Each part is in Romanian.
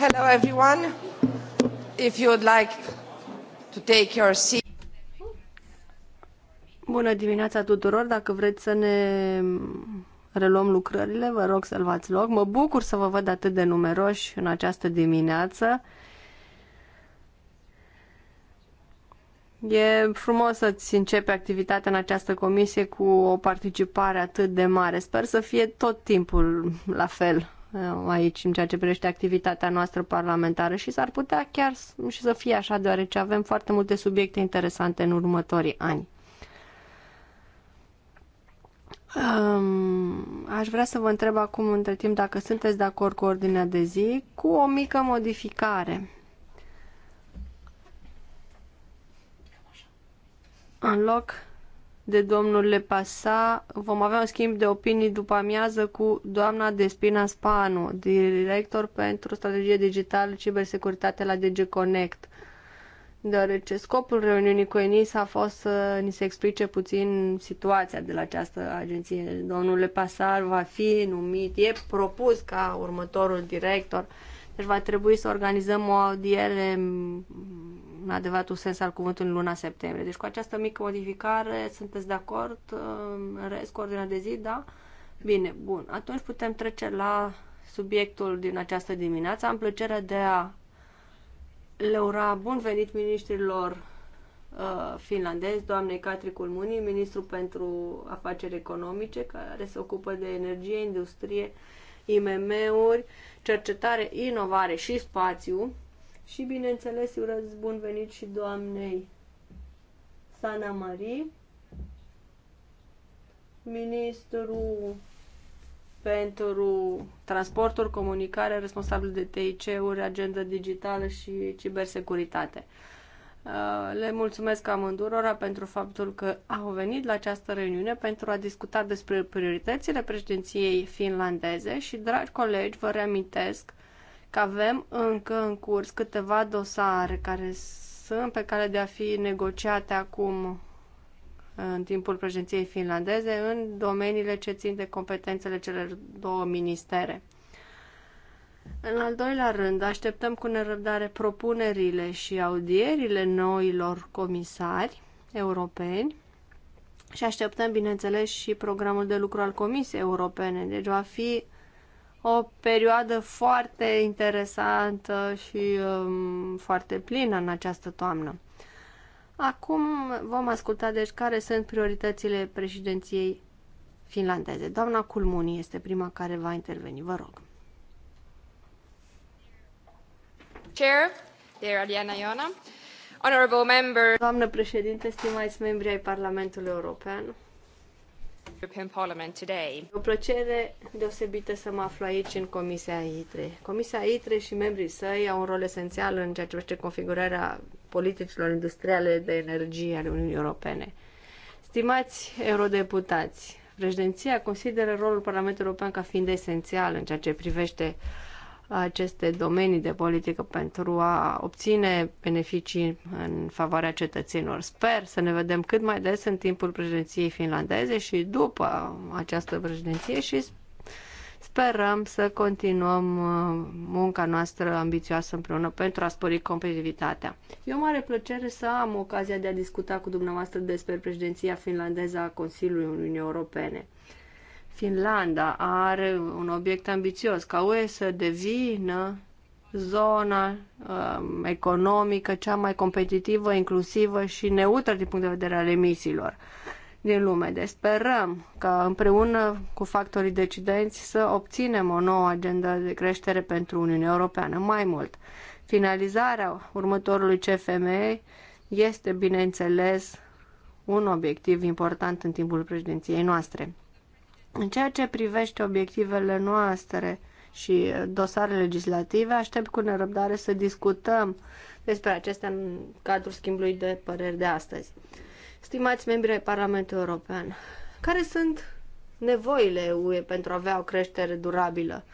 Hello everyone. If you would like to take your seat. Bună dimineața tuturor. Dacă vreți să ne reluăm lucrările, vă rog să luați loc. Mă bucur să vă văd atât de numeroși în această dimineață. E frumos să-ți începe activitatea în această comisie cu o participare atât de mare. Sper să fie tot timpul la fel Uh, aici în ceea ce privește activitatea noastră parlamentară și s-ar putea chiar și să fie așa, deoarece avem foarte multe subiecte interesante în următorii ani. Um, aș vrea să vă întreb acum între timp dacă sunteți de acord cu ordinea de zi, cu o mică modificare. În loc de domnul Lepasa. Vom avea un schimb de opinii după amiază cu doamna Despina Spanu, director pentru strategie digitală cibersecuritate la DG Connect. Deoarece scopul reuniunii cu ENIS a fost să ni se explice puțin situația de la această agenție. Domnul Lepasar va fi numit, e propus ca următorul director. Deci va trebui să organizăm o audiere în adevăratul sens al cuvântului în luna septembrie. Deci cu această mică modificare sunteți de acord? În rest, cu ordinea de zi, da? Bine, bun. Atunci putem trece la subiectul din această dimineață. Am plăcerea de a le ura bun venit ministrilor uh, finlandezi, doamnei Catri Culmuni, ministru pentru afaceri economice, care se ocupă de energie, industrie, IMM-uri, cercetare, inovare și spațiu, și, bineînțeles, urez bun venit și doamnei Sana Marie, ministru pentru transporturi, comunicare, responsabil de TIC-uri, agenda digitală și cibersecuritate. Uh, le mulțumesc amândurora pentru faptul că au venit la această reuniune pentru a discuta despre prioritățile președinției finlandeze și, dragi colegi, vă reamintesc că avem încă în curs câteva dosare care sunt pe care de a fi negociate acum în timpul președinției finlandeze în domeniile ce țin de competențele celor două ministere. În al doilea rând, așteptăm cu nerăbdare propunerile și audierile noilor comisari europeni și așteptăm, bineînțeles, și programul de lucru al Comisiei Europene. Deci va fi o perioadă foarte interesantă și um, foarte plină în această toamnă. Acum vom asculta deci care sunt prioritățile președinției finlandeze. Doamna Culmuni este prima care va interveni. Vă rog. Chair, dear Aliana Iona, honorable member. Doamnă președinte, stimați membri ai Parlamentului European, E o plăcere deosebită să mă aflu aici în Comisia ITRE. Comisia ITRE și membrii săi au un rol esențial în ceea ce privește configurarea politicilor industriale de energie ale Uniunii Europene. Stimați eurodeputați, președinția consideră rolul Parlamentului European ca fiind esențial în ceea ce privește aceste domenii de politică pentru a obține beneficii în favoarea cetățenilor. Sper să ne vedem cât mai des în timpul președinției finlandeze și după această președinție și sperăm să continuăm uh, munca noastră ambițioasă împreună pentru a spori competitivitatea. E o mare plăcere să am ocazia de a discuta cu dumneavoastră despre președinția finlandeză a Consiliului Uniunii Europene. Finlanda are un obiect ambițios ca UE să devină zona um, economică cea mai competitivă, inclusivă și neutră din punct de vedere al emisiilor din lume. Deci sperăm că împreună cu factorii decidenți să obținem o nouă agendă de creștere pentru Uniunea Europeană. Mai mult, finalizarea următorului CFM este, bineînțeles, un obiectiv important în timpul președinției noastre. În ceea ce privește obiectivele noastre și dosarele legislative, aștept cu nerăbdare să discutăm despre acestea în cadrul schimbului de păreri de astăzi. Stimați membri ai Parlamentului European, care sunt nevoile UE pentru a avea o creștere durabilă?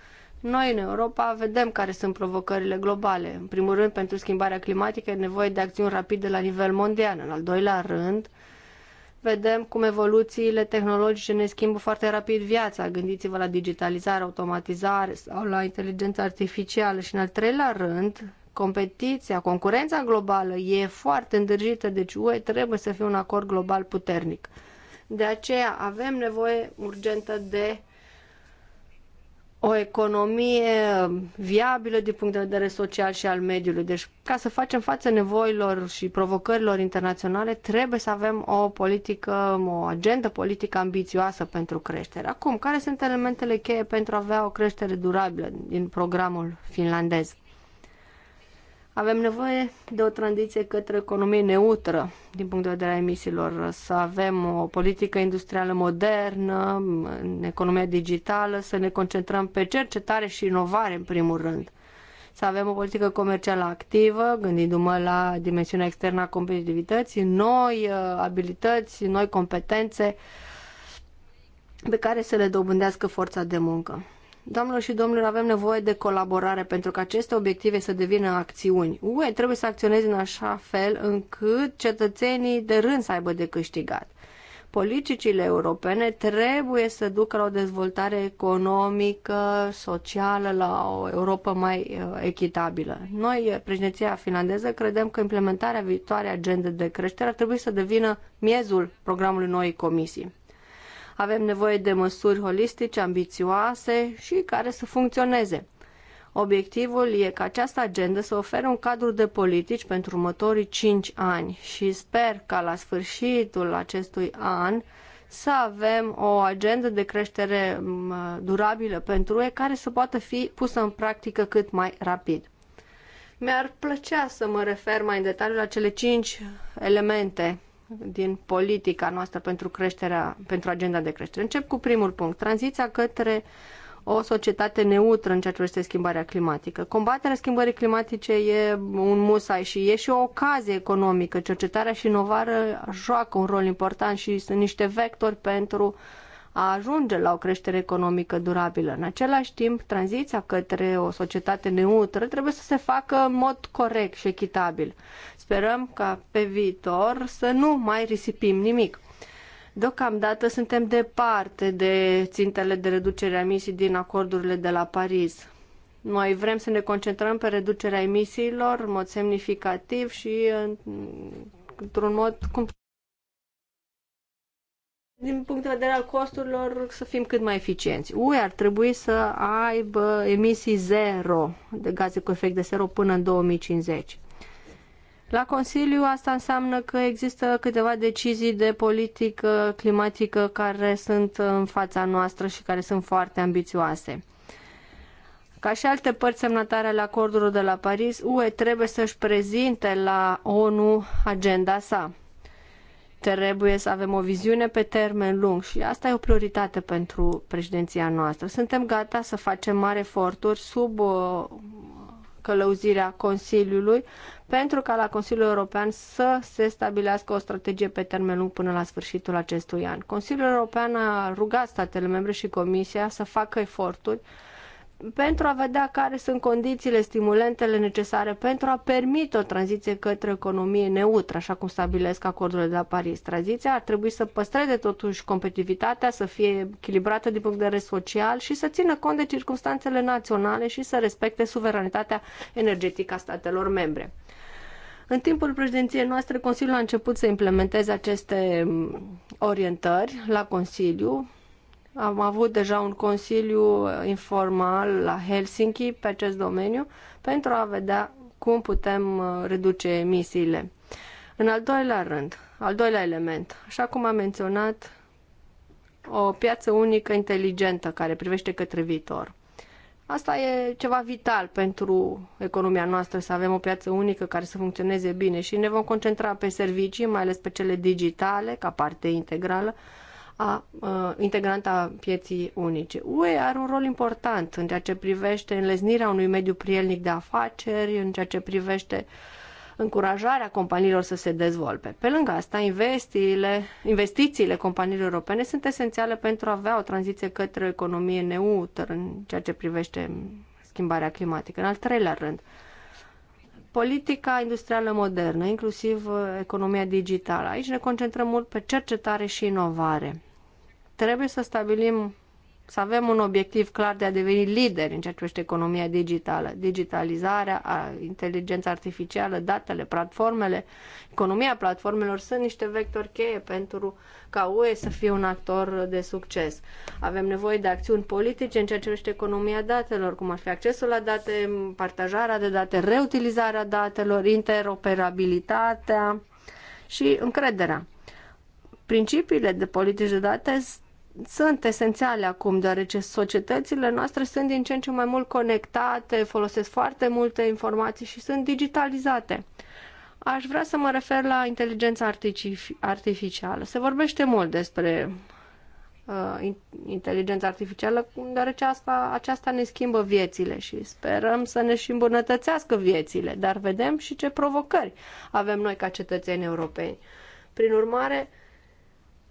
Noi în Europa vedem care sunt provocările globale. În primul rând, pentru schimbarea climatică e nevoie de acțiuni rapide la nivel mondial. În al doilea rând, vedem cum evoluțiile tehnologice ne schimbă foarte rapid viața. Gândiți-vă la digitalizare, automatizare sau la inteligența artificială. Și în al treilea rând, competiția, concurența globală e foarte îndrăgită, deci UE trebuie să fie un acord global puternic. De aceea avem nevoie urgentă de o economie viabilă din punct de vedere social și al mediului. Deci, ca să facem față nevoilor și provocărilor internaționale, trebuie să avem o politică, o agendă politică ambițioasă pentru creștere. Acum, care sunt elementele cheie pentru a avea o creștere durabilă din programul finlandez? Avem nevoie de o tranziție către economie neutră din punct de vedere a emisiilor, să avem o politică industrială modernă, în economia digitală, să ne concentrăm pe cercetare și inovare în primul rând, să avem o politică comercială activă, gândindu-mă la dimensiunea externă a competitivității, noi uh, abilități, noi competențe pe care să le dobândească forța de muncă. Doamnelor și domnilor, avem nevoie de colaborare pentru că aceste obiective să devină acțiuni. UE trebuie să acționeze în așa fel încât cetățenii de rând să aibă de câștigat. Politicile europene trebuie să ducă la o dezvoltare economică, socială, la o Europa mai uh, echitabilă. Noi, uh, președinția finlandeză, credem că implementarea viitoarei agende de creștere ar trebui să devină miezul programului noii comisii. Avem nevoie de măsuri holistice, ambițioase și care să funcționeze. Obiectivul e ca această agendă să ofere un cadru de politici pentru următorii 5 ani și sper ca la sfârșitul acestui an să avem o agendă de creștere mm, durabilă pentru UE care să poată fi pusă în practică cât mai rapid. Mi-ar plăcea să mă refer mai în detaliu la cele 5 elemente din politica noastră pentru creșterea, pentru agenda de creștere. Încep cu primul punct, tranziția către o societate neutră în ceea ce este schimbarea climatică. Combaterea schimbării climatice e un musai și e și o ocazie economică. Cercetarea și inovarea joacă un rol important și sunt niște vectori pentru a ajunge la o creștere economică durabilă. În același timp, tranziția către o societate neutră trebuie să se facă în mod corect și echitabil. Sperăm ca pe viitor să nu mai risipim nimic. Deocamdată suntem departe de țintele de reducere a emisii din acordurile de la Paris. Noi vrem să ne concentrăm pe reducerea emisiilor în mod semnificativ și într-un mod cum din punct de vedere al costurilor, să fim cât mai eficienți. UE ar trebui să aibă emisii zero de gaze cu efect de zero până în 2050. La Consiliu asta înseamnă că există câteva decizii de politică climatică care sunt în fața noastră și care sunt foarte ambițioase. Ca și alte părți semnatare ale acordului de la Paris, UE trebuie să-și prezinte la ONU agenda sa. Trebuie să avem o viziune pe termen lung și asta e o prioritate pentru președinția noastră. Suntem gata să facem mari eforturi sub uh, călăuzirea Consiliului pentru ca la Consiliul European să se stabilească o strategie pe termen lung până la sfârșitul acestui an. Consiliul European a rugat statele membre și Comisia să facă eforturi pentru a vedea care sunt condițiile stimulentele necesare pentru a permite o tranziție către economie neutră, așa cum stabilesc acordurile de la Paris. Tranziția ar trebui să păstreze totuși competitivitatea, să fie echilibrată din punct de vedere social și să țină cont de circunstanțele naționale și să respecte suveranitatea energetică a statelor membre. În timpul președinției noastre, Consiliul a început să implementeze aceste orientări la Consiliu, am avut deja un consiliu informal la Helsinki pe acest domeniu pentru a vedea cum putem uh, reduce emisiile. În al doilea rând, al doilea element, așa cum am menționat, o piață unică inteligentă care privește către viitor. Asta e ceva vital pentru economia noastră, să avem o piață unică care să funcționeze bine și ne vom concentra pe servicii, mai ales pe cele digitale, ca parte integrală, a a, integrantă a pieții unice. UE are un rol important în ceea ce privește înleznirea unui mediu prielnic de afaceri, în ceea ce privește încurajarea companiilor să se dezvolte. Pe lângă asta, investiile, investițiile companiilor europene sunt esențiale pentru a avea o tranziție către o economie neutră în ceea ce privește schimbarea climatică. În al treilea rând, politica industrială modernă, inclusiv uh, economia digitală. Aici ne concentrăm mult pe cercetare și inovare. Trebuie să stabilim, să avem un obiectiv clar de a deveni lideri în ceea ce privește economia digitală, digitalizarea, inteligența artificială, datele, platformele. Economia platformelor sunt niște vectori cheie pentru ca UE să fie un actor de succes. Avem nevoie de acțiuni politice în ceea ce privește economia datelor, cum ar fi accesul la date, partajarea de date, reutilizarea datelor, interoperabilitatea și încrederea. Principiile de politici de date sunt esențiale acum, deoarece societățile noastre sunt din ce în ce mai mult conectate, folosesc foarte multe informații și sunt digitalizate. Aș vrea să mă refer la inteligența artific artificială. Se vorbește mult despre uh, inteligența artificială, deoarece asta, aceasta ne schimbă viețile și sperăm să ne și îmbunătățească viețile, dar vedem și ce provocări avem noi ca cetățeni europeni. Prin urmare, uh,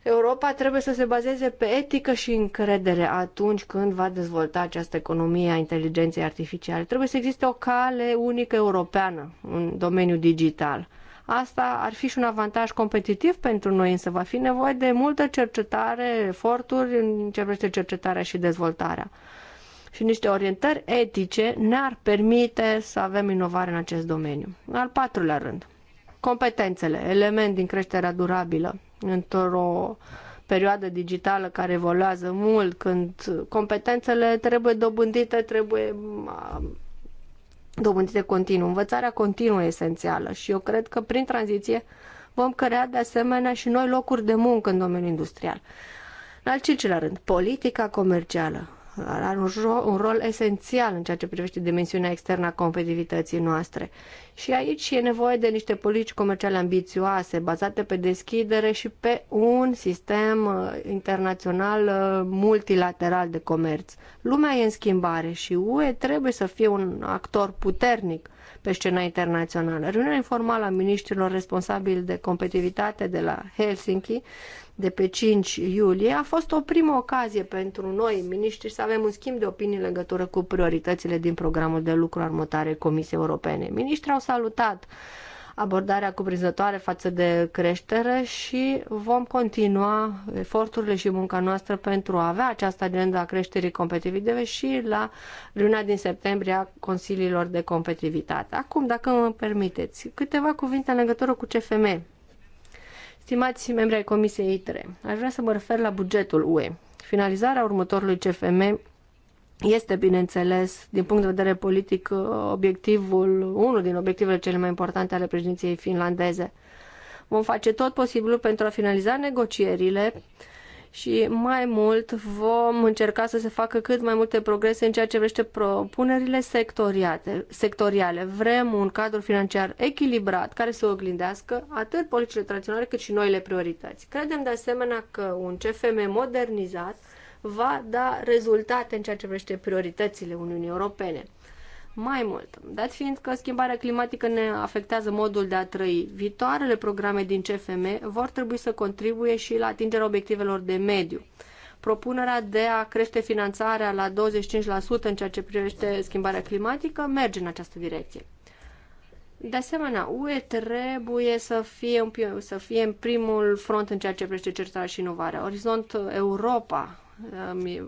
Europa trebuie să se bazeze pe etică și încredere atunci când va dezvolta această economie a inteligenței artificiale. Trebuie să existe o cale unică europeană în domeniul digital. Asta ar fi și un avantaj competitiv pentru noi, însă va fi nevoie de multă cercetare, eforturi în ce privește cercetarea și dezvoltarea. Și niște orientări etice ne-ar permite să avem inovare în acest domeniu. Al patrulea rând, competențele, element din creșterea durabilă într-o perioadă digitală care evoluează mult, când competențele trebuie dobândite, trebuie um, dobândite continuu. Învățarea continuă e esențială și eu cred că prin tranziție vom crea de asemenea și noi locuri de muncă în domeniul industrial. În al cincilea rând, politica comercială are un, ro- un rol esențial în ceea ce privește dimensiunea externă a competitivității noastre. Și aici e nevoie de niște politici comerciale ambițioase, bazate pe deschidere și pe un sistem uh, internațional uh, multilateral de comerț. Lumea e în schimbare și UE trebuie să fie un actor puternic pe scena internațională. Reuniunea informală a miniștrilor responsabili de competitivitate de la Helsinki de pe 5 iulie a fost o primă ocazie pentru noi, miniștri, să avem un schimb de opinii legătură cu prioritățile din programul de lucru armătare Comisiei Europene. Miniștrii au salutat abordarea cuprinzătoare față de creștere și vom continua eforturile și munca noastră pentru a avea această agenda a creșterii competitive și la luna din septembrie a Consiliilor de Competitivitate. Acum, dacă mă permiteți, câteva cuvinte în legătură cu CFM Stimați membri ai Comisiei ITRE, aș vrea să mă refer la bugetul UE. Finalizarea următorului CFM este, bineînțeles, din punct de vedere politic, uh, obiectivul, unul din obiectivele cele mai importante ale președinției finlandeze. Vom face tot posibilul pentru a finaliza negocierile uh, și mai mult vom încerca să se facă cât mai multe progrese în ceea ce vrește propunerile sectoriale. Vrem un cadru financiar echilibrat care să oglindească atât politicile tradiționale cât și noile priorități. Credem de asemenea că un CFM modernizat va da rezultate în ceea ce vrește prioritățile Uniunii Europene mai mult. Dat fiind că schimbarea climatică ne afectează modul de a trăi, viitoarele programe din CFM vor trebui să contribuie și la atingerea obiectivelor de mediu. Propunerea de a crește finanțarea la 25% în ceea ce privește schimbarea climatică merge în această direcție. De asemenea, UE trebuie să fie, în, să fie în primul front în ceea ce privește cercetarea și inovarea. Orizont Europa uh,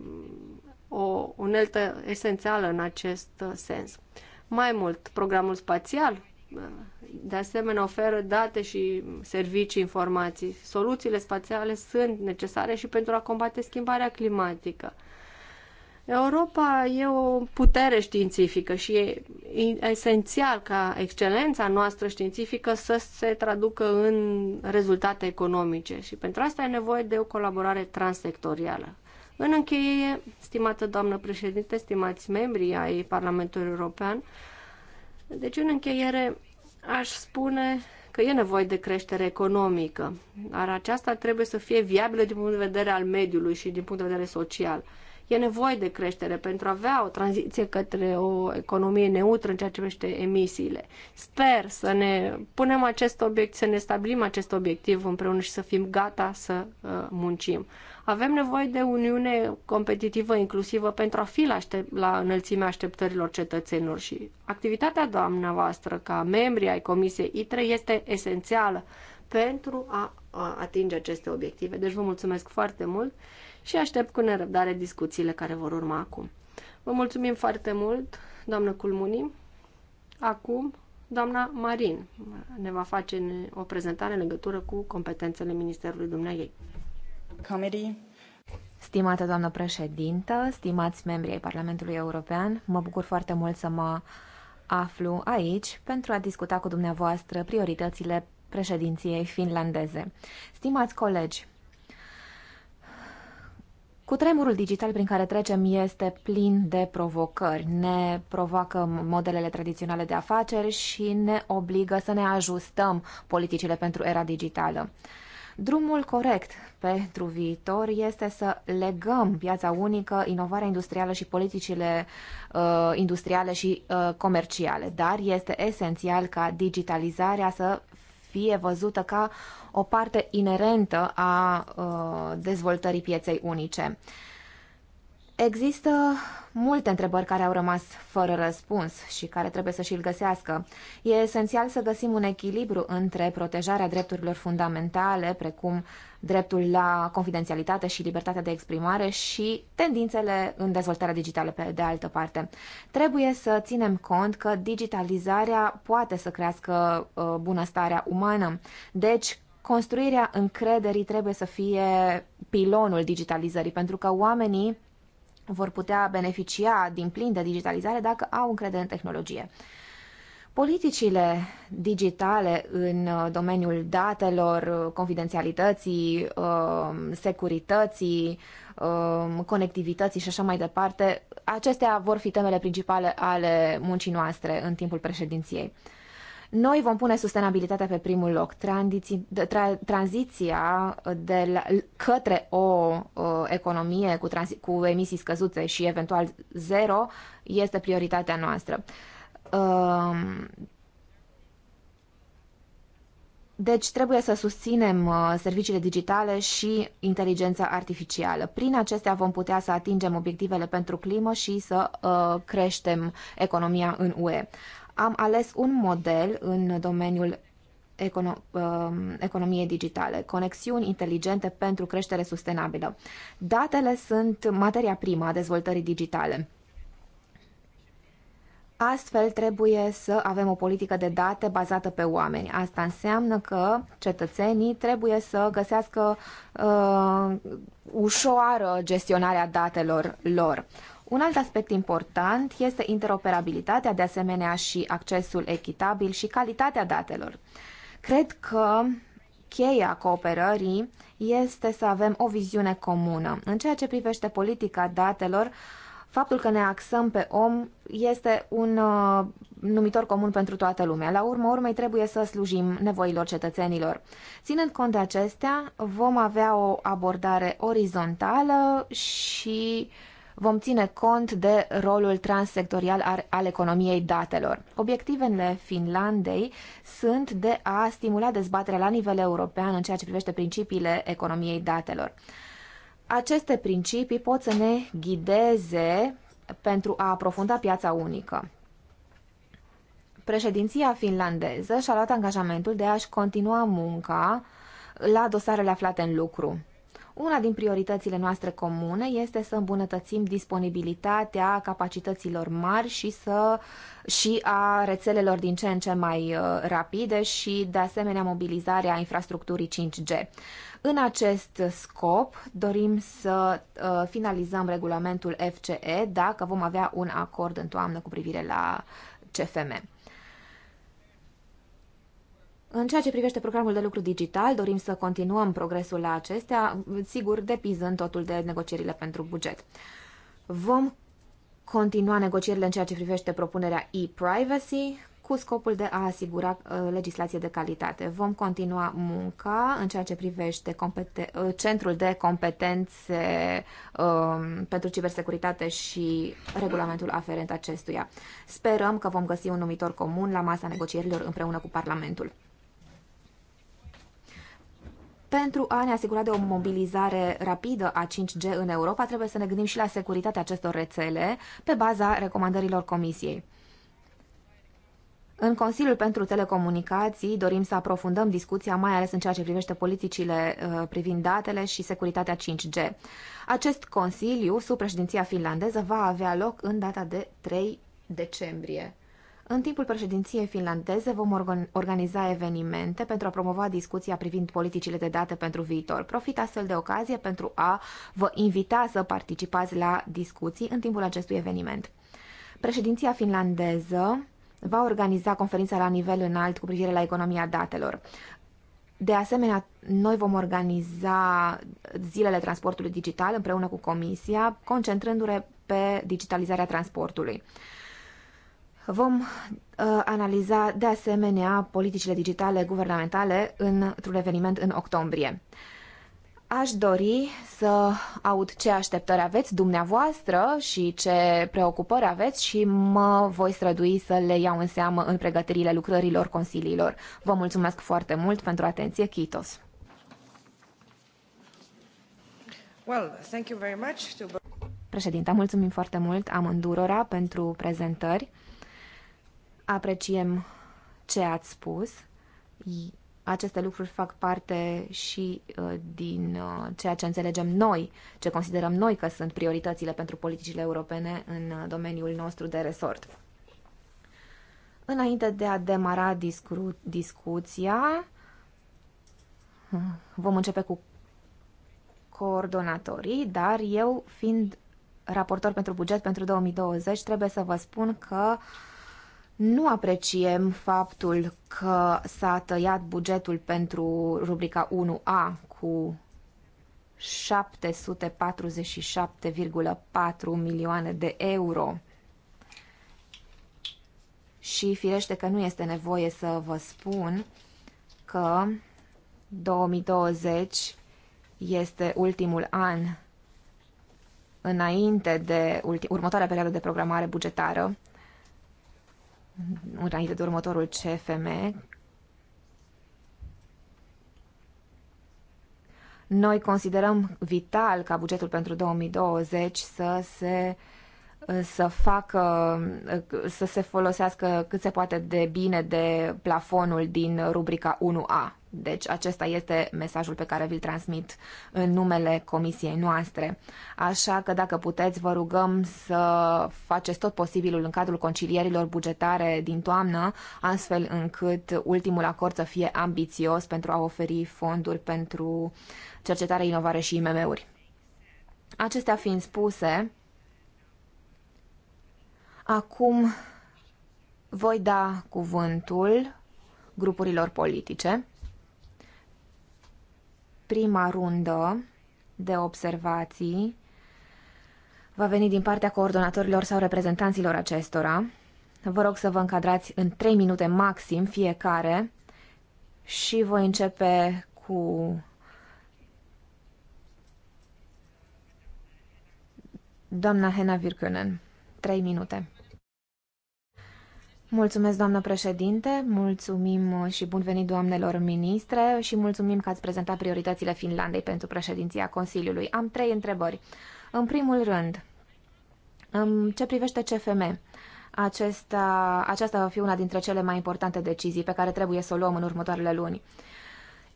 o uneltă esențială în acest uh, sens. Mai mult, programul spațial uh, de asemenea oferă date și servicii, informații. Soluțiile spațiale sunt necesare și pentru a combate schimbarea climatică. Europa e o putere științifică și e esențial ca excelența noastră științifică să se traducă în rezultate economice și pentru asta e nevoie de o colaborare transsectorială. În încheiere, stimată doamnă președinte, stimați membri ai Parlamentului European, deci în încheiere aș spune că e nevoie de creștere economică, dar aceasta trebuie să fie viabilă din punct de vedere al mediului și din punct de vedere social. E nevoie de creștere pentru a avea o tranziție către o economie neutră în ceea ce privește emisiile. Sper să ne punem acest obiect, să ne stabilim acest obiectiv împreună și să fim gata să uh, muncim. Avem nevoie de uniune competitivă, inclusivă, pentru a fi la, aștept, la înălțimea așteptărilor cetățenilor și activitatea dumneavoastră ca membri ai Comisiei ITRE este esențială pentru a, a atinge aceste obiective. Deci vă mulțumesc foarte mult și aștept cu nerăbdare discuțiile care vor urma acum. Vă mulțumim foarte mult, doamnă Culmuni. Acum, doamna Marin ne va face o prezentare în legătură cu competențele Ministerului Dumnezeu. Comedy. Stimată doamnă președintă, stimați membri ai Parlamentului European, mă bucur foarte mult să mă aflu aici pentru a discuta cu dumneavoastră prioritățile președinției finlandeze. Stimați colegi, cu tremurul digital prin care trecem este plin de provocări. Ne provoacă modelele tradiționale de afaceri și ne obligă să ne ajustăm politicile pentru era digitală. Drumul corect pentru viitor este să legăm piața unică, inovarea industrială și politicile uh, industriale și uh, comerciale, dar este esențial ca digitalizarea să fie văzută ca o parte inerentă a uh, dezvoltării pieței unice. Uh, Există multe întrebări care au rămas fără răspuns și care trebuie să și-l găsească. E esențial să găsim un echilibru între protejarea drepturilor fundamentale, precum dreptul la confidențialitate și libertatea de exprimare și tendințele în dezvoltarea digitală pe de altă parte. Trebuie să ținem cont că digitalizarea poate să crească uh, bunăstarea umană. Deci, construirea încrederii trebuie să fie pilonul digitalizării, pentru că oamenii vor putea beneficia din plin de digitalizare dacă au încredere în tehnologie. Politicile digitale în uh, domeniul datelor, uh, confidențialității, um, securității, um, conectivității și așa mai departe, acestea vor fi temele principale ale muncii noastre în timpul președinției. Noi vom pune sustenabilitatea pe primul loc, tra, tranziția de la, către o uh, economie cu, cu emisii scăzute și eventual zero este prioritatea noastră. Uh, deci trebuie să susținem uh, serviciile digitale și inteligența artificială. Prin acestea vom putea să atingem obiectivele pentru climă și să uh, creștem economia în UE am ales un model în domeniul econo um, economiei digitale, conexiuni inteligente pentru creștere sustenabilă. Datele sunt materia primă a dezvoltării digitale. Astfel, trebuie să avem o politică de date bazată pe oameni. Asta înseamnă că cetățenii trebuie să găsească uh, ușoară gestionarea datelor lor. Un alt aspect important este interoperabilitatea, de asemenea și accesul echitabil și calitatea datelor. Cred că cheia cooperării este să avem o viziune comună. În ceea ce privește politica datelor, faptul că ne axăm pe om este un uh, numitor comun pentru toată lumea. La urmă urmei trebuie să slujim nevoilor cetățenilor. Ținând cont de acestea, vom avea o abordare orizontală și uh, vom ține cont de rolul transsectorial al economiei datelor. Obiectivele Finlandei sunt de a stimula dezbaterea la nivel european în ceea ce privește principiile economiei datelor. Aceste principii pot să ne ghideze pentru a aprofunda piața unică. Președinția finlandeză și-a luat angajamentul de a-și continua munca la dosarele aflate în lucru. Una din prioritățile noastre comune este să îmbunătățim disponibilitatea capacităților mari și, să, și a rețelelor din ce în ce mai uh, rapide și, de asemenea, mobilizarea infrastructurii 5G. În acest scop, dorim să uh, finalizăm regulamentul FCE dacă vom avea un acord în toamnă cu privire la CFM. În ceea ce privește programul de lucru digital, dorim să continuăm progresul la acestea, sigur, depizând totul de negocierile pentru buget. Vom continua negocierile în ceea ce privește propunerea e-privacy, cu scopul de a asigura uh, legislație de calitate. Vom continua munca în ceea ce privește uh, Centrul de Competențe uh, pentru Cibersecuritate și regulamentul aferent acestuia. Sperăm că vom găsi un numitor comun la masa negocierilor împreună cu Parlamentul. Pentru a ne asigura de o mobilizare rapidă a 5G în Europa, trebuie să ne gândim și la securitatea acestor rețele pe baza recomandărilor Comisiei. În Consiliul pentru Telecomunicații dorim să aprofundăm discuția, mai ales în ceea ce privește politicile uh, privind datele și securitatea 5G. Acest Consiliu, sub președinția finlandeză, va avea loc în data de 3 decembrie. În timpul președinției finlandeze vom organiza evenimente pentru a promova discuția privind politicile de date pentru viitor. Profit astfel de ocazie pentru a vă invita să participați la discuții în timpul acestui eveniment. Președinția finlandeză va organiza conferința la nivel înalt cu privire la economia datelor. De asemenea, noi vom organiza zilele transportului digital împreună cu Comisia, concentrându-ne pe digitalizarea transportului. Vom uh, analiza de asemenea politicile digitale guvernamentale într-un eveniment în octombrie. Aș dori să aud ce așteptări aveți dumneavoastră și ce preocupări aveți și mă voi strădui să le iau în seamă în pregătirile lucrărilor consiliilor. Vă mulțumesc foarte mult pentru atenție, Chitos. Well, thank you very much to... Președinte, mulțumim foarte mult amândurora pentru prezentări. Apreciem ce ați spus. Aceste lucruri fac parte și uh, din uh, ceea ce înțelegem noi, ce considerăm noi că sunt prioritățile pentru politicile europene în uh, domeniul nostru de resort. Înainte de a demara discu- discuția, hmm, vom începe cu coordonatorii, dar eu, fiind raportor pentru buget pentru 2020, trebuie să vă spun că uh, nu apreciem faptul că s-a tăiat bugetul pentru rubrica 1A cu 747,4 milioane de euro. Și firește că nu este nevoie să vă spun că 2020 este ultimul an înainte de ulti- următoarea perioadă de programare bugetară înainte de următorul CFM. Noi considerăm vital ca bugetul pentru 2020 să se să facă, să se folosească cât se poate de bine de plafonul din rubrica 1A. Deci acesta este mesajul pe care vi-l transmit în numele comisiei noastre. Așa că dacă puteți, vă rugăm să faceți tot posibilul în cadrul concilierilor bugetare din toamnă, astfel încât ultimul acord să fie ambițios pentru a oferi fonduri pentru cercetare, inovare și IMM-uri. Acestea fiind spuse, acum voi da cuvântul grupurilor politice. Prima rundă de observații va veni din partea coordonatorilor sau reprezentanților acestora. Vă rog să vă încadrați în 3 minute maxim fiecare și voi începe cu doamna Hena Virkunen. 3 minute. Mulțumesc, doamnă președinte, mulțumim și bun venit doamnelor ministre și mulțumim că ați prezentat prioritățile Finlandei pentru președinția Consiliului. Am trei întrebări. În primul rând, în ce privește CFM, acesta, aceasta va fi una dintre cele mai importante decizii pe care trebuie să o luăm în următoarele luni.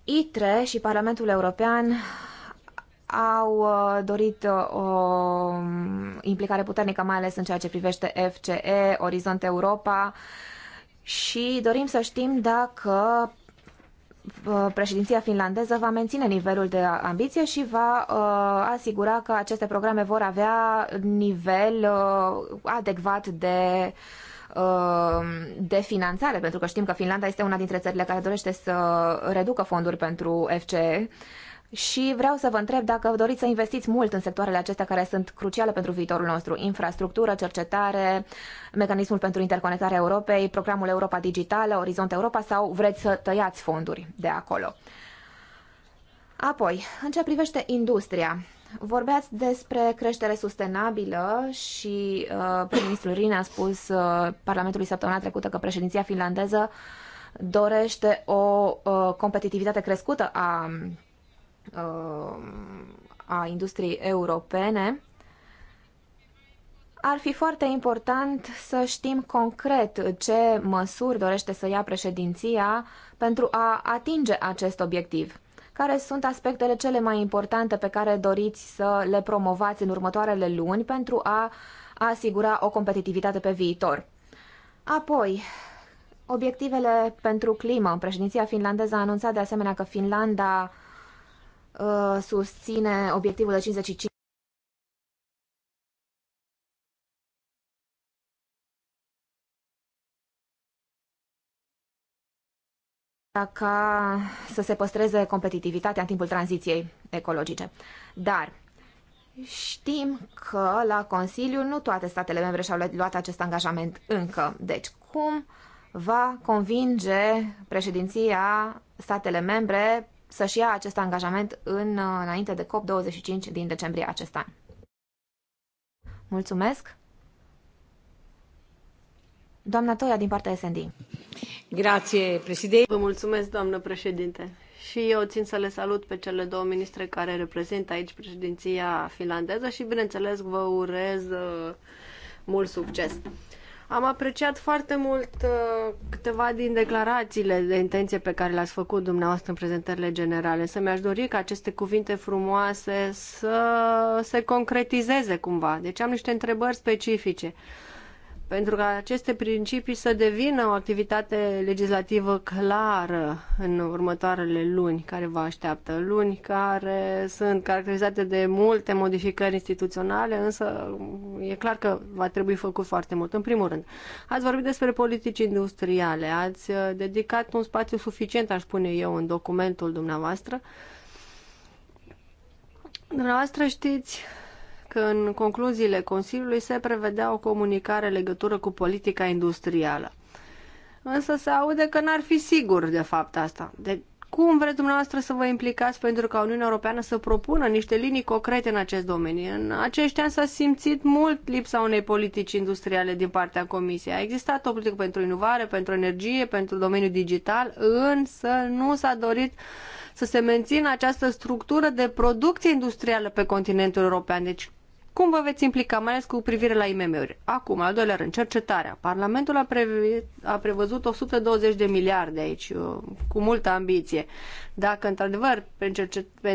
ITRE și Parlamentul European au uh, dorit uh, o um, implicare puternică, mai ales în ceea ce privește FCE, Orizont Europa și dorim să știm dacă uh, președinția finlandeză va menține nivelul de ambiție și va uh, asigura că aceste programe vor avea nivel uh, adecvat de de finanțare, pentru că știm că Finlanda este una dintre țările care dorește să reducă fonduri pentru FCE și vreau să vă întreb dacă doriți să investiți mult în sectoarele acestea care sunt cruciale pentru viitorul nostru. Infrastructură, cercetare, mecanismul pentru interconectarea Europei, programul Europa Digitală, Orizont Europa sau vreți să tăiați fonduri de acolo. Apoi, în ce privește industria, vorbeați despre creștere sustenabilă și uh, prim-ministrul Rin a spus uh, Parlamentului săptămâna trecută că președinția finlandeză dorește o uh, competitivitate crescută a a industriei europene, ar fi foarte important să știm concret ce măsuri dorește să ia președinția pentru a atinge acest obiectiv. Care sunt aspectele cele mai importante pe care doriți să le promovați în următoarele luni pentru a asigura o competitivitate pe viitor? Apoi, obiectivele pentru climă. Președinția finlandeză a anunțat de asemenea că Finlanda uh, susține obiectivul de 55 ca să se păstreze competitivitatea în timpul tranziției ecologice. Dar știm că la Consiliu nu toate statele membre și-au luat acest angajament încă. Deci, cum va convinge președinția statele membre să-și ia acest angajament în, uh, înainte de COP25 din decembrie acest an. Mulțumesc! Doamna Toia, din partea SND. Grație, președinte. Vă mulțumesc, doamnă președinte. Și eu țin să le salut pe cele două ministre care reprezintă aici președinția finlandeză și, bineînțeles, vă urez uh, mult succes. Am apreciat foarte mult uh, câteva din declarațiile de intenție pe care le-ați făcut dumneavoastră în prezentările generale. Să mi-aș dori ca aceste cuvinte frumoase să se concretizeze cumva. Deci am niște întrebări specifice. Uh, pentru ca aceste principii să devină o activitate legislativă clară în următoarele luni care vă așteaptă. Luni care sunt caracterizate de multe modificări instituționale, însă e clar că va trebui făcut foarte mult. În primul rând, ați vorbit despre politici industriale, ați uh, dedicat un spațiu suficient, aș spune eu, în documentul dumneavoastră, Dumneavoastră știți că în concluziile Consiliului se prevedea o comunicare legătură cu politica industrială. Însă se aude că n-ar fi sigur de fapt asta. De cum vreți dumneavoastră să vă implicați pentru ca Uniunea Europeană să propună niște linii concrete în acest domeniu? În acești ani s-a simțit mult lipsa unei politici industriale din partea Comisiei. A existat o politică pentru inovare, pentru energie, pentru domeniul digital, însă nu s-a dorit să se mențină această structură de producție industrială pe continentul european. Deci cum vă veți implica, mai ales cu privire la IMM-uri? Acum, al doilea rând, cercetarea. Parlamentul a, a prevăzut 120 de miliarde aici, uh, cu multă ambiție. Dacă, într-adevăr,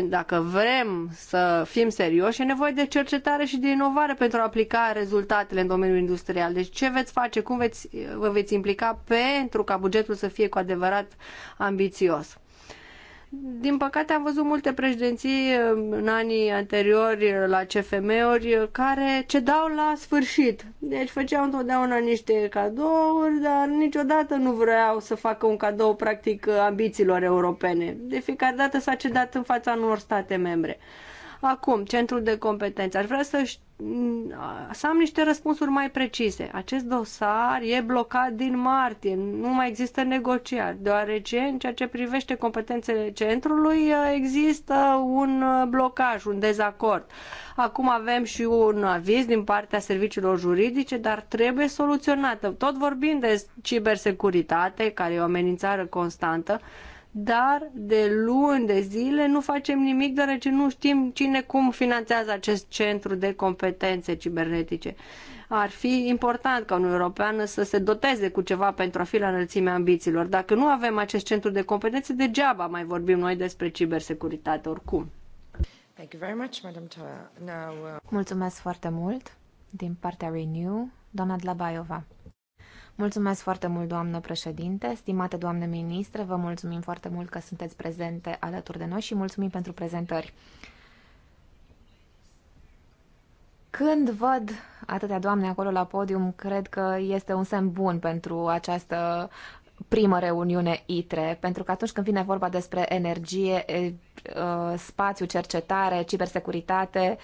dacă vrem să fim serioși, e nevoie de cercetare și de inovare pentru a aplica rezultatele în domeniul industrial. Deci ce veți face, cum veți, vă veți implica pentru ca bugetul să fie cu adevărat ambițios? Din păcate am văzut multe președinții um, în anii anteriori la CFM-uri care cedau la sfârșit. Deci făceau întotdeauna niște cadouri, dar niciodată nu vreau să facă un cadou practic ambițiilor europene. De fiecare dată s-a cedat în fața unor state membre. Acum, centrul de competență. Aș vrea să, să am niște răspunsuri mai precise. Acest dosar e blocat din martie, nu mai există negocieri, deoarece în ceea ce privește competențele centrului uh, există un uh, blocaj, un dezacord. Acum avem și un aviz din partea serviciilor juridice, dar trebuie soluționată. Tot vorbim de cibersecuritate, care e o amenințare constantă, dar de luni de zile nu facem nimic deoarece nu știm cine cum finanțează acest centru de competențe cibernetice. Ar fi important ca Uniunea Europeană să se doteze cu ceva pentru a fi la înălțimea ambițiilor. Dacă nu avem acest centru de competențe, degeaba mai vorbim noi despre cibersecuritate oricum. Thank you very much, Madam Now, uh... Mulțumesc foarte mult din partea Renew, doamna Dlabaiova. Mulțumesc foarte mult, doamnă președinte, stimate doamne ministre, vă mulțumim foarte mult că sunteți prezente alături de noi și mulțumim pentru prezentări. Când văd atâtea doamne acolo la podium, cred că este un semn bun pentru această primă reuniune ITRE, pentru că atunci când vine vorba despre energie, spațiu, cercetare, cibersecuritate,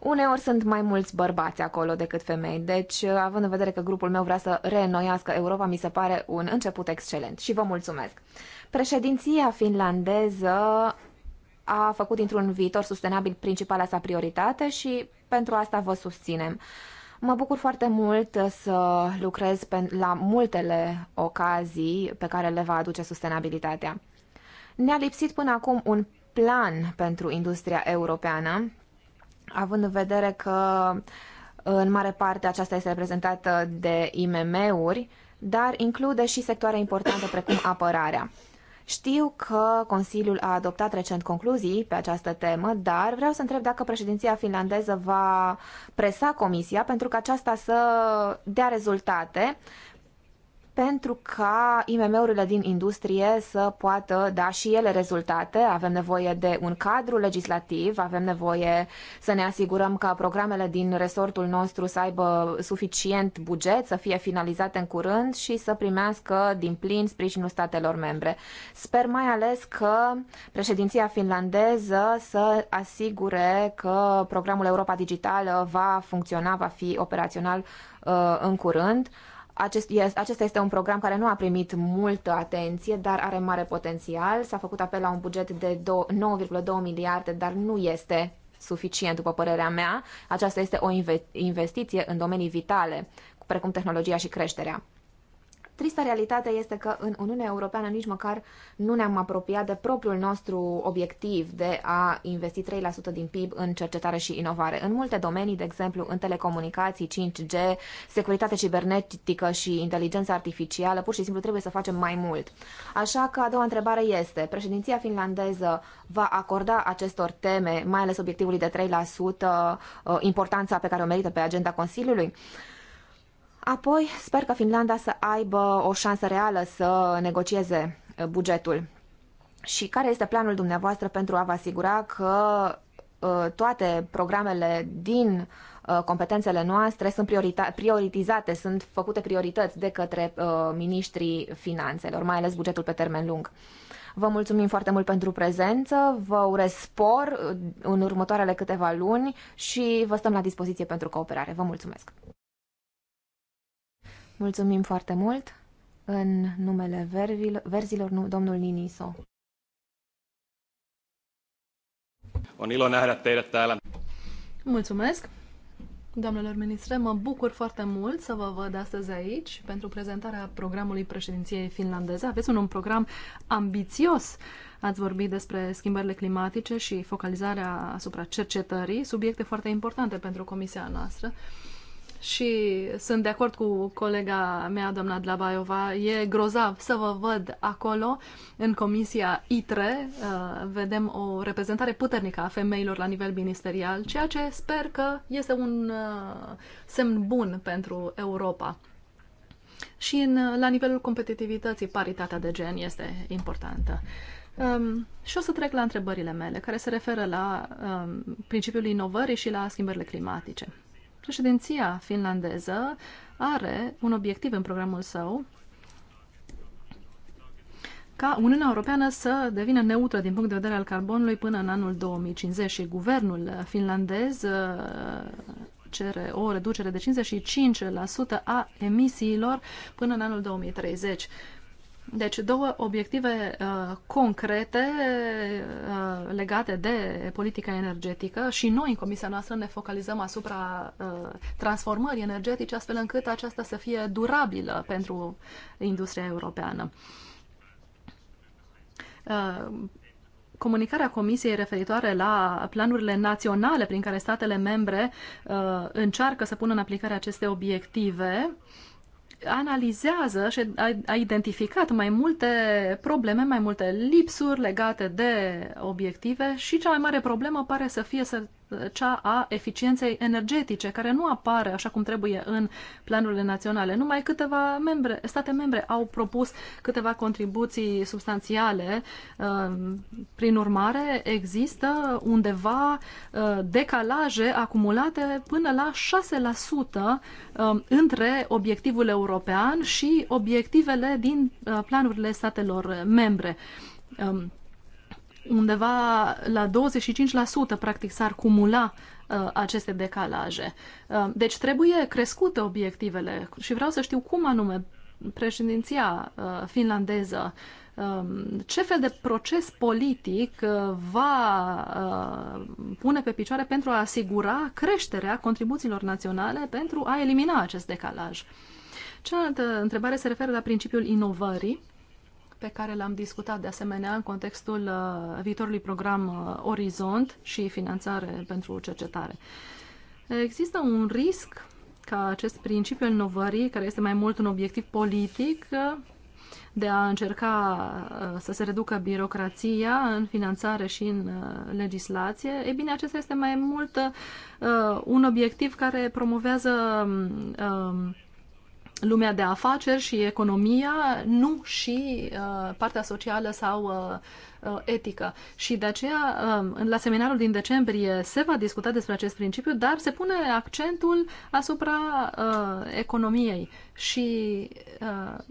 uneori sunt mai mulți bărbați acolo decât femei. Deci, având în vedere că grupul meu vrea să reînnoiască Europa, mi se pare un început excelent și vă mulțumesc. Președinția finlandeză a făcut dintr-un viitor sustenabil principala sa prioritate și pentru asta vă susținem. Mă bucur foarte mult uh, să lucrez pe, la multele ocazii pe care le va aduce sustenabilitatea. Ne-a lipsit până acum un plan pentru industria europeană, având în vedere că în mare parte aceasta este reprezentată de IMM-uri, dar include și sectoare importante precum apărarea. Știu că Consiliul a adoptat recent concluzii pe această temă, dar vreau să întreb dacă președinția finlandeză va presa Comisia pentru că aceasta să dea rezultate pentru ca IMM-urile din industrie să poată da și ele rezultate. Avem nevoie de un cadru legislativ, avem nevoie să ne asigurăm ca programele din resortul nostru să aibă suficient buget, să fie finalizate în curând și să primească din plin sprijinul statelor membre. Sper mai ales că președinția finlandeză să asigure că programul Europa Digitală va funcționa, va fi operațional uh, în curând. Acest, acesta este un program care nu a primit multă atenție, dar are mare potențial. S-a făcut apel la un buget de 9,2 miliarde, dar nu este suficient, după părerea mea. Aceasta este o investiție în domenii vitale, precum tehnologia și creșterea. Trista realitate este că în Uniunea Europeană nici măcar nu ne-am apropiat de propriul nostru obiectiv de a investi 3% din PIB în cercetare și inovare. În multe domenii, de exemplu în telecomunicații, 5G, securitate cibernetică și inteligența artificială, pur și simplu trebuie să facem mai mult. Așa că a doua întrebare este, președinția finlandeză va acorda acestor teme, mai ales obiectivului de 3%, uh, importanța pe care o merită pe agenda Consiliului? Apoi, sper că Finlanda să aibă o șansă reală să negocieze uh, bugetul. Și care este planul dumneavoastră pentru a vă asigura că uh, toate programele din uh, competențele noastre sunt prioritizate, sunt făcute priorități de către ministrii finanțelor, mai ales bugetul pe termen lung. Vă mulțumim foarte mult pentru prezență, vă urez spor în următoarele câteva luni și vă stăm la dispoziție pentru cooperare. Vă mulțumesc! Mulțumim foarte mult în numele verzilor, domnul Niniso. On ilo nähdä teidät täällä. Mulțumesc! Doamnelor ministre, mă bucur foarte mult să vă văd astăzi aici pentru prezentarea programului președinției finlandeze. Aveți un, program ambițios. Ați vorbit despre schimbările climatice și focalizarea asupra cercetării, subiecte foarte importante pentru comisia noastră. Uh, și sunt de acord cu colega mea, doamna Dlabaiova, e grozav să vă văd acolo, în comisia ITRE, uh, vedem o reprezentare puternică a femeilor la nivel ministerial, ceea ce sper că este un uh, semn bun pentru Europa. Și în, la nivelul competitivității, paritatea de gen este importantă. Um, și o să trec la întrebările mele, care se referă la um, principiul inovării și la schimbările climatice. Președinția finlandeză are un obiectiv în programul său ca Uniunea Europeană să devină neutră din punct de vedere al carbonului până în anul 2050 și guvernul finlandez uh, cere o reducere de 55% a emisiilor până în anul 2030. Deci două obiective uh, concrete uh, legate de politica energetică și noi în comisia noastră ne focalizăm asupra uh, transformării energetice astfel încât aceasta să fie durabilă pentru industria europeană. Uh, comunicarea Comisiei referitoare la planurile naționale prin care statele membre uh, încearcă să pună în aplicare aceste obiective uh, analizează și a identificat mai multe probleme, mai multe lipsuri legate de obiective și cea mai mare problemă pare să fie să cea a eficienței energetice, care nu apare așa cum trebuie în planurile naționale. Numai câteva membre, state membre au propus câteva contribuții substanțiale. Uh, prin urmare, există undeva uh, decalaje acumulate până la 6% uh, între obiectivul european și obiectivele din planurile statelor membre um, undeva la 25% practic s-ar cumula uh, aceste decalaje. Uh, deci trebuie crescute obiectivele și vreau să știu cum anume președinția uh, finlandeză um, ce fel de proces politic va pune pe picioare pentru a asigura creșterea contribuțiilor naționale pentru a elimina acest decalaj. Cealaltă întrebare se referă la principiul inovării pe care l-am discutat de asemenea în contextul uh, viitorului program uh, Orizont și finanțare pentru cercetare. Există un risc ca acest principiu inovării, care este mai mult un obiectiv politic, uh, de a încerca să se reducă birocrația în finanțare și în legislație, e bine, acesta este mai mult un obiectiv care promovează um, um, lumea de afaceri și economia, nu și uh, partea socială sau uh, uh etică. Și de aceea, uh, la seminarul din decembrie se va discuta despre acest principiu, dar se pune accentul asupra uh, economiei și uh,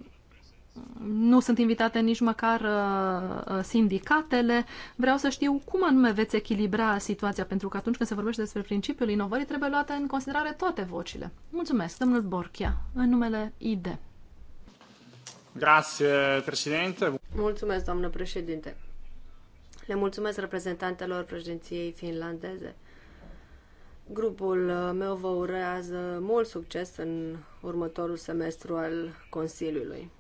nu sunt invitate nici măcar uh, uh, sindicatele. Vreau să știu cum anume veți echilibra situația, pentru că atunci când se vorbește despre principiul inovării, trebuie luate în considerare toate vocile. Mulțumesc, domnul Borchia, în numele ID. Grazie, președinte. Mulțumesc, doamnă președinte. Le mulțumesc reprezentantelor președinției finlandeze. Grupul uh, meu vă urează mult succes în următorul semestru al Consiliului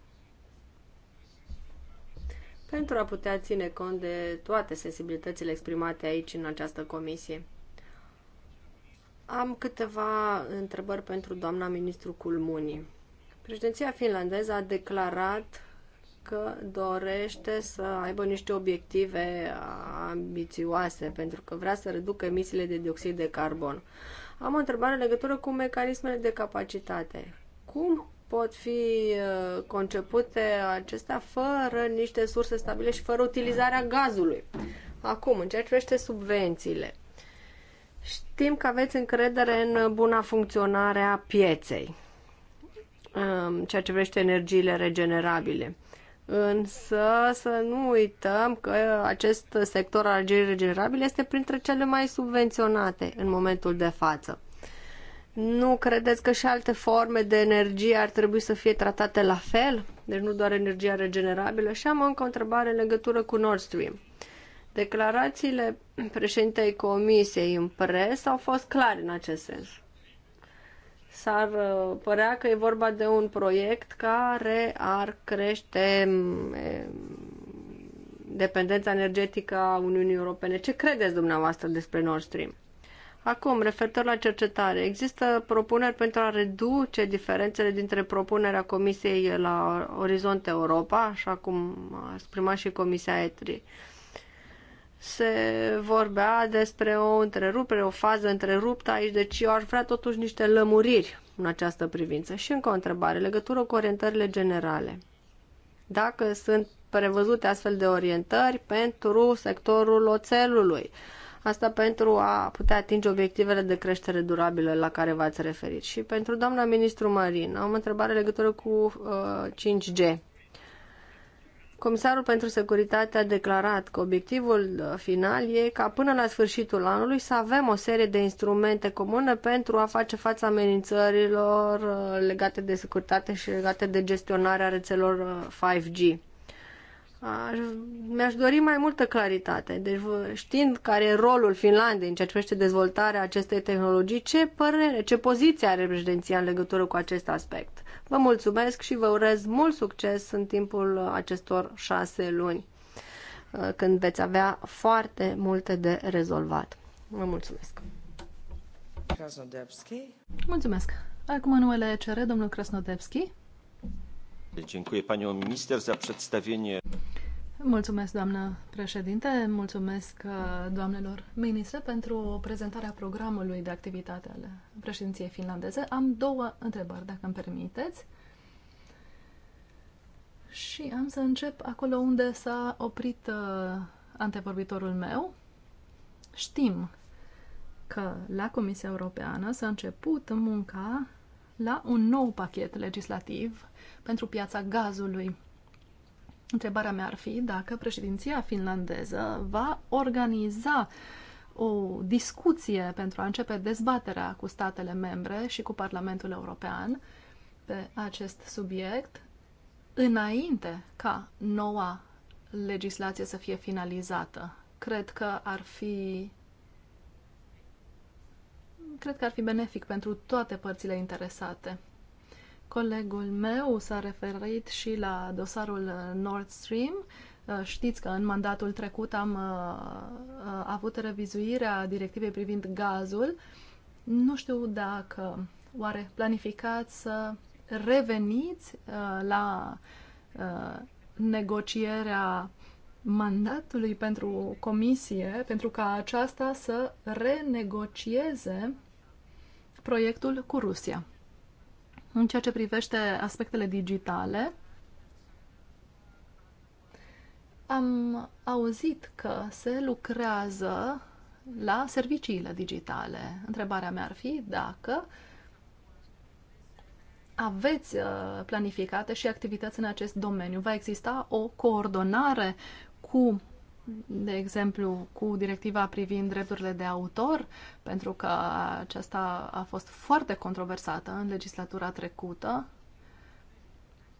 pentru a putea ține cont de toate sensibilitățile exprimate aici în această comisie. Am câteva întrebări pentru doamna ministru Culmuni. Președinția finlandeză a declarat că dorește să aibă niște obiective ambițioase pentru că vrea să reducă emisiile de dioxid de carbon. Am o întrebare în legătură cu mecanismele de capacitate. Cum pot fi uh, concepute acestea fără niște surse stabile și fără utilizarea gazului. Acum, în ceea ce privește subvențiile, știm că aveți încredere în buna funcționare a pieței, în um, ceea ce privește energiile regenerabile. Însă să nu uităm că acest sector al energiei regenerabile este printre cele mai subvenționate în momentul de față. Nu credeți că și alte forme de energie ar trebui să fie tratate la fel? Deci nu doar energia regenerabilă. Și am încă o întrebare în legătură cu Nord Stream. Declarațiile președintei Comisiei în presă au fost clare în acest sens. S-ar uh, părea că e vorba de un proiect care ar crește mm, dependența energetică a Uniunii Europene. Ce credeți dumneavoastră despre Nord Stream? Acum, referitor la cercetare, există propuneri pentru a reduce diferențele dintre propunerea Comisiei la Orizont Europa, așa cum a exprimat și Comisia ETRI. Se vorbea despre o întrerupere, o fază întreruptă aici, deci eu aș vrea totuși niște lămuriri în această privință. Și încă o întrebare, legătură cu orientările generale. Dacă sunt prevăzute astfel de orientări pentru sectorul oțelului, uh, Asta pentru a putea atinge obiectivele de creștere durabilă la care v-ați referit. Și pentru doamna ministru Marin, am o întrebare legătură cu uh, 5G. Comisarul pentru Securitate a declarat că obiectivul uh, final e ca până la sfârșitul anului să avem o serie de instrumente comune pentru a face față amenințărilor uh, legate de securitate și legate de gestionarea rețelor 5G. Uh, mi-aș dori mai multă claritate. Deci, știind care e rolul Finlandei în ceea ce privește dezvoltarea acestei tehnologii, ce părere, ce poziție are președinția în legătură cu acest aspect? Vă mulțumesc și vă urez mult succes în timpul acestor șase luni, uh, când veți avea foarte multe de rezolvat. Vă mulțumesc! Krasnodebski. Mulțumesc! Acum numele CR, domnul Krasnodebski. Dziękuję panią minister za przedstawienie. Mulțumesc, doamnă președinte, mulțumesc uh, doamnelor ministre pentru prezentarea programului de activitate ale președinției finlandeze. Am două întrebări, dacă îmi permiteți. Și am să încep acolo unde s-a oprit uh, antevorbitorul meu. Știm că la Comisia Europeană s-a început munca la un nou pachet legislativ pentru piața gazului. Întrebarea mea ar fi dacă președinția finlandeză va organiza o discuție pentru a începe dezbaterea cu statele membre și cu Parlamentul European pe acest subiect înainte ca noua legislație să fie finalizată. Cred că ar fi cred că ar fi benefic pentru toate părțile interesate. Colegul meu s-a referit și la dosarul Nord Stream. Uh, știți că în mandatul trecut am uh, uh, avut revizuirea directivei privind gazul. Nu știu dacă oare planificați să reveniți la negocierea mandatului pentru comisie, pentru ca aceasta să renegocieze proiectul cu Rusia. În ceea ce privește aspectele digitale, am auzit că se lucrează la serviciile digitale. Întrebarea mea ar fi dacă aveți uh, planificate și activități în acest domeniu. Va exista o coordonare cu de exemplu, cu directiva privind drepturile de autor, pentru că aceasta a fost foarte controversată în legislatura trecută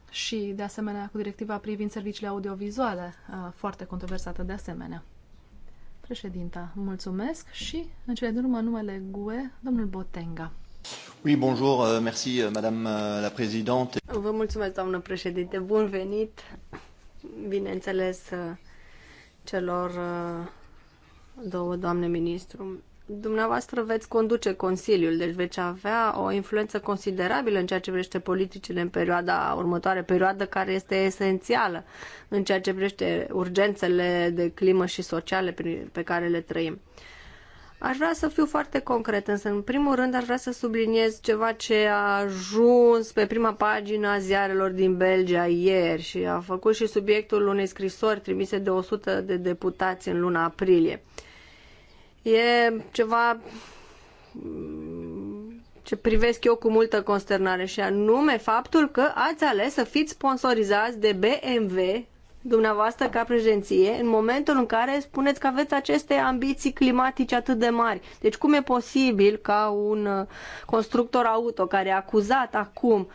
și, de asemenea, cu directiva privind serviciile audiovizuale, foarte controversată de asemenea. Președinta, mulțumesc și, în cele din urmă, numele GUE, domnul Botenga. Oui, bonjour, euh, merci, euh, madame euh, la présidente. Vă mulțumesc, doamnă președinte, bun venit. Bineînțeles, celor uh, două doamne ministru. Dumneavoastră veți conduce Consiliul, deci veți avea o influență considerabilă în ceea ce privește politicile în perioada următoare, perioadă care este esențială în ceea ce privește urgențele de climă și sociale pe care le trăim. Uh, Aș vrea să fiu foarte concret, însă în primul rând aș vrea să subliniez ceva ce a ajuns pe prima pagină a ziarelor din Belgia ieri și a făcut și subiectul unei scrisori trimise de 100 de deputați în luna aprilie. E ceva ce privesc eu cu multă consternare și anume faptul că ați ales să fiți sponsorizați de BMW dumneavoastră ca președinție în momentul în care spuneți că aveți aceste ambiții climatice atât de mari. Deci cum e posibil ca un uh, constructor auto care e acuzat acum uh,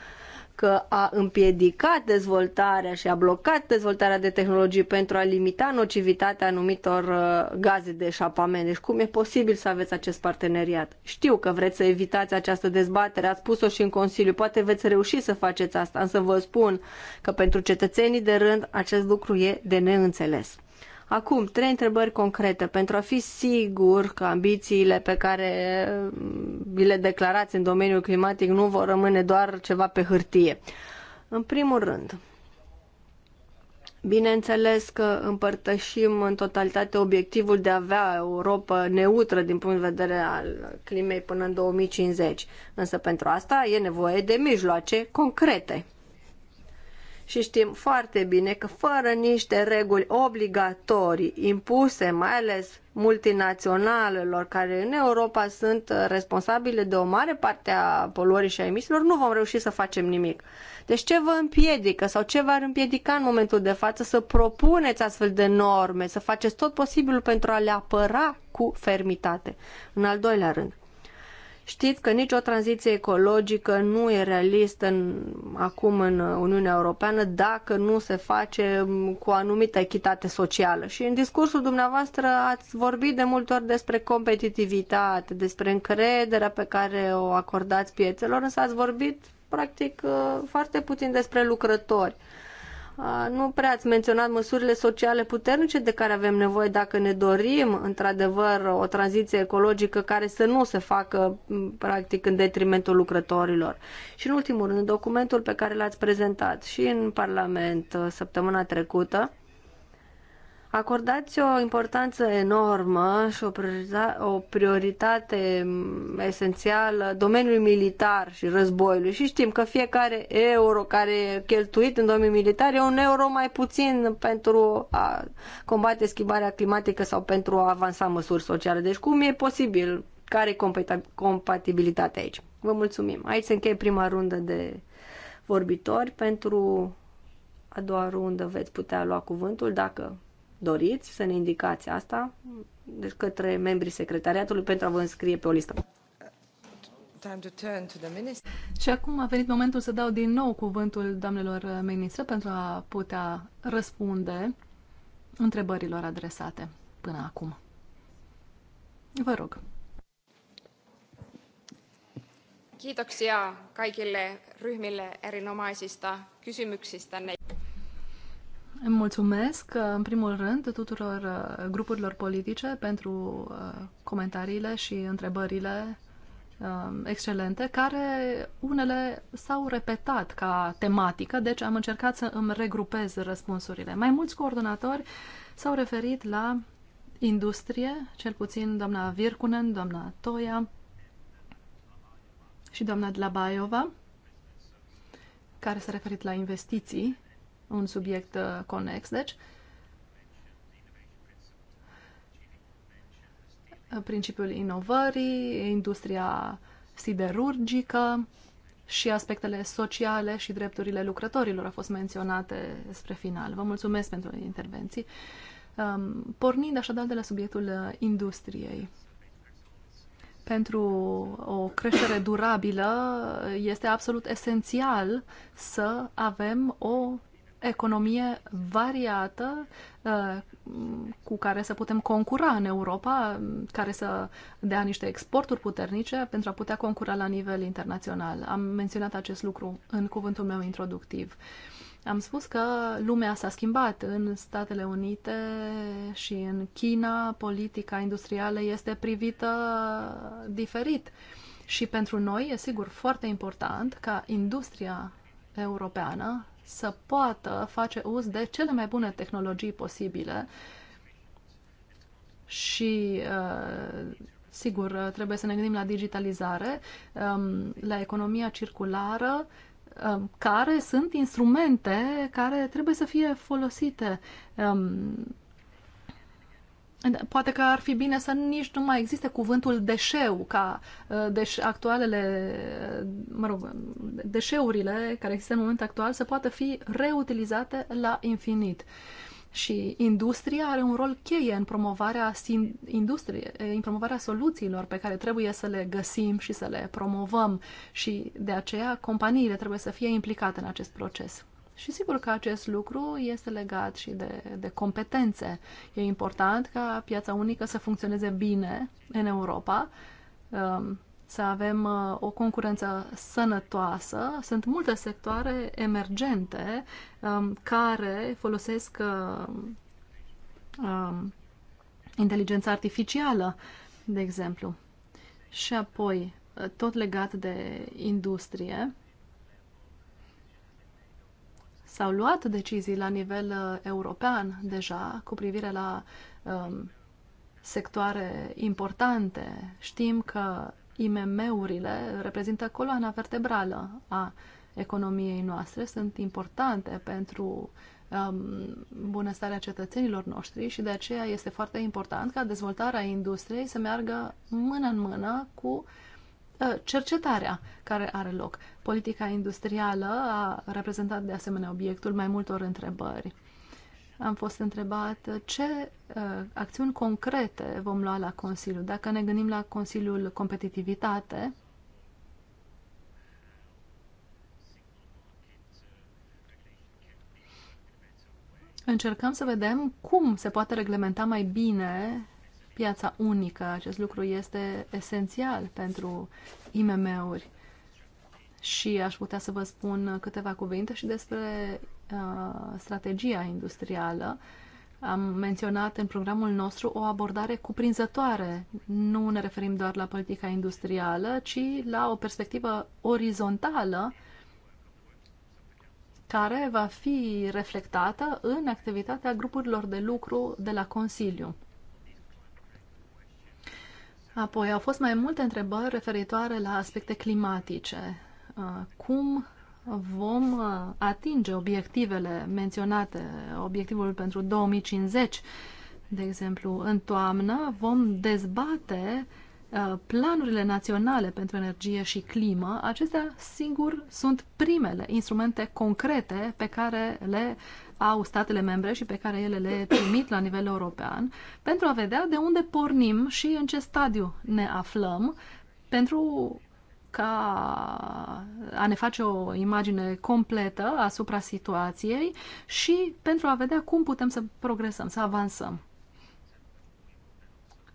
că a împiedicat dezvoltarea și a blocat dezvoltarea de tehnologii pentru a limita nocivitatea anumitor uh, gaze de eșapament. Deci cum e posibil să aveți acest parteneriat? Știu că vreți să evitați această dezbatere, ați spus-o și în Consiliu, poate veți reuși să faceți asta, însă vă spun că pentru cetățenii de rând acest lucru e de neînțeles. Acum, trei întrebări concrete pentru a fi sigur că ambițiile pe care mm, vi le declarați în domeniul climatic nu vor rămâne doar ceva pe hârtie. În primul rând, Bineînțeles că împărtășim în totalitate obiectivul de a avea Europa neutră din punct de vedere al climei până în 2050. Însă pentru asta e nevoie de mijloace concrete. Și știm foarte bine că fără niște reguli obligatorii impuse, mai ales multinaționalelor, care în Europa sunt uh, responsabile de o mare parte a poluării și a emisiilor, nu vom reuși să facem nimic. Deci ce vă împiedică sau ce v-ar împiedica în momentul de față să propuneți astfel de norme, să faceți tot posibilul pentru a le apăra cu fermitate? În al doilea rând, Știți că nicio tranziție ecologică nu e realistă în, acum în Uniunea Europeană dacă nu se face cu o anumită echitate socială. Și în discursul dumneavoastră ați vorbit de multe ori despre competitivitate, despre încrederea pe care o acordați piețelor, însă ați vorbit practic uh, foarte puțin despre lucrători nu prea ați menționat măsurile sociale puternice de care avem nevoie dacă ne dorim, într-adevăr, o tranziție ecologică care să nu se facă, practic, în detrimentul lucrătorilor. Și, în ultimul rând, documentul pe care l-ați prezentat și în Parlament uh, săptămâna trecută, Acordați o importanță enormă și o, o prioritate esențială domeniului militar și războiului și știm că fiecare euro care e cheltuit în domeniul militar e un euro mai puțin pentru a combate schimbarea climatică sau pentru a avansa măsuri sociale. Deci cum e posibil? Care e compatibilitatea aici? Vă mulțumim. Aici se încheie prima rundă de vorbitori pentru a doua rundă veți putea lua cuvântul dacă doriți să ne indicați asta, deci către membrii secretariatului pentru a vă înscrie pe o listă. Și acum a venit momentul să dau din nou cuvântul doamnelor ministre pentru a putea răspunde întrebărilor adresate până acum. Vă rog. Kiitoksia kaikille ryhmille erinomaisista kysymyksistä. Îmi mulțumesc, uh, în primul rând, tuturor uh, grupurilor politice pentru uh, comentariile și întrebările um, excelente, care unele s-au repetat ca tematică, deci am încercat să îmi regrupez răspunsurile. Mai mulți coordonatori s-au referit la industrie, cel puțin doamna Virkunen, doamna Toia și doamna Dlabaiova, care s-a referit la investiții un subiect uh, conex, deci. Principiul inovării, industria siderurgică și aspectele sociale și drepturile lucrătorilor au fost menționate spre final. Vă mulțumesc pentru intervenții. Um, pornind așadar de la subiectul uh, industriei, pentru o creștere durabilă este absolut esențial să avem o economie variată uh, cu care să putem concura în Europa, care să dea niște exporturi puternice pentru a putea concura la nivel internațional. Am menționat acest lucru în cuvântul meu introductiv. Am spus că lumea s-a schimbat în Statele Unite și în China, politica industrială este privită diferit. Și pentru noi e sigur foarte important ca industria europeană să poată face uz de cele mai bune tehnologii posibile și uh, sigur trebuie să ne gândim la digitalizare, um, la economia circulară, um, care sunt instrumente care trebuie să fie folosite. Um, Poate că ar fi bine să nici nu mai existe cuvântul deșeu, ca uh, deș- actualele, uh, mă rog, deșeurile care există în momentul actual să poată fi reutilizate la infinit. Și industria are un rol cheie în promovarea, industrie, în promovarea soluțiilor pe care trebuie să le găsim și să le promovăm și de aceea companiile trebuie să fie implicate în acest proces. Și sigur că acest lucru este legat și de, de competențe. E important ca piața unică să funcționeze bine în Europa, um, să avem uh, o concurență sănătoasă. Sunt multe sectoare emergente um, care folosesc uh, um, inteligența artificială, de exemplu. Și apoi, uh, tot legat de industrie, S-au luat decizii la nivel uh, european deja cu privire la um, sectoare importante. Știm că IMM-urile reprezintă coloana vertebrală a economiei noastre, sunt importante pentru um, bunăstarea cetățenilor noștri și de aceea este foarte important ca dezvoltarea industriei să meargă mână în mână cu uh, Uh, cercetarea care are loc. Politica industrială a reprezentat de asemenea obiectul mai multor întrebări. Am fost întrebat ce uh, acțiuni concrete vom lua la Consiliu. Dacă ne gândim la Consiliul Competitivitate, încercăm să vedem cum se poate reglementa mai bine piața unică. Acest lucru este esențial pentru IMM-uri. Și aș putea să vă spun câteva cuvinte și despre uh, strategia industrială. Am menționat în programul nostru o abordare cuprinzătoare. Nu ne referim doar la politica industrială, ci la o perspectivă orizontală care va fi reflectată în activitatea grupurilor de lucru de la Consiliu. Apoi au fost mai multe întrebări referitoare la aspecte climatice. Uh, cum vom uh, atinge obiectivele menționate, obiectivul pentru 2050, de exemplu, în toamnă vom dezbate uh, planurile naționale pentru energie și climă, acestea, sigur, sunt primele instrumente concrete pe care le au statele membre și pe care ele le trimit la nivel european, pentru a vedea de unde pornim și în ce stadiu ne aflăm pentru ca a ne face o imagine completă asupra situației și pentru a vedea cum putem să progresăm, să avansăm.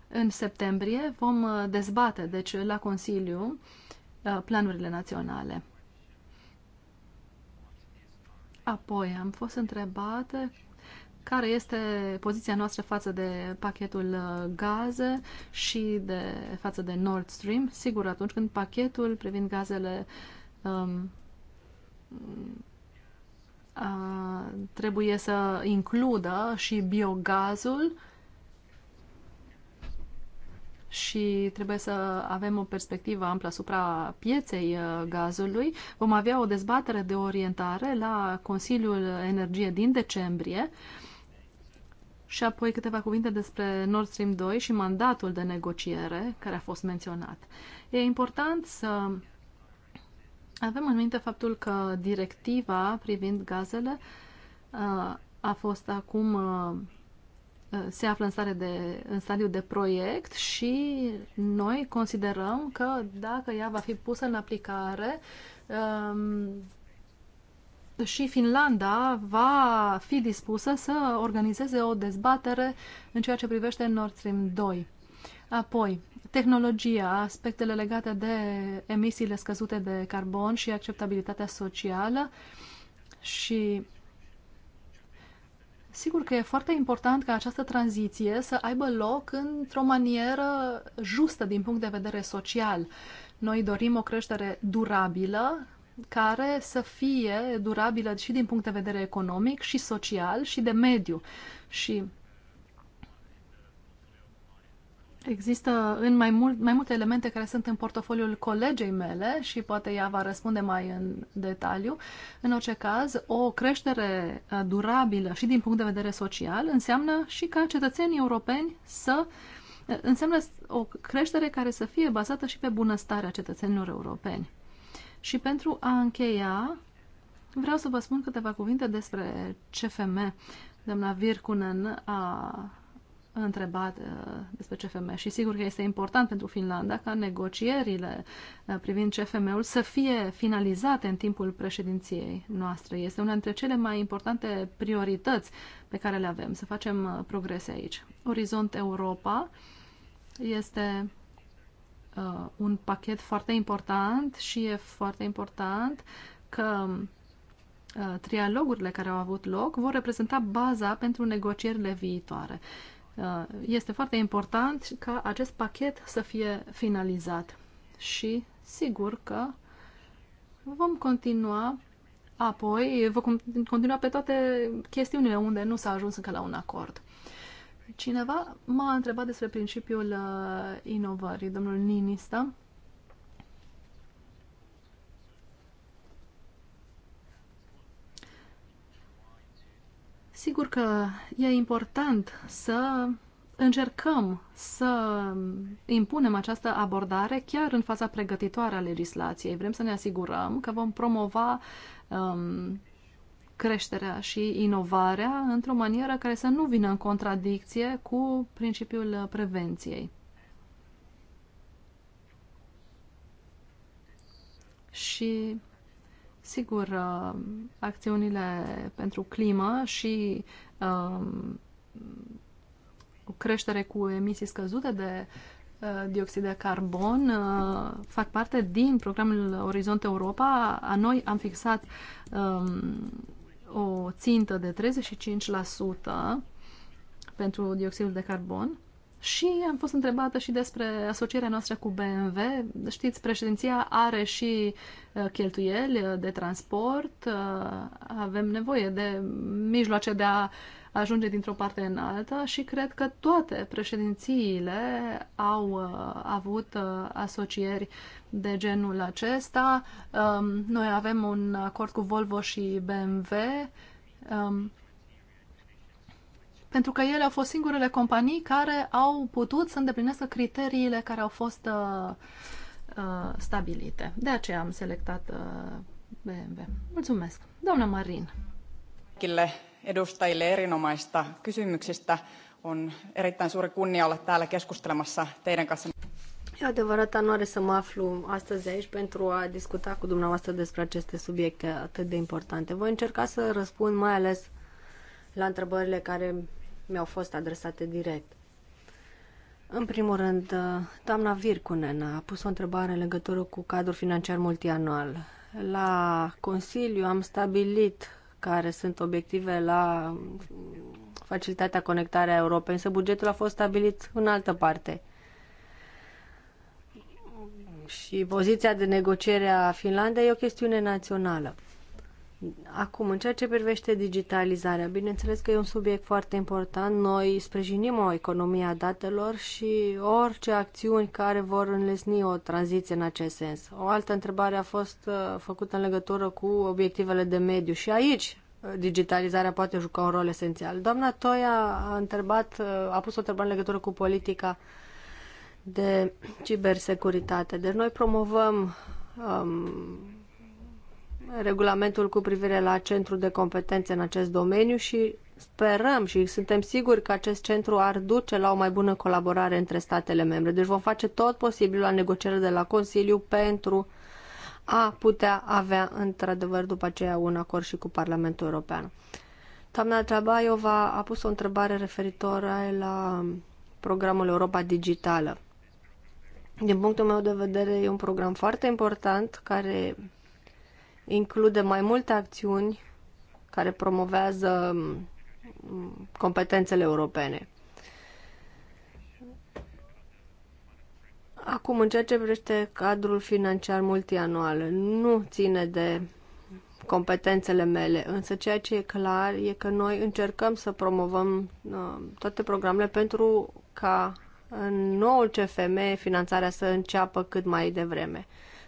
În septembrie vom dezbate, deci, la Consiliu, uh, planurile naționale. Apoi am fost întrebată care este poziția noastră față de pachetul uh, gaze și de, față de Nord Stream. Sigur, atunci când pachetul privind gazele um, a, trebuie să includă și biogazul, și trebuie să avem o perspectivă amplă asupra pieței uh, gazului. Vom avea o dezbatere de orientare la Consiliul Energie din decembrie și apoi câteva cuvinte despre Nord Stream 2 și mandatul de negociere care a fost menționat. E important să avem în minte faptul că directiva privind gazele uh, a fost acum uh, Uh, se află în, stare de, în stadiu de proiect și noi considerăm că dacă ea va fi pusă în aplicare, um, și Finlanda va fi dispusă să organizeze o dezbatere în ceea ce privește Nord Stream 2. Apoi, tehnologia, aspectele legate de emisiile scăzute de carbon și acceptabilitatea socială și Sigur că e foarte important ca această tranziție să aibă loc într-o manieră justă din punct de vedere social. Noi dorim o creștere durabilă, care să fie durabilă și din punct de vedere economic și social și de mediu. Și Există în mai, mult, mai multe elemente care sunt în portofoliul colegei mele și poate ea va răspunde mai în detaliu. În orice caz, o creștere uh, durabilă și din punct de vedere social înseamnă și ca cetățenii europeni să uh, înseamnă o creștere care să fie bazată și pe bunăstarea cetățenilor europeni. Și pentru a încheia, vreau să vă spun câteva cuvinte despre CFM. Doamna Virkunen a întrebat uh, despre CFM și sigur că este important pentru Finlanda ca negocierile uh, privind CFM-ul să fie finalizate în timpul președinției noastre. Este una dintre cele mai importante priorități pe care le avem, să facem uh, progrese aici. Orizont Europa este un pachet foarte important și e foarte important că trialogurile care au avut loc vor reprezenta baza pentru negocierile viitoare. Uh, este foarte important ca acest pachet să fie finalizat și sigur că vom continua apoi, vom continua pe toate chestiunile unde nu s-a ajuns încă la un acord. Cineva m-a întrebat despre principiul uh, inovării, domnul Ninista. Sigur că e important să încercăm să impunem această abordare chiar în fața pregătitoare a legislației. Vrem să ne asigurăm că vom promova um, creșterea și inovarea într-o manieră care să nu vină în contradicție cu principiul prevenției. Și Sigur, uh, acțiunile pentru climă și um, o creștere cu emisii scăzute de uh, dioxid de carbon uh, fac parte din programul Orizont Europa. A noi am fixat um, o țintă de 35% pentru dioxidul de carbon și am fost întrebată și despre asocierea noastră cu BMW. Știți, președinția are și uh, cheltuieli uh, de transport, uh, avem nevoie de mijloace de a ajunge dintr-o parte în alta și cred că toate președințiile au avut asocieri de genul acesta. Um, noi avem un acord cu Volvo și BMW pentru că ele au fost singurele companii care au putut să îndeplinească criteriile care au fost uh, uh, stabilite. De aceea am selectat uh, BMW. Mulțumesc. Doamna Marin. Kaikille edustajille erinomaista kysymyksistä. On erittäin suuri kunnia olla täällä keskustelemassa teidän kanssa. E adevărat anoare să mă aflu astăzi aici pentru a discuta cu dumneavoastră despre aceste subiecte atât de importante. Voi încerca să răspund mai ales la întrebările care mi-au fost adresate direct. În primul rând, uh, doamna Virkunen a pus o întrebare în legătură cu cadrul financiar multianual. La Consiliu am stabilit care sunt obiective la facilitatea conectarea Europei, însă bugetul a fost stabilit în altă parte. Și poziția de negociere a Finlandei e o chestiune națională. Acum, în ceea ce privește digitalizarea, bineînțeles că e un subiect foarte important. Noi sprijinim o economie a datelor și orice acțiuni care vor înlesni o tranziție în acest sens. O altă întrebare a fost uh, făcută în legătură cu obiectivele de mediu și aici uh, digitalizarea poate juca un rol esențial. Doamna Toia a întrebat, uh, a pus o întrebare în legătură cu politica de cibersecuritate. Deci noi promovăm um, regulamentul cu privire la centru de competențe în acest domeniu și sperăm și suntem siguri că acest centru ar duce la o mai bună colaborare între statele membre. Deci vom face tot posibilul la negocierile de la Consiliu pentru a putea avea într-adevăr după aceea un acord și cu Parlamentul European. Doamna Trabaiova a pus o întrebare referitoare la programul Europa Digitală. Din punctul meu de vedere, e un program foarte important care include mai multe acțiuni care promovează mm, competențele europene. Acum, în ceea ce privește cadrul financiar multianual, nu ține de competențele mele, însă ceea ce e clar e că noi încercăm să promovăm uh, toate programele pentru ca în noul CFM finanțarea să înceapă cât mai devreme.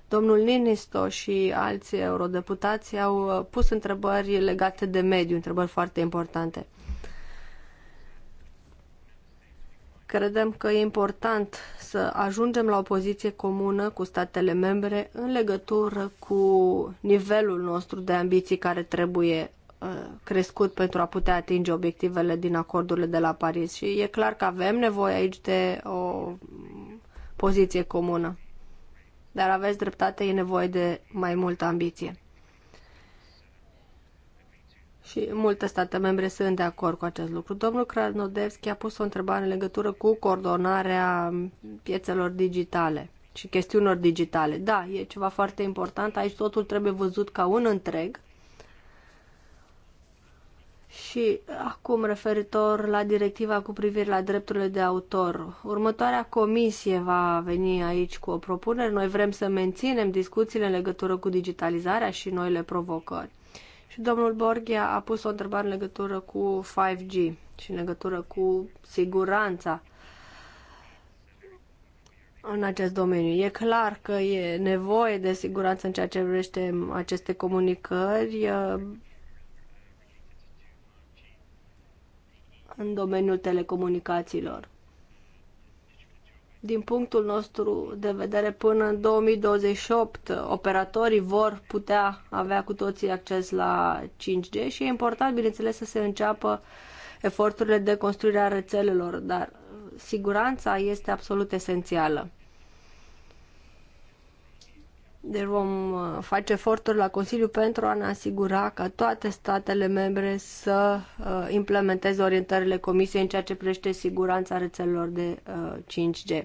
Domnul Ninisto și alți eurodeputați au uh, pus întrebări legate de mediu, întrebări foarte importante. Credem că e important să ajungem la o poziție comună cu statele membre în legătură cu nivelul nostru de ambiții care trebuie uh, crescut pentru a putea atinge obiectivele din acordurile de la Paris și e clar că avem nevoie aici de o poziție comună. Dar aveți dreptate, e nevoie de mai multă ambiție. Și multe state membre sunt de acord cu acest lucru. Domnul Krasnodevski a pus o întrebare în legătură cu coordonarea piețelor digitale și chestiunilor digitale. Da, e ceva foarte important. Aici totul trebuie văzut ca un întreg și acum referitor la directiva cu privire la drepturile de autor. Următoarea comisie va veni aici cu o propunere. Noi vrem să menținem discuțiile în legătură cu digitalizarea și noile provocări. Și domnul Borghia a pus o întrebare în legătură cu 5G și în legătură cu siguranța în acest domeniu. E clar că e nevoie de siguranță în ceea ce privește aceste comunicări în domeniul telecomunicațiilor. Din punctul nostru de vedere, până în 2028, operatorii vor putea avea cu toții acces la 5G și e important, bineînțeles, să se înceapă eforturile de construire a rețelelor, dar siguranța este absolut esențială. Deci vom uh, face eforturi la Consiliu pentru a ne asigura ca toate statele membre să uh, implementeze orientările Comisiei în ceea ce privește siguranța rețelelor de 5G. Uh,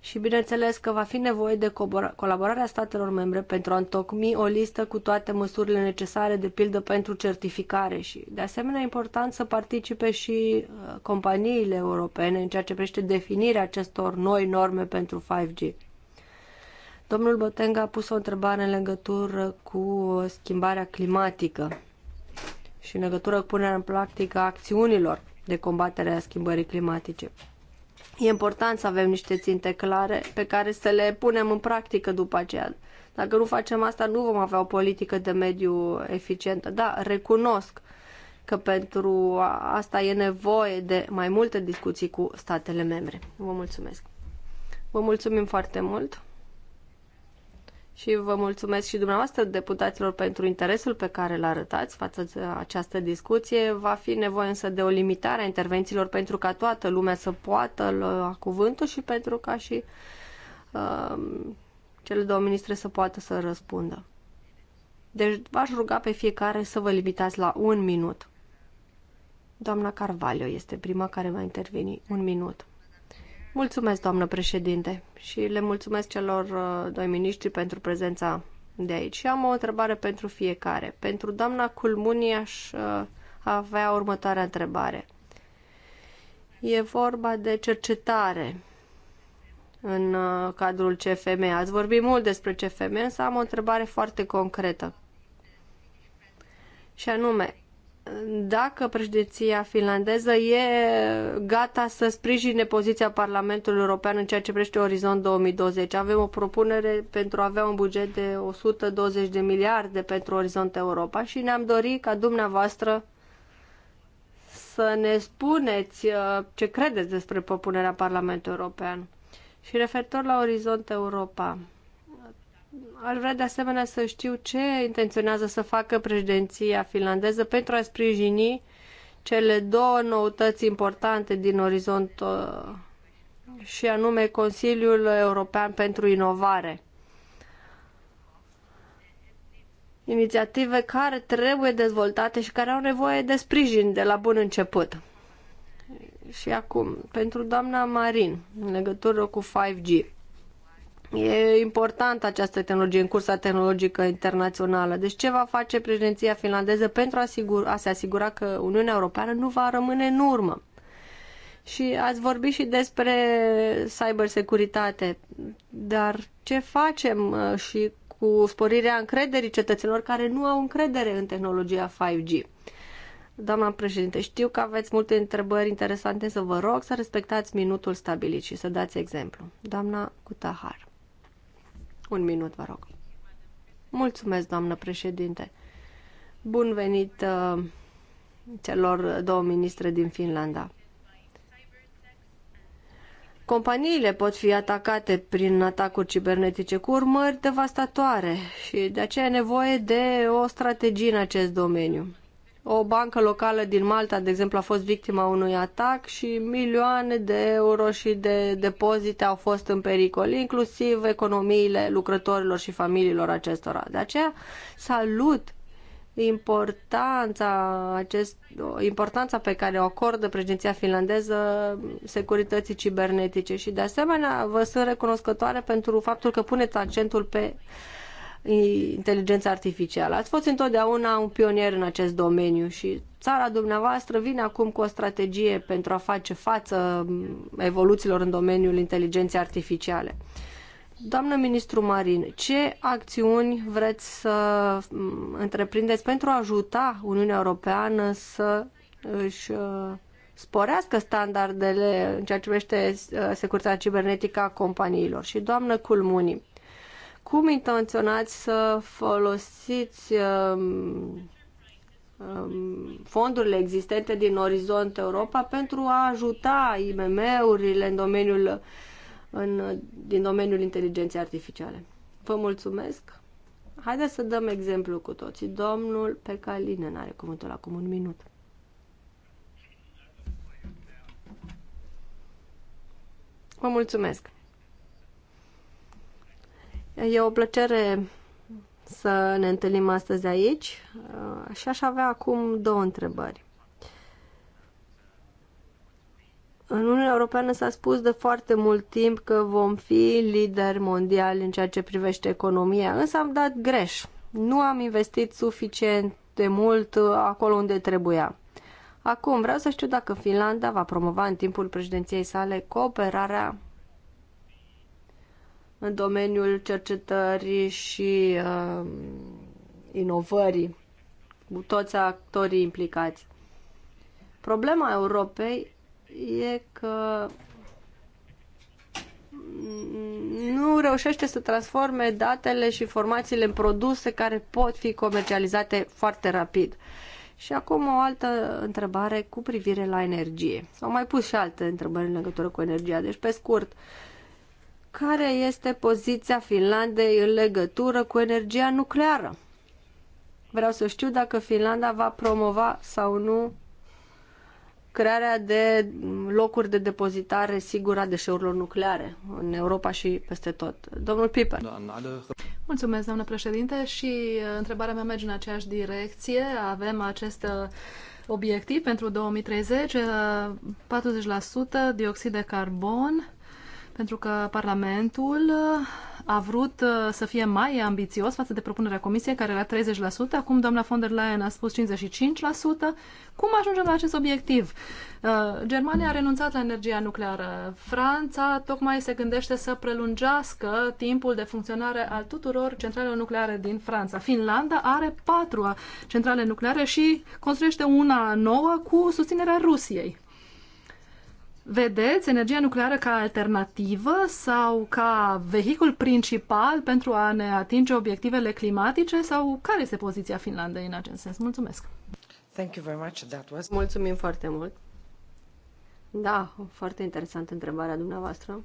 și bineînțeles că va fi nevoie de colaborarea statelor membre pentru a întocmi o listă cu toate măsurile necesare, de pildă pentru certificare și, de asemenea, important să participe și companiile europene în ceea ce privește definirea acestor noi norme pentru 5G. Domnul Botenga a pus o întrebare în legătură cu schimbarea climatică și în legătură cu punerea în practică a acțiunilor de combatere a schimbării climatice. E important să avem niște ținte clare pe care să le punem în practică după aceea. Dacă nu facem asta, nu vom avea o politică de mediu eficientă. Da, recunosc că pentru asta e nevoie de mai multe discuții cu statele membre. Vă mulțumesc! Vă mulțumim foarte mult! și vă mulțumesc și dumneavoastră deputaților pentru interesul pe care îl arătați față de această discuție. Va fi nevoie însă de o limitare a intervențiilor pentru ca toată lumea să poată lua cuvântul și pentru ca și uh, cele două ministre să poată să răspundă. Deci v-aș ruga pe fiecare să vă limitați la un minut. Doamna Carvalho este prima care va interveni. Un minut. Mulțumesc, doamnă președinte, și le mulțumesc celor uh, doi miniștri pentru prezența de aici. Și am o întrebare pentru fiecare. Pentru doamna Culmuni aș uh, avea următoarea întrebare. E vorba de cercetare în uh, cadrul CFM. Ați vorbit mult despre CFM, însă am o întrebare foarte concretă. Și anume, dacă președinția finlandeză e gata să sprijine poziția Parlamentului European în ceea ce privește Orizont 2020. Avem o propunere pentru a avea un buget de 120 de miliarde pentru Orizont Europa și ne-am dorit ca dumneavoastră să ne spuneți uh, ce credeți despre propunerea Parlamentului European. Și referitor la Orizont Europa, ar vrea de asemenea să știu ce intenționează să facă președinția finlandeză pentru a sprijini cele două noutăți importante din orizont uh, și anume Consiliul European pentru Inovare. Inițiative care trebuie dezvoltate și care au nevoie de sprijin de la bun început. Și acum, pentru doamna Marin, în legătură cu 5G. E importantă această tehnologie în cursa tehnologică internațională. Deci ce va face președinția finlandeză pentru a, sigur, a se asigura că Uniunea Europeană nu va rămâne în urmă? Și ați vorbit și despre cybersecuritate, dar ce facem uh, și cu sporirea încrederii cetățenilor care nu au încredere în tehnologia 5G? Doamna președinte, știu că aveți multe întrebări interesante, să vă rog să respectați minutul stabilit și să dați exemplu. Doamna Cutahar. Un minut, vă rog. Mulțumesc, doamnă președinte. Bun venit uh, celor două ministre din Finlanda. Companiile pot fi atacate prin atacuri cibernetice cu urmări devastatoare și de aceea e nevoie de o strategie în acest domeniu. O bancă locală din Malta, de exemplu, a fost victima unui atac și milioane de euro și de depozite au fost în pericol, inclusiv economiile lucrătorilor și familiilor acestora. De aceea salut importanța, acest, importanța pe care o acordă președinția finlandeză securității cibernetice și de asemenea vă sunt recunoscătoare pentru faptul că puneți accentul pe uh, inteligența artificială. Ați fost întotdeauna un pionier în acest domeniu și țara dumneavoastră vine acum cu o strategie pentru a face față evoluțiilor în domeniul inteligenței artificiale. Doamnă ministru Marin, ce acțiuni vreți să întreprindeți pentru a ajuta Uniunea Europeană să își uh, sporească standardele în ceea ce privește uh, securitatea cibernetică a companiilor? Și doamnă Culmuni, cum intenționați să folosiți um, um, fondurile existente din Orizont Europa pentru a ajuta IMM-urile în domeniul, în, din domeniul inteligenței artificiale. Vă mulțumesc. Haideți să dăm exemplu cu toții. Domnul Pecalinen are cuvântul acum un minut. Vă mulțumesc. E o plăcere să ne întâlnim astăzi aici uh, și aș avea acum două întrebări. În Uniunea Europeană s-a spus de foarte mult timp că vom fi lideri mondiali în ceea ce privește economia, însă am dat greș. Nu am investit suficient de mult uh, acolo unde trebuia. Acum vreau să știu dacă Finlanda va promova în timpul președinției sale cooperarea în domeniul cercetării și uh, inovării cu toți actorii implicați. Problema Europei e că nu reușește să transforme datele și informațiile în produse care pot fi comercializate foarte rapid. Și acum o altă întrebare cu privire la energie. S-au mai pus și alte întrebări în legătură cu energia, deci pe scurt, uh, care este poziția Finlandei în legătură cu energia nucleară. Vreau să știu dacă Finlanda va promova sau nu crearea de locuri de depozitare sigură a deșeurilor nucleare în Europa și peste tot. Domnul Piper. Mulțumesc, doamnă președinte, și uh, întrebarea mea merge în aceeași direcție. Avem acest uh, obiectiv pentru 2030, 40% uh, dioxid de carbon pentru că Parlamentul uh, a vrut uh, să fie mai ambițios față de propunerea Comisiei, care era 30%, acum doamna von der Leyen a spus 55%. Cum ajungem la acest obiectiv? Uh, Germania a renunțat la energia nucleară. Franța tocmai se gândește să prelungească timpul de funcționare al tuturor centralelor nucleare din Franța. Finlanda are patru centrale nucleare și construiește una nouă cu susținerea Rusiei vedeți energia nucleară ca alternativă sau ca vehicul principal pentru a ne atinge obiectivele climatice sau care este poziția Finlandei în acest sens? Mulțumesc! Thank you very much. That was... Mulțumim foarte mult! Da, foarte interesantă întrebarea dumneavoastră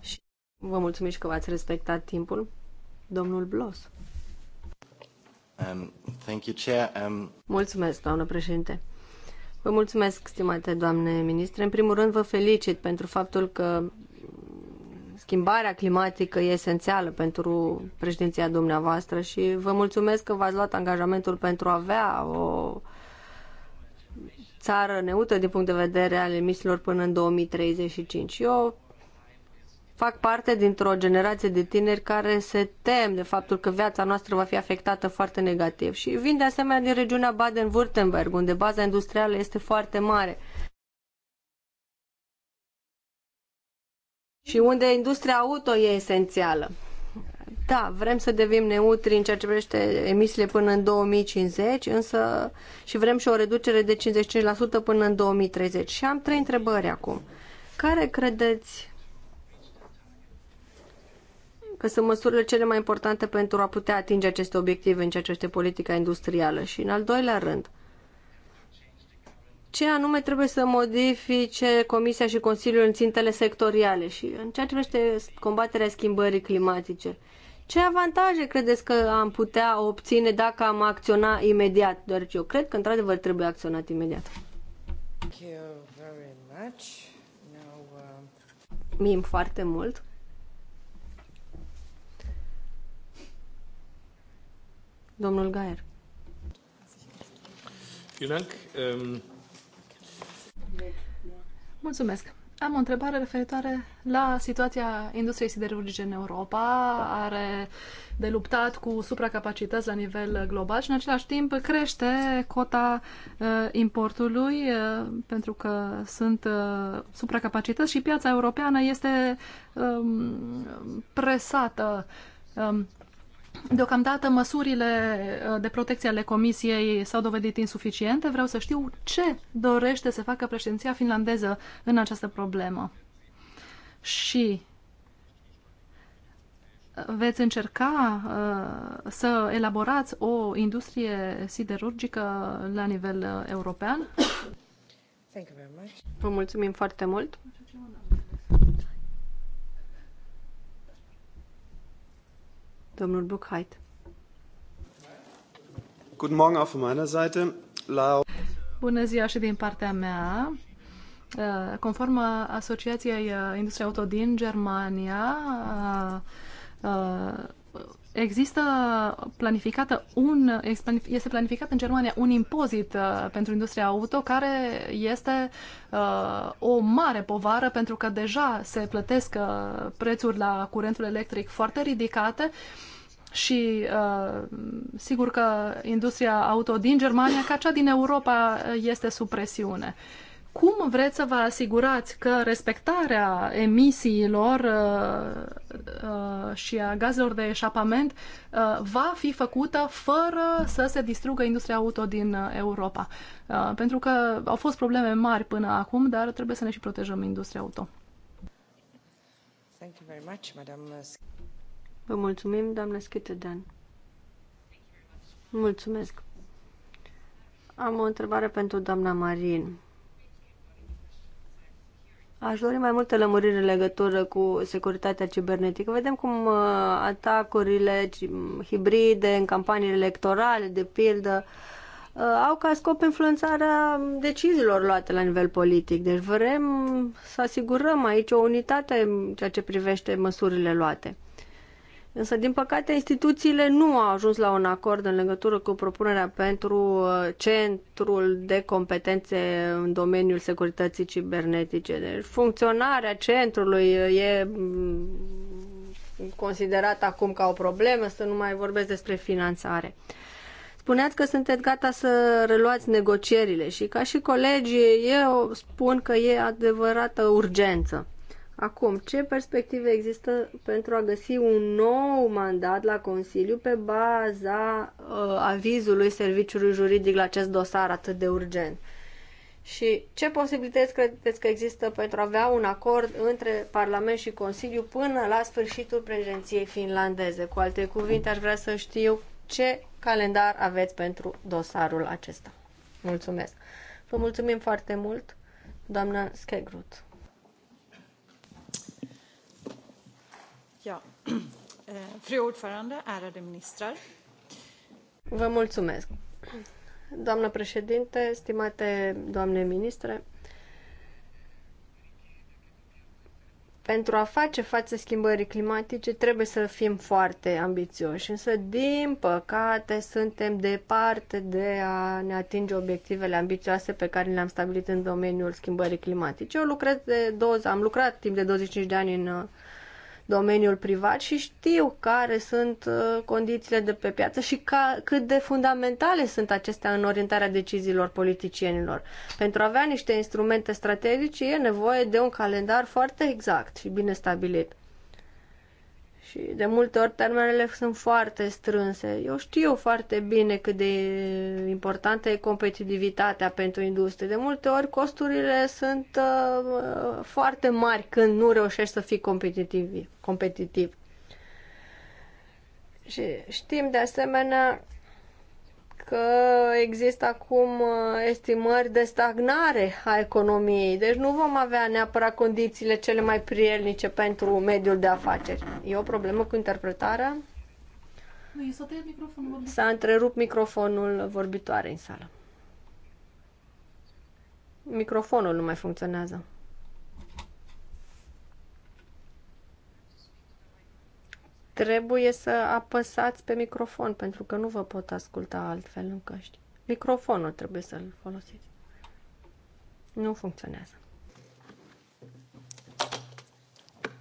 și vă mulțumim și că v-ați respectat timpul. Domnul Blos. Um, thank you, Chair. Um... Mulțumesc, doamnă președinte. Vă mulțumesc, stimate doamne ministre. În primul rând, vă felicit pentru faptul că schimbarea climatică e esențială pentru președinția dumneavoastră și vă mulțumesc că v-ați luat angajamentul pentru a avea o țară neută din punct de vedere al emisiilor până în 2035. Eu fac parte dintr-o generație de tineri care se tem de faptul că viața noastră va fi afectată foarte negativ. Și vin de asemenea din regiunea Baden-Württemberg, unde baza industrială este foarte mare. Și unde industria auto e esențială. Da, vrem să devim neutri în ceea ce privește emisiile până în 2050, însă și vrem și o reducere de 55% până în 2030. Și am trei întrebări acum. Care credeți că sunt măsurile cele mai importante pentru a putea atinge aceste obiective în ceea ce este politica industrială. Și în al doilea rând, ce anume trebuie să modifice Comisia și Consiliul în țintele sectoriale și în ceea ce privește combaterea schimbării climatice. Ce avantaje credeți că am putea obține dacă am acționa imediat? Doar eu cred că, într-adevăr, trebuie acționat imediat. Uh, Mim foarte mult. Domnul Gaer. Ähm, Mulțumesc. Am o întrebare referitoare la situația industriei siderurgice în Europa. Are de luptat cu supracapacități la nivel global și în același timp crește cota uh, importului uh, pentru că sunt uh, supracapacități și piața europeană este um, presată. Um, Deocamdată măsurile uh, de protecție ale Comisiei s-au dovedit insuficiente. Vreau să știu ce dorește să facă președinția finlandeză în această problemă. Și uh, veți încerca uh, să elaborați o industrie siderurgică la nivel uh, european? Vă mulțumim foarte mult. Domnul Buchheit. Guten Morgen auch von meiner Seite. Lau Bună ziua și din partea mea. Uh, conform Asociației uh, Industriei Auto din Germania, uh, Există planificată un, este planificat în Germania un impozit uh, pentru industria auto care este uh, o mare povară pentru că deja se plătesc uh, prețuri la curentul electric foarte ridicate și uh, sigur că industria auto din Germania, ca cea din Europa, este sub presiune. Uh, cum vreți să vă asigurați că respectarea emisiilor uh, uh, și a gazelor de eșapament uh, va fi făcută fără să se distrugă industria auto din uh, Europa? Uh, pentru că au fost probleme mari până acum, dar trebuie să ne și protejăm industria auto. Thank you very much, Vă mulțumim, doamnă Schittedan. Mulțumesc. Am o întrebare pentru doamna Marin. Aș dori mai multe lămuriri în legătură cu securitatea cibernetică. Vedem cum uh, atacurile hibride în campaniile electorale, de pildă, uh, au ca scop influențarea deciziilor luate la nivel politic. Deci vrem să asigurăm aici o unitate în ceea ce privește măsurile luate. Însă, din păcate, instituțiile nu au ajuns la un acord în legătură cu propunerea pentru uh, centrul de competențe în domeniul securității cibernetice. Deci, funcționarea centrului uh, e mm, considerată acum ca o problemă, să nu mai vorbesc despre finanțare. Spuneați că sunteți gata să reluați negocierile și ca și colegii, eu spun că e adevărată urgență. Acum, ce perspective există pentru a găsi un nou mandat la Consiliu pe baza uh, avizului serviciului juridic la acest dosar atât de urgent? Și ce posibilități credeți că există pentru a avea un acord între Parlament și Consiliu până la sfârșitul președinției finlandeze? Cu alte cuvinte, aș vrea să știu ce calendar aveți pentru dosarul acesta. Mulțumesc! Vă mulțumim foarte mult, doamna Skegrut. Eh, Vă mulțumesc. Doamnă președinte, stimate doamne ministre, pentru a face față schimbării climatice trebuie să fim foarte ambițioși, însă din păcate suntem departe de a ne atinge obiectivele ambițioase pe care le-am stabilit în domeniul schimbării climatice. Eu lucrez de 20, am lucrat timp de 25 de ani în domeniul privat și știu care sunt uh, condițiile de pe piață și ca, cât de fundamentale sunt acestea în orientarea deciziilor politicienilor. Pentru a avea niște instrumente strategice e nevoie de un calendar foarte exact și bine stabilit. Și de multe ori termenele sunt foarte strânse. Eu știu foarte bine cât de importantă e competitivitatea pentru industrie. De multe ori costurile sunt uh, foarte mari când nu reușești să fii competitiv. competitiv. Și știm de asemenea că există acum uh, estimări de stagnare a economiei, deci nu vom avea neapărat condițiile cele mai prielnice pentru mediul de afaceri. E o problemă cu interpretarea? microfonul S-a întrerupt microfonul vorbitoare în sală. Microfonul nu mai funcționează. Trebuie să apăsați pe microfon, pentru că nu vă pot asculta altfel în căști. Microfonul trebuie să-l folosiți. Nu funcționează.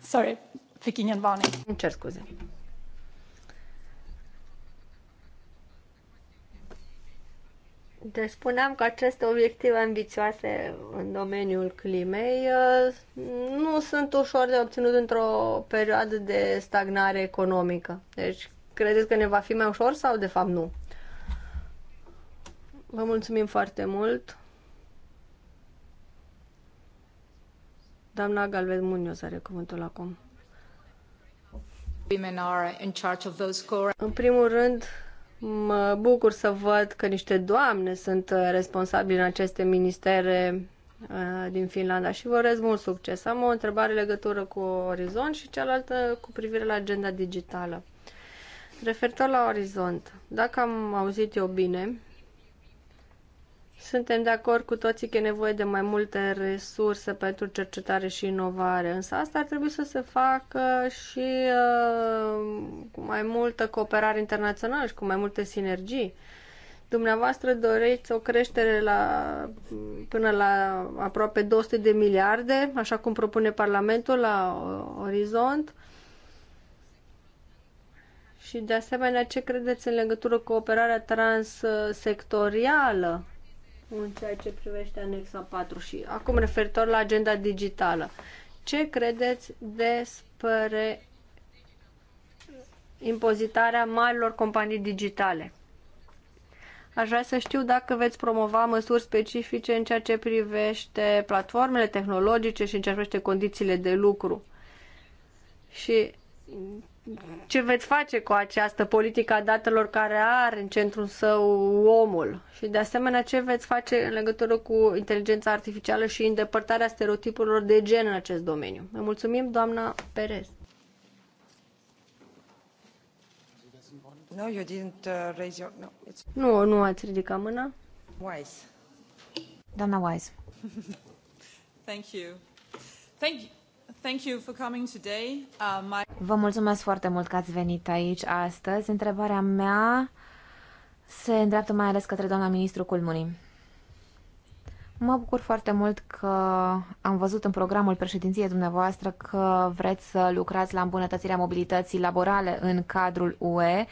Sorry, picking and varning. Îmi cer scuze. Deci spuneam că aceste obiective ambițioase în domeniul climei uh, nu sunt ușor de obținut într-o perioadă de stagnare economică. Deci credeți că ne va fi mai ușor sau de fapt nu? Vă mulțumim foarte mult. Doamna Galvez Munoz are cuvântul acum. În primul rând, Mă bucur să văd că niște doamne sunt uh, responsabile în aceste ministere uh, din Finlanda și vă urez mult succes. Am o întrebare legătură cu Orizont și cealaltă cu privire la agenda digitală. Referitor la Orizont, dacă am auzit eu bine, suntem de acord cu toții că e nevoie de mai multe resurse pentru cercetare și inovare, însă asta ar trebui să se facă și uh, cu mai multă cooperare internațională și cu mai multe sinergii. Dumneavoastră doriți o creștere la, până la aproape 200 de miliarde, așa cum propune Parlamentul la uh, orizont. Și de asemenea, ce credeți în legătură cu operarea transsectorială în ceea ce privește anexa 4 și acum referitor la agenda digitală. Ce credeți despre impozitarea marilor companii digitale? Aș vrea să știu dacă veți promova măsuri specifice în ceea ce privește platformele tehnologice și în ceea ce privește condițiile de lucru. Și ce veți face cu această politică a datelor care are în centrul său omul și de asemenea ce veți face în legătură cu inteligența artificială și îndepărtarea stereotipurilor de gen în acest domeniu. Vă mulțumim, doamna Perez. No, you didn't uh, raise your... no, it's... Nu, nu ați ridicat mâna. Wise. Doamna Wise. Thank you. Thank you. Thank you for coming today. Uh, my... Vă mulțumesc foarte mult că ați venit aici astăzi. Întrebarea mea se îndreaptă mai ales către doamna ministru Culmuni. Mă bucur foarte mult că am văzut în programul președinției dumneavoastră că vreți să lucrați la îmbunătățirea mobilității laborale în cadrul UE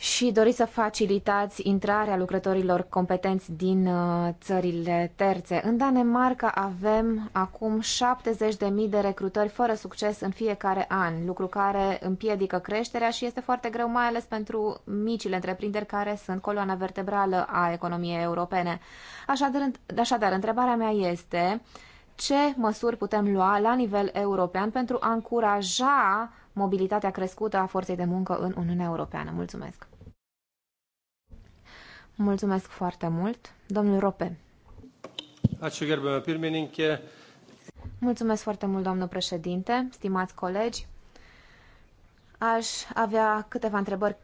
și doriți să facilitați intrarea lucrătorilor competenți din uh, țările terțe. În Danemarca avem acum 70.000 de recrutări fără succes în fiecare an, lucru care împiedică creșterea și este foarte greu, mai ales pentru micile întreprinderi care sunt coloana vertebrală a economiei europene. Așadar, așadar întrebarea mea este ce măsuri putem lua la nivel european pentru a încuraja mobilitatea crescută a forței de muncă în Uniunea Europeană. Mulțumesc! Mulțumesc foarte mult. Domnul Rope. Mulțumesc foarte mult, doamnă președinte, stimați colegi. Aș avea câteva întrebări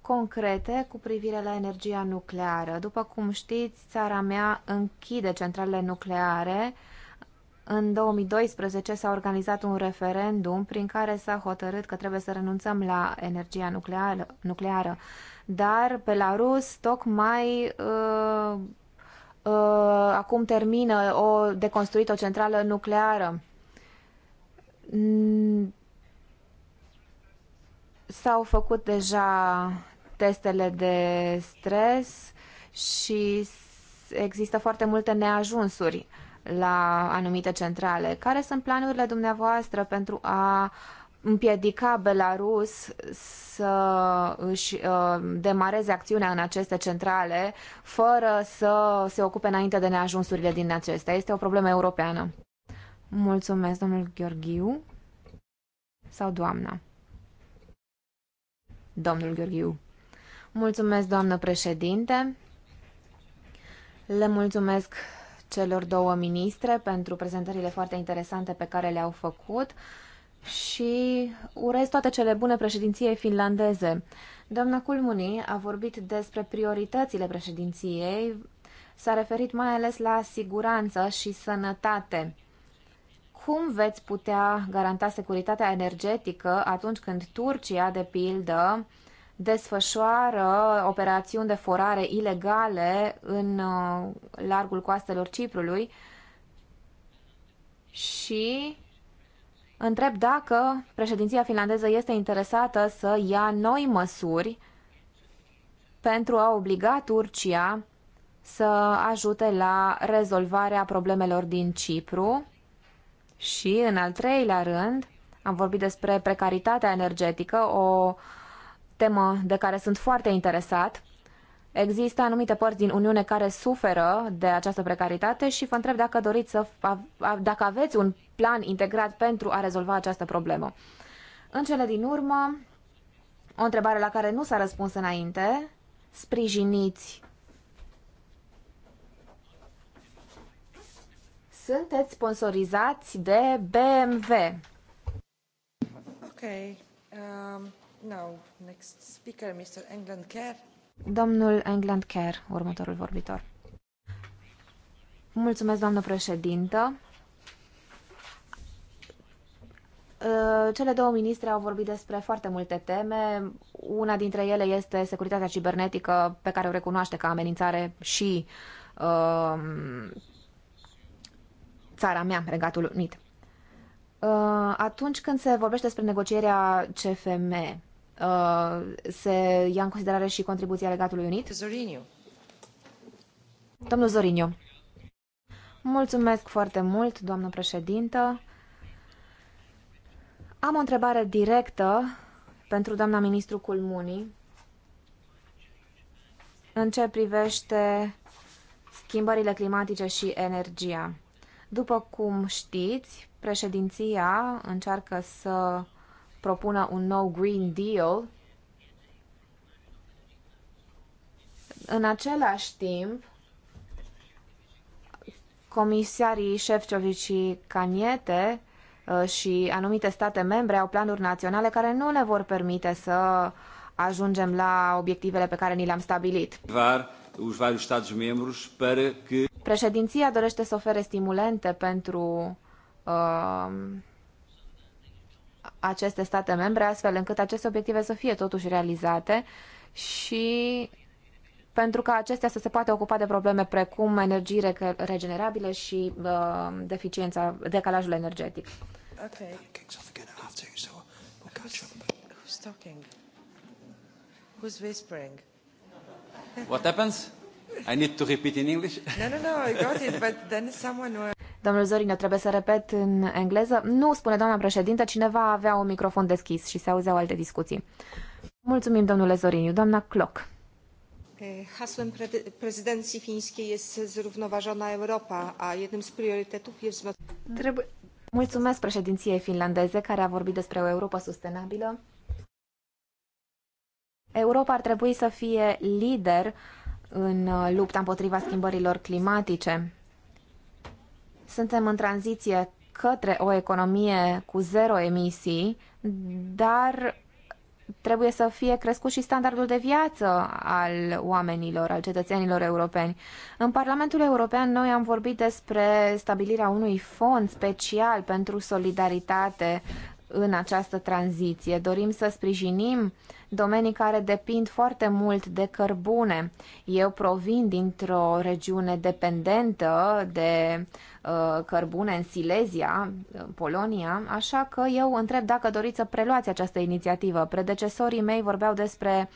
concrete cu privire la energia nucleară. După cum știți, țara mea închide centralele nucleare. În 2012 s-a organizat un referendum prin care s-a hotărât că trebuie să renunțăm la energia nucleară. nucleară dar Belarus tocmai uh, uh, acum termină o deconstruită o centrală nucleară. S-au făcut deja testele de stres și există foarte multe neajunsuri la anumite centrale. Care sunt planurile dumneavoastră pentru a uh, împiedica Belarus să își uh, demareze acțiunea în aceste centrale fără să se ocupe înainte de neajunsurile din acestea. Este o problemă europeană. Mulțumesc, domnul Gheorghiu. Sau doamna? Domnul Gheorghiu. Mulțumesc, doamnă președinte. Le mulțumesc celor două ministre pentru prezentările foarte interesante pe care le-au făcut și urez toate cele bune președinției finlandeze. Doamna Culmuni a vorbit despre prioritățile președinției, s-a referit mai ales la siguranță și sănătate. Cum veți putea garanta securitatea energetică atunci când Turcia, de pildă, desfășoară operațiuni de forare ilegale în uh, largul coastelor Ciprului și întreb dacă președinția finlandeză este interesată să ia noi măsuri pentru a obliga Turcia să ajute la rezolvarea problemelor din Cipru și, în al treilea rând, am vorbit despre precaritatea energetică, o temă de care sunt foarte interesat. Există anumite părți din Uniune care suferă de această precaritate și vă întreb dacă doriți să, dacă aveți un plan integrat pentru a rezolva această problemă. În cele din urmă, o întrebare la care nu s-a răspuns înainte, sprijiniți sunteți sponsorizați de BMW. Ok. Um, now, next speaker, Mr. England Care. Domnul England Care, următorul vorbitor. Mulțumesc, doamnă președintă. Uh, cele două ministre au vorbit despre foarte multe teme. Una dintre ele este securitatea cibernetică, pe care o recunoaște ca amenințare și um, țara mea, Regatul Unit. Uh, atunci când se vorbește despre negocierea CFM, uh, se ia în considerare și contribuția Regatului Unit? Zorinio. Domnul Zorinio. Mulțumesc foarte mult, doamnă președintă. Am o întrebare directă pentru doamna ministru Culmuni în ce privește schimbările climatice și energia. După cum știți, președinția încearcă să propună un nou Green Deal. În același timp, comisarii Șefciovici și Caniete Uh, și anumite state membre au planuri naționale care nu ne vor permite să ajungem la obiectivele pe care ni le-am stabilit. Președinția dorește să ofere stimulente pentru uh, aceste state membre, astfel încât aceste obiective să fie totuși realizate și pentru ca acestea să se poată ocupa de probleme precum energii regenerabile și uh, deficiența, decalajul energetic. Okay. Who's talking? Who's whispering? What happens? I need to repeat in English? No, no, no, I got it, but then someone... Domnul Zorină, trebuie să repet în engleză. Nu, spune doamna președintă, cineva avea un microfon deschis și se auzeau alte discuții. Mulțumim, domnule Zoriniu. Doamna Cloc. Hasłem pre prezydencji fińskiej jest zrównoważona Europa, a jednym z priorytetów jest Trebuie... Mulțumesc președinției finlandeze care a vorbit despre o Europa sustenabilă. Europa ar trebui să fie lider în uh, lupta împotriva schimbărilor climatice. Suntem în tranziție către o economie cu zero emisii, dar trebuie să fie crescut și standardul de viață al oamenilor, al cetățenilor europeni. În Parlamentul European noi am vorbit despre stabilirea unui fond special pentru solidaritate în această tranziție. Dorim să sprijinim domenii care depind foarte mult de cărbune. Eu provin dintr-o regiune dependentă de Uh, cărbune în Silesia, în Polonia, așa că eu întreb dacă doriți să preluați această inițiativă. Predecesorii mei vorbeau despre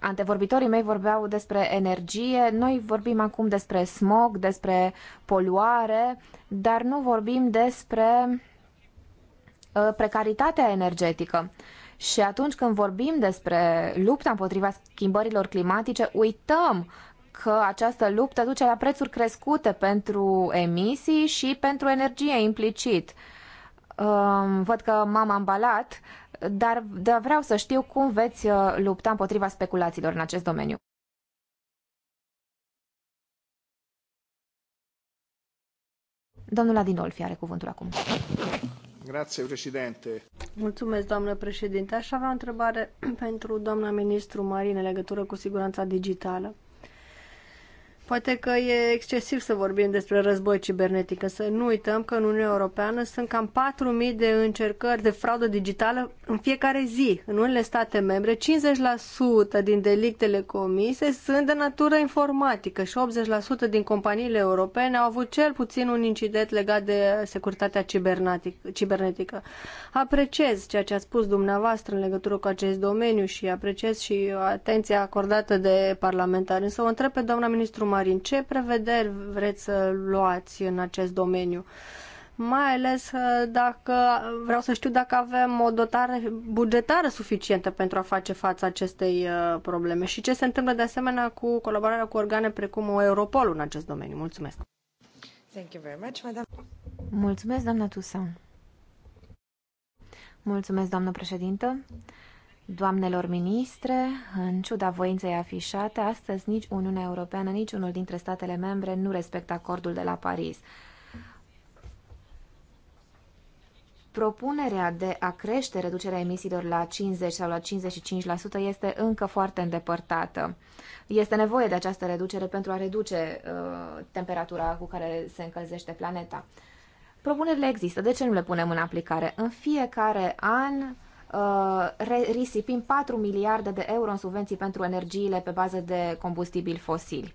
Antevorbitorii mei vorbeau despre energie, noi vorbim acum despre smog, despre poluare, dar nu vorbim despre uh, precaritatea energetică. Și atunci când vorbim despre lupta împotriva schimbărilor climatice, uităm că această luptă duce la prețuri crescute pentru emisii și pentru energie implicit. Um, văd că m-am ambalat, dar vreau să știu cum veți uh, lupta împotriva speculațiilor în acest domeniu. Domnul Adinolfi are cuvântul acum. Grazie, președinte. Mulțumesc, doamnă președinte. Aș avea o întrebare pentru doamna ministru Marin în legătură cu siguranța digitală. Poate că e excesiv să vorbim despre război cibernetic, să nu uităm că în Uniunea Europeană sunt cam 4.000 de încercări de fraudă digitală în fiecare zi. În unele state membre, 50% din delictele comise sunt de natură informatică și 80% din companiile europene au avut cel puțin un incident legat de securitatea cibernetică. Apreciez ceea ce a spus dumneavoastră în legătură cu acest domeniu și apreciez și atenția acordată de parlamentari. Însă o întreb pe doamna ministru Mar- Marin, ce prevederi vreți să luați în acest domeniu? Mai ales uh, dacă vreau să știu dacă avem o dotare bugetară suficientă pentru a face față acestei uh, probleme și ce se întâmplă de asemenea cu colaborarea cu organe precum Europol în acest domeniu. Mulțumesc! Thank you very much, madam. Mulțumesc, doamna Tusan. Mulțumesc, doamnă președintă. Doamnelor ministre, în ciuda voinței afișate, astăzi nici Uniunea Europeană, nici unul dintre statele membre nu respectă acordul de la Paris. Propunerea de a crește reducerea emisiilor la 50 sau la 55% este încă foarte îndepărtată. Este nevoie de această reducere pentru a reduce uh, temperatura cu care se încălzește planeta. Propunerile există, de ce nu le punem în aplicare? În fiecare an Uh, risipim 4 miliarde de euro în subvenții pentru energiile pe bază de combustibili fosili.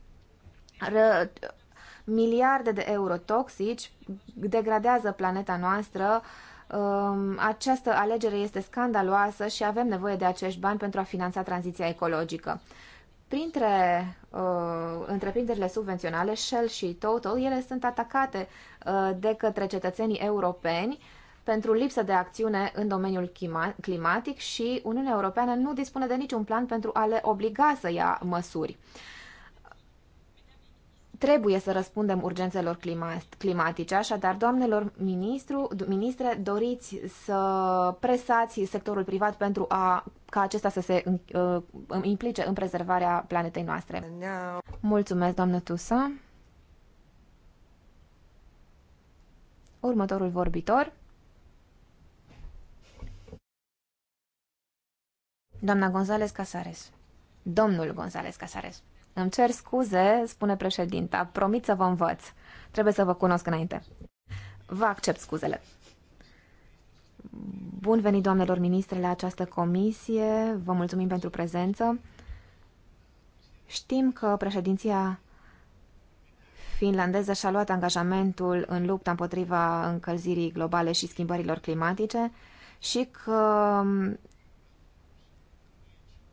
Ră, miliarde de euro toxici degradează planeta noastră. Um, această alegere este scandaloasă și avem nevoie de acești bani pentru a finanța tranziția ecologică. Printre uh, întreprinderile subvenționale, Shell și Total, ele sunt atacate uh, de către cetățenii europeni uh, pentru lipsă de acțiune în domeniul climatic și Uniunea Europeană nu dispune de niciun plan pentru a le obliga să ia măsuri. Trebuie să răspundem urgențelor climatice, așadar, doamnelor ministru, ministre, doriți să presați sectorul privat pentru a, ca acesta să se uh, implice în prezervarea planetei noastre. Mulțumesc, doamnă Tusa. Următorul vorbitor Doamna González Casares. Domnul González Casares. Îmi cer scuze, spune președinta. Promit să vă învăț. Trebuie să vă cunosc înainte. Vă accept scuzele. Bun venit, doamnelor ministre, la această comisie. Vă mulțumim pentru prezență. Știm că președinția finlandeză și-a luat angajamentul în lupta împotriva încălzirii globale și schimbărilor climatice și că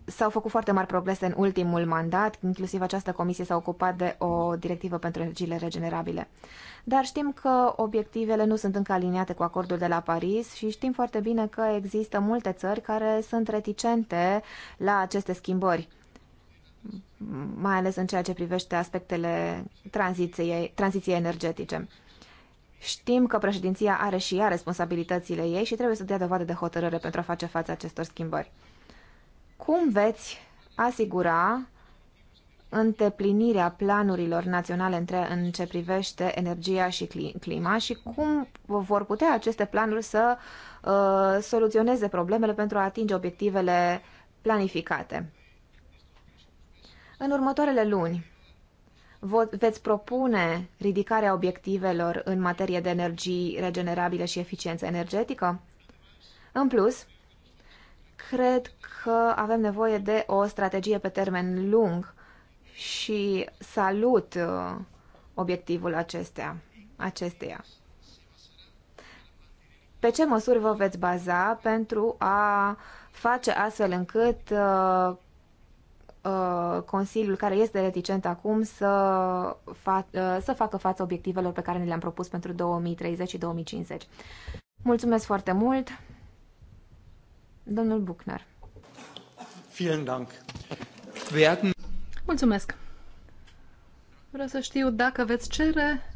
S-au făcut foarte mari progrese în ultimul mandat, inclusiv această comisie s-a ocupat de o directivă pentru energiile regenerabile. Dar știm că obiectivele nu sunt încă aliniate cu acordul de la Paris și știm foarte bine că există multe țări care sunt reticente la aceste schimbări, mai ales în ceea ce privește aspectele tranziției, tranziției energetice. Știm că președinția are și ea responsabilitățile ei și trebuie să dea dovadă de hotărâre pentru a face față acestor schimbări. Cum veți asigura îndeplinirea planurilor naționale între, în ce privește energia și clima și cum vor putea aceste planuri să uh, soluționeze problemele pentru a atinge obiectivele planificate. În următoarele luni, veți propune ridicarea obiectivelor în materie de energii regenerabile și eficiență energetică? În plus, Cred că avem nevoie de o strategie pe termen lung și salut uh, obiectivul acestea, acesteia. Pe ce măsuri vă veți baza pentru a face astfel încât uh, uh, Consiliul, care este reticent acum, să, fa- uh, să facă față obiectivelor pe care ne le-am propus pentru 2030 și 2050? Mulțumesc foarte mult! Domnul Buchner. Vielen Dank. Werden... Mulțumesc. Vreau să știu dacă veți cere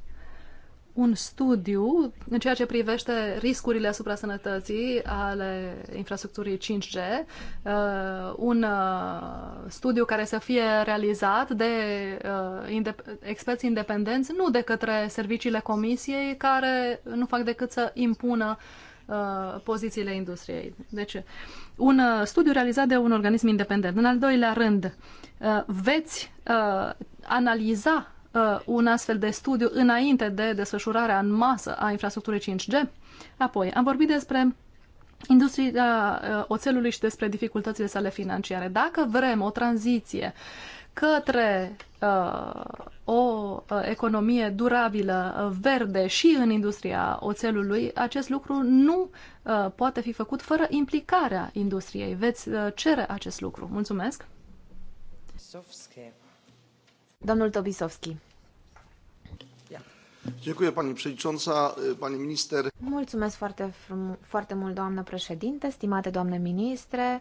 un studiu în ceea ce privește riscurile asupra sănătății ale infrastructurii 5G, uh, un uh, studiu care să fie realizat de uh, experți independenți, nu de către serviciile comisiei care nu fac decât să impună Uh, pozițiile industriei. Deci, un uh, studiu realizat de un organism independent. În al doilea rând, uh, veți analiza un astfel de studiu înainte de desfășurarea în masă a infrastructurii 5G. Apoi, am vorbit despre industria oțelului și despre dificultățile sale financiare. Dacă vrem o tranziție uh, către uh, o uh, economie durabilă, uh, verde și în industria oțelului, acest lucru nu uh, poate fi făcut fără implicarea industriei. Veți uh, cere acest lucru. Mulțumesc! Domnul Tobisovski. Mulțumesc foarte, foarte mult, doamnă președinte, stimate doamne ministre.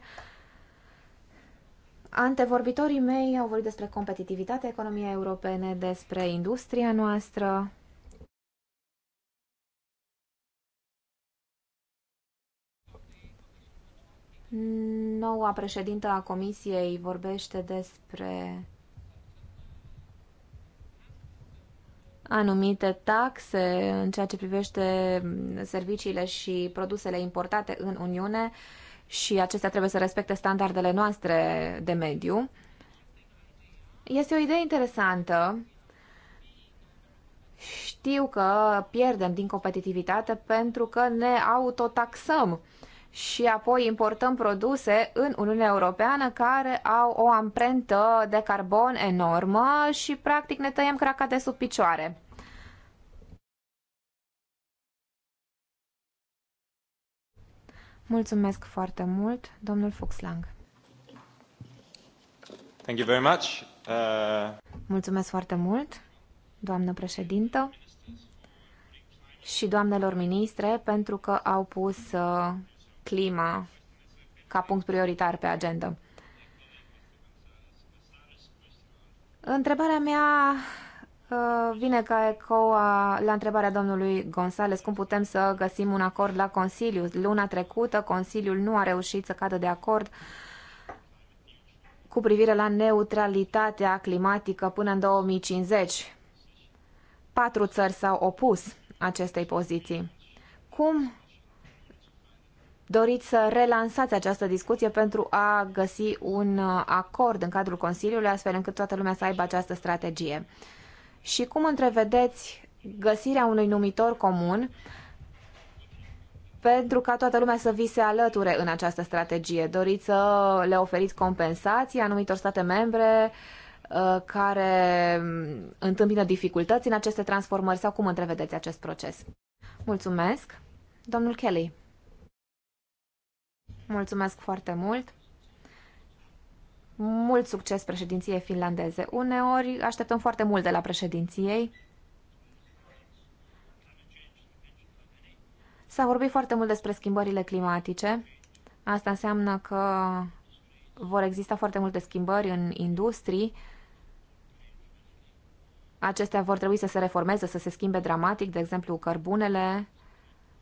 Antevorbitorii mei au vorbit despre competitivitatea economiei europene, despre industria noastră. Noua președintă a Comisiei vorbește despre anumite taxe în ceea ce privește serviciile și produsele importate în Uniune. Uh, și acestea trebuie să respecte standardele noastre de mediu. Este o idee interesantă. Știu că pierdem din competitivitate pentru că ne autotaxăm și apoi importăm produse în Uniunea Europeană care au o amprentă de carbon enormă și practic ne tăiem craca de sub picioare. Mulțumesc foarte mult, domnul Fuxlang. Thank you very much. Uh... Mulțumesc foarte mult, doamnă președintă și doamnelor ministre, pentru că au pus uh, clima ca punct prioritar pe agenda. Întrebarea mea Uh, vine ca eco la întrebarea domnului Gonzales cum putem să găsim un acord la Consiliu. Luna trecută Consiliul nu a reușit să cadă de acord cu privire la neutralitatea climatică până în 2050. Patru țări s-au opus acestei poziții. Cum doriți să relansați această discuție pentru a găsi un acord în cadrul Consiliului, astfel încât toată lumea să aibă această strategie? și cum întrevedeți găsirea unui numitor comun pentru ca toată lumea să vi se alăture în această strategie? Doriți să le oferiți compensații anumitor state membre uh, care mm, întâmpină dificultăți în aceste transformări sau cum întrevedeți acest proces? Mulțumesc! Domnul Kelly. Mulțumesc foarte mult! Mult succes președinției finlandeze. Uneori așteptăm foarte mult de la președinției. S-a vorbit foarte mult despre schimbările climatice. Asta înseamnă că vor exista foarte multe schimbări în industrii. Acestea vor trebui să se reformeze, să se schimbe dramatic, de exemplu, cărbunele,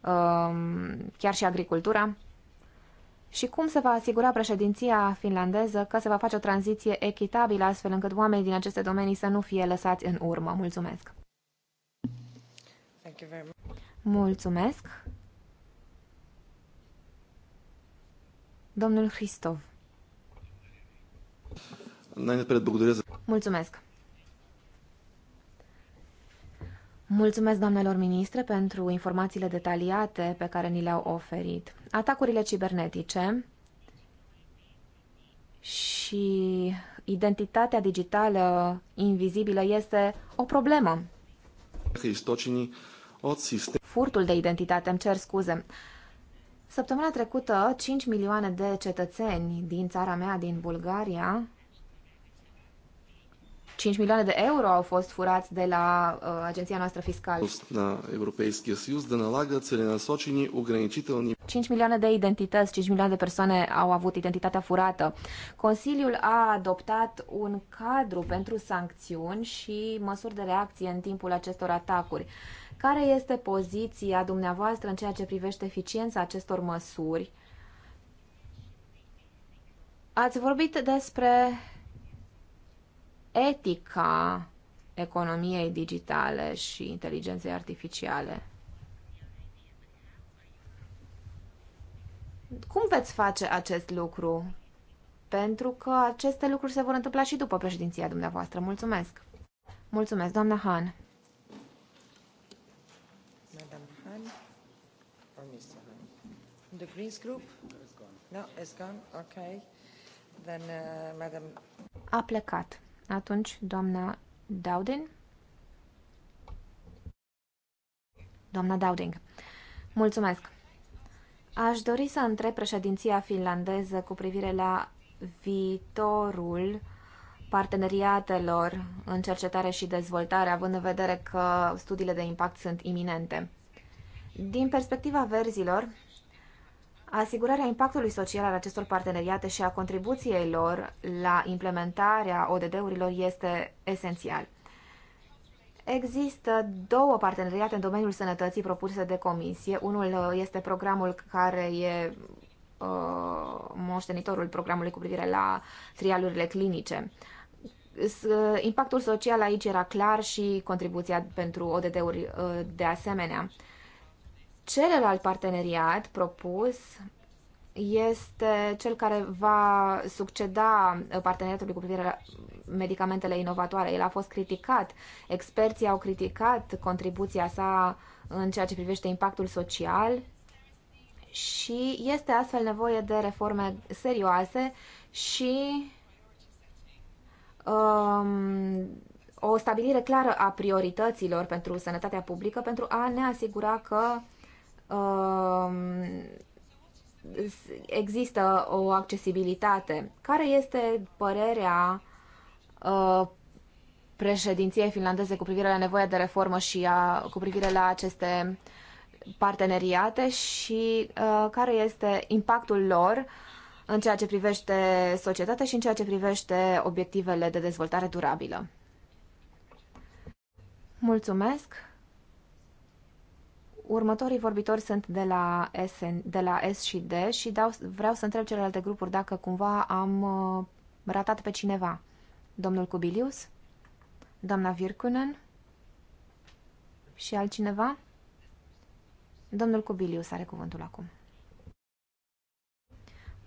um, chiar și agricultura. Și cum se va asigura președinția finlandeză că se va face o tranziție echitabilă, astfel încât oamenii din aceste domenii să nu fie lăsați în urmă? Mulțumesc! Mulțumesc! Domnul Hristov. Mulțumesc! Mulțumesc, doamnelor ministre, pentru informațiile detaliate pe care ni le-au oferit. Atacurile cibernetice și identitatea digitală invizibilă este o problemă. Furtul de identitate, îmi cer scuze. Săptămâna trecută, 5 milioane de cetățeni din țara mea, din Bulgaria, 5 milioane de euro au fost furați de la uh, agenția noastră fiscală. Na Европейския съюз 5 milioane de identități, 5 milioane de persoane au avut identitatea furată. Consiliul a adoptat un cadru pentru sancțiuni și măsuri de reacție în timpul acestor atacuri. Care este poziția dumneavoastră în ceea ce privește eficiența acestor măsuri? Ați vorbit despre etica economiei digitale și inteligenței artificiale. Cum veți face acest lucru? Pentru că aceste lucruri se vor întâmpla și după președinția dumneavoastră. Mulțumesc! Mulțumesc, doamna Han! Madame Han, or Mr. Han? The Greens Group? No, it's gone. Okay. Then, uh, Madame... A plecat. Atunci, doamna Dowding? Doamna Dowding, mulțumesc. Aș dori să întreb președinția finlandeză cu privire la viitorul parteneriatelor în cercetare și dezvoltare, având în vedere că studiile de impact sunt iminente. Din perspectiva verzilor, Asigurarea impactului social al acestor parteneriate și a contribuției lor la implementarea ODD-urilor este esențial. Există două parteneriate în domeniul sănătății propuse de comisie. Unul uh, este programul care e uh, moștenitorul programului cu privire la trialurile clinice. Uh, impactul social aici era clar și contribuția pentru ODD-uri uh, de asemenea. Uh, Celălalt parteneriat propus este cel care va succeda parteneriatului cu privire la medicamentele inovatoare. El a fost criticat, experții au criticat contribuția sa în ceea ce privește impactul social și este astfel nevoie de reforme serioase și um, o stabilire clară a priorităților pentru sănătatea publică pentru a ne asigura că Um, există o accesibilitate. Care este părerea uh, președinției finlandeze cu privire la nevoia de reformă și a, cu privire la aceste parteneriate și uh, care este impactul lor în ceea ce privește societatea și în ceea ce privește obiectivele de dezvoltare durabilă. Mulțumesc! Următorii vorbitori sunt de la, S, de la S și D și dau, vreau să întreb celelalte grupuri dacă cumva am uh, ratat pe cineva. Domnul Cubilius? Doamna Virkunen? Și altcineva? Domnul Cubilius are cuvântul acum.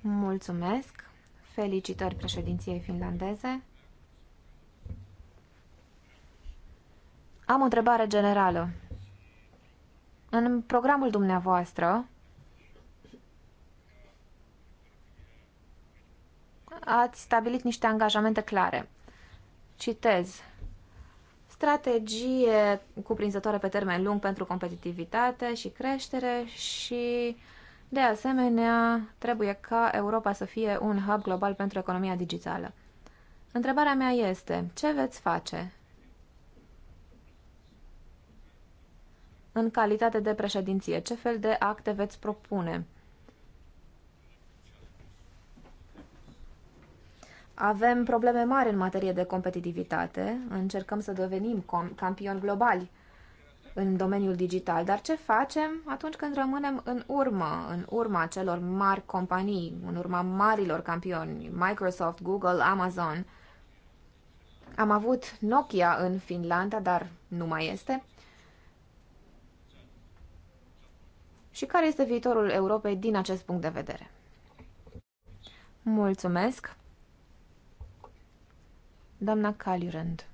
Mulțumesc! Felicitări președinției finlandeze! Am o întrebare generală. În programul dumneavoastră ați stabilit niște angajamente clare. Citez. Strategie cuprinzătoare pe termen lung pentru competitivitate și creștere și de asemenea, trebuie ca Europa să fie un hub global pentru economia digitală. Întrebarea mea este, ce veți face în calitate de președinție? Ce fel de acte veți propune? Avem probleme mari în materie de competitivitate, încercăm să devenim campioni globali în domeniul digital, dar ce facem atunci când rămânem în urmă, în urma celor mari companii, în urma marilor campioni, Microsoft, Google, Amazon? Am avut Nokia în Finlanda, dar nu mai este. și care este viitorul Europei din acest punct de vedere. Mulțumesc! Doamna Caliurand.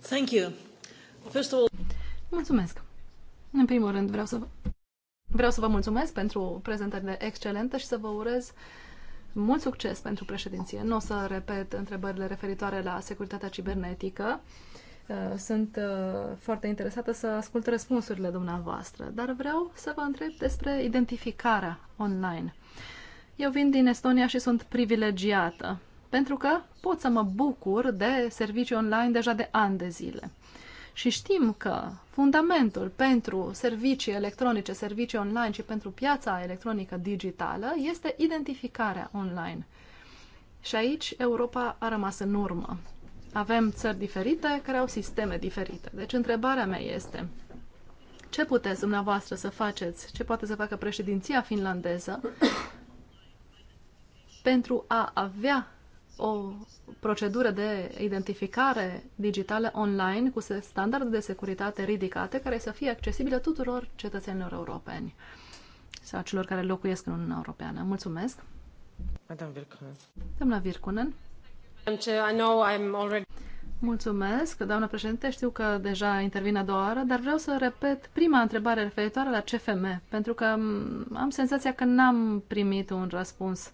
Thank you. First of all... Mulțumesc! În primul rând vreau să vă, vreau să vă mulțumesc pentru prezentările excelente și să vă urez mult succes pentru președinție. Nu o să repet întrebările referitoare la securitatea cibernetică. Uh, sunt uh, foarte interesată să ascult răspunsurile dumneavoastră, dar vreau să vă întreb despre identificarea online. Eu vin din Estonia și sunt privilegiată, pentru că pot să mă bucur de servicii online deja de ani de zile. Și știm că fundamentul pentru servicii electronice, servicii online și pentru piața electronică digitală este identificarea online. Și aici Europa a rămas în urmă. Avem țări diferite care au sisteme diferite. Deci întrebarea mea este, ce puteți dumneavoastră să faceți, ce poate să facă președinția finlandeză pentru a avea o procedură de identificare digitală online cu standarde de securitate ridicate care să fie accesibile tuturor cetățenilor europeni sau celor care locuiesc în Uniunea Europeană. Mulțumesc! Madame Virkunen. Doamna Virkunen. Mulțumesc, doamnă președinte. Știu că deja intervin a doua oară, dar vreau să repet prima întrebare referitoare la CFM, pentru că am senzația că n-am primit un răspuns.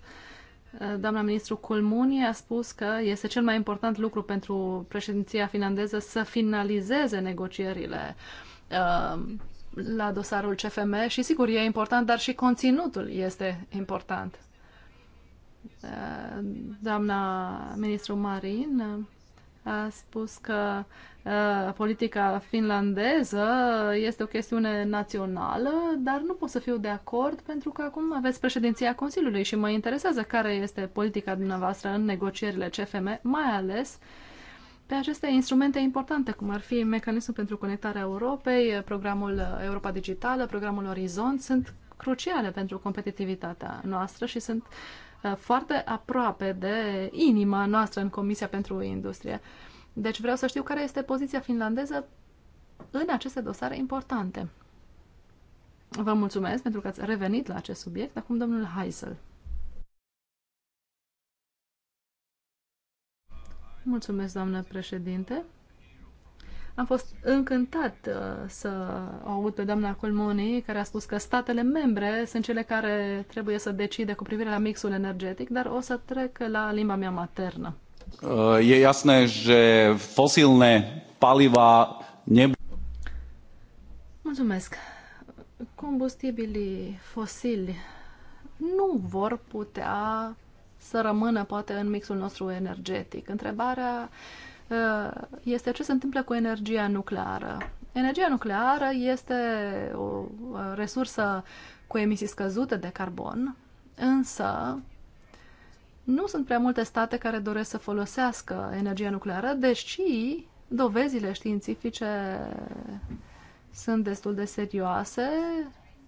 Doamna ministru Culmuni a spus că este cel mai important lucru pentru președinția finlandeză să finalizeze negocierile uh, la dosarul CFM și sigur e important, dar și conținutul este important. Eh, doamna ministru Marin eh, a spus că eh, politica finlandeză este o chestiune națională, dar nu pot să fiu de acord pentru că acum aveți președinția Consiliului și mă interesează care este politica dumneavoastră în negocierile CFM, mai ales pe aceste instrumente importante, cum ar fi mecanismul pentru conectarea Europei, programul Europa Digitală, programul Orizont, sunt cruciale pentru competitivitatea noastră și sunt uh, Uh, foarte aproape de inima noastră în Comisia pentru Industrie. Deci vreau să știu care este poziția finlandeză în aceste dosare importante. Vă mulțumesc pentru că ați revenit la acest subiect. Acum domnul Heisel. Mulțumesc, doamnă președinte. Am fost încântat uh, să o aud pe doamna Colmoni, care a spus că statele membre sunt cele care trebuie să decide cu privire la mixul energetic, dar o să trec la limba mea maternă. Uh, e jasne, že fosilne paliva ne... Mulțumesc. Combustibilii fosili nu vor putea să rămână poate în mixul nostru energetic. Întrebarea uh, Uh, este ce se întâmplă cu energia nucleară. Energia nucleară este o resursă cu emisii scăzute de carbon, însă nu sunt prea multe state care doresc să folosească energia nucleară, deși dovezile științifice sunt destul de serioase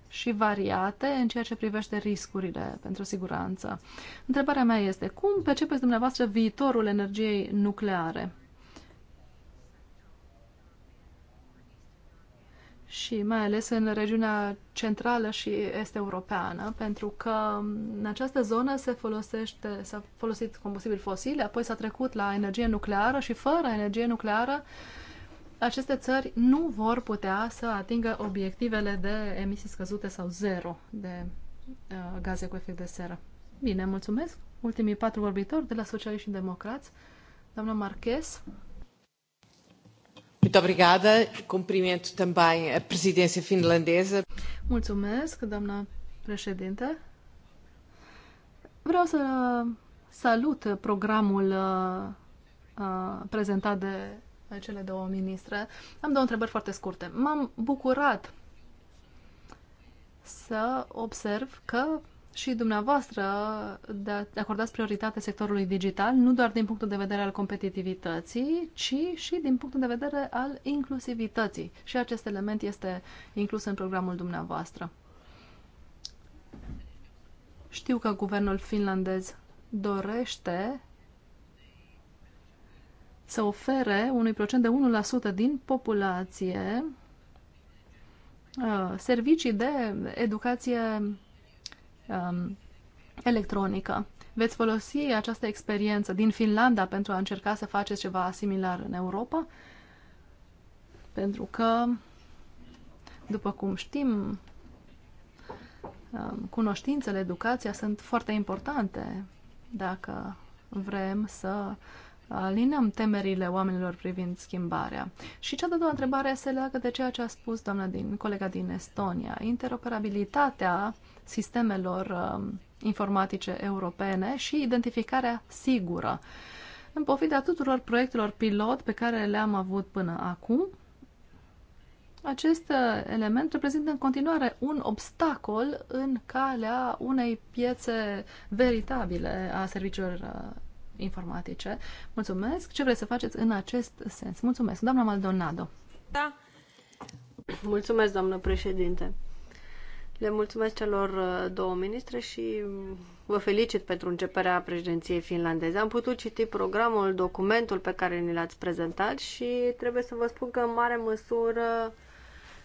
și variate în ceea ce privește riscurile pentru siguranță. Întrebarea mea este, cum percepeți dumneavoastră viitorul energiei nucleare? și mai ales în regiunea centrală și est europeană, pentru că în această zonă se folosește, s-a folosit combustibil fosil, apoi s-a trecut la energie nucleară și fără energie nucleară aceste țări nu vor putea să atingă obiectivele de emisii scăzute sau zero de uh, gaze cu efect de seră. Bine, mulțumesc. Ultimii patru vorbitori de la Socialiști și Democrați. Doamna Marques, Muito obrigada. Cumprimento também a presidência finlandesa. Mulțumesc, doamna președinte. Vreau să salut programul uh, uh, prezentat de cele două ministre. Am două întrebări foarte scurte. M-am bucurat să observ că și dumneavoastră de acordați prioritate sectorului digital, nu doar din punctul de vedere al competitivității, ci și din punctul de vedere al inclusivității. Și acest element este inclus în programul dumneavoastră. Știu că guvernul finlandez dorește să ofere unui procent de 1% din populație uh, servicii de educație um, electronică. Veți folosi această experiență din Finlanda pentru a încerca să faceți ceva similar în Europa? Pentru că, după cum știm, um, cunoștințele, educația sunt foarte importante dacă vrem să alinăm temerile oamenilor privind schimbarea. Și cea de-a doua întrebare se leagă de ceea ce a spus doamna din, colega din Estonia. Interoperabilitatea sistemelor um, informatice europene și identificarea sigură. În pofida tuturor proiectelor pilot pe care le-am avut până acum, acest uh, element reprezintă în continuare un obstacol în calea unei piețe veritabile a serviciilor uh, informatice. Mulțumesc. Ce vreți să faceți în acest sens? Mulțumesc. Doamna Maldonado. Da. Mulțumesc, doamnă președinte. Le mulțumesc celor uh, două ministre și vă felicit pentru începerea președinției finlandeze. Am putut citi programul, documentul pe care ni l-ați prezentat și trebuie să vă spun că în mare măsură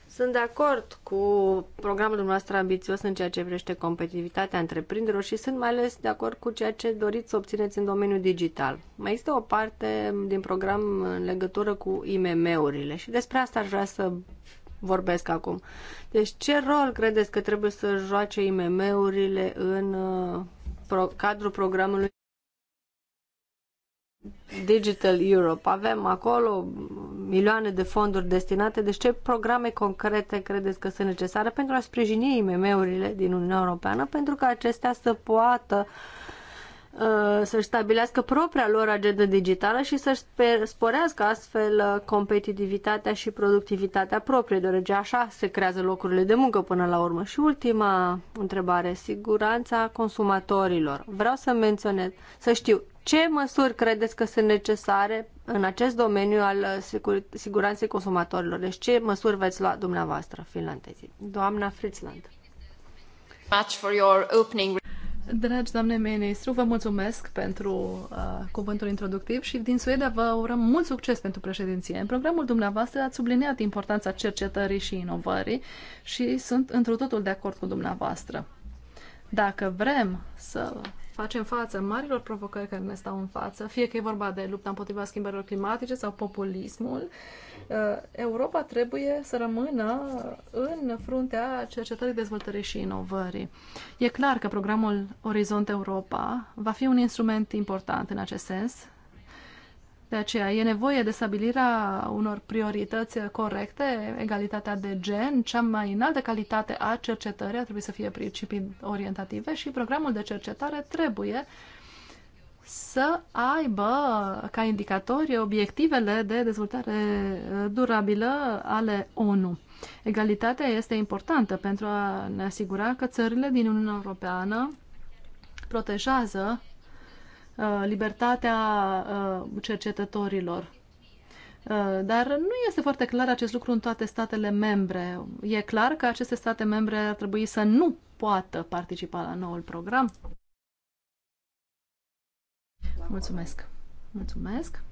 sunt de acord cu programul dumneavoastră ambițios în ceea ce privește competitivitatea întreprinderilor și sunt mai ales de acord cu ceea ce doriți să obțineți în domeniul digital. Mai este o parte din program în legătură cu IMM-urile și despre asta aș vrea să vorbesc acum. Deci ce rol credeți că trebuie să joace IMM-urile în uh, pro- cadrul programului Digital Europe? Avem acolo milioane de fonduri destinate, deci ce programe concrete credeți că sunt necesare pentru a sprijini IMM-urile din Uniunea Europeană pentru că acestea să poată uh, Uh, să-și stabilească propria lor agendă digitală și să-și sporească astfel uh, competitivitatea și productivitatea proprie, deoarece așa se creează locurile de muncă până la urmă. Și ultima întrebare, siguranța consumatorilor. Vreau să menționez, să știu, ce măsuri credeți că sunt necesare în acest domeniu al uh, sigur, siguranței consumatorilor? Deci ce măsuri veți lua dumneavoastră, finlandezii? Doamna Fritzland. Much for your opening Dragi doamne ministru, vă mulțumesc pentru uh, cuvântul introductiv și din Suedia vă urăm mult succes pentru președinție. În programul dumneavoastră ați subliniat importanța cercetării și inovării și sunt într totul de acord cu dumneavoastră. Dacă vrem să facem față marilor provocări care ne stau în față, fie că e vorba de lupta împotriva schimbărilor climatice sau populismul, uh, Europa trebuie să rămână în fruntea cercetării, dezvoltării și inovării. E clar că programul Orizont Europa va fi un instrument important în acest sens, de aceea e nevoie de stabilirea unor priorități corecte, egalitatea de gen, cea mai înaltă calitate a cercetării ar trebui să fie principii orientative și programul de cercetare trebuie să aibă ca indicatori obiectivele de dezvoltare durabilă ale ONU. Egalitatea este importantă pentru a ne asigura că țările din Uniunea Europeană protejează Uh, libertatea uh, cercetătorilor. Uh, dar nu este foarte clar acest lucru în toate statele membre. E clar că aceste state membre ar trebui să nu poată participa la noul program? Mulțumesc! Mulțumesc!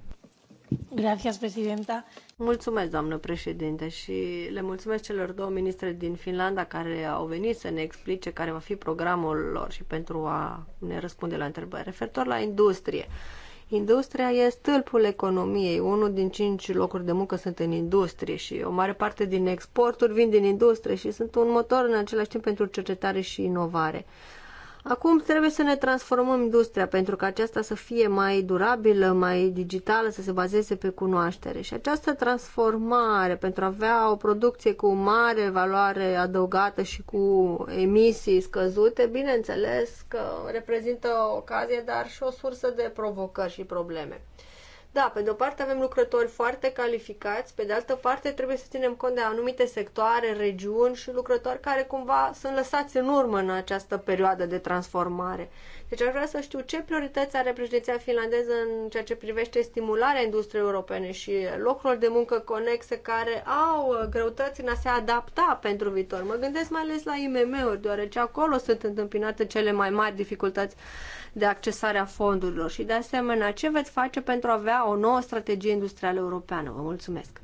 Mulțumesc, doamnă președinte, și le mulțumesc celor două ministre din Finlanda care au venit să ne explice care va fi programul lor și pentru a ne răspunde la întrebări. Referitor la industrie, Industria e stâlpul economiei. Unul din cinci locuri de muncă sunt în industrie și o mare parte din exporturi vin din industrie și sunt un motor în același timp pentru cercetare și inovare. Acum trebuie să ne transformăm industria pentru ca aceasta să fie mai durabilă, mai digitală, să se bazeze pe cunoaștere. Și această transformare pentru a avea o producție cu mare valoare adăugată și cu emisii scăzute, bineînțeles că reprezintă o ocazie, dar și o sursă de provocări și probleme. Da, pe de-o parte avem lucrători foarte calificați, pe de altă parte trebuie să ținem cont de anumite sectoare, regiuni și lucrători care cumva sunt lăsați în urmă în această perioadă de transformare. Deci aș vrea să știu ce priorități are președinția finlandeză în ceea ce privește stimularea industriei europene și locurilor de muncă conexe care au greutăți în a se adapta pentru viitor. Mă gândesc mai ales la IMM-uri, deoarece acolo sunt întâmpinate cele mai mari dificultăți de accesare a fondurilor și de asemenea ce veți face pentru a avea o nouă strategie industrială europeană. Vă mulțumesc!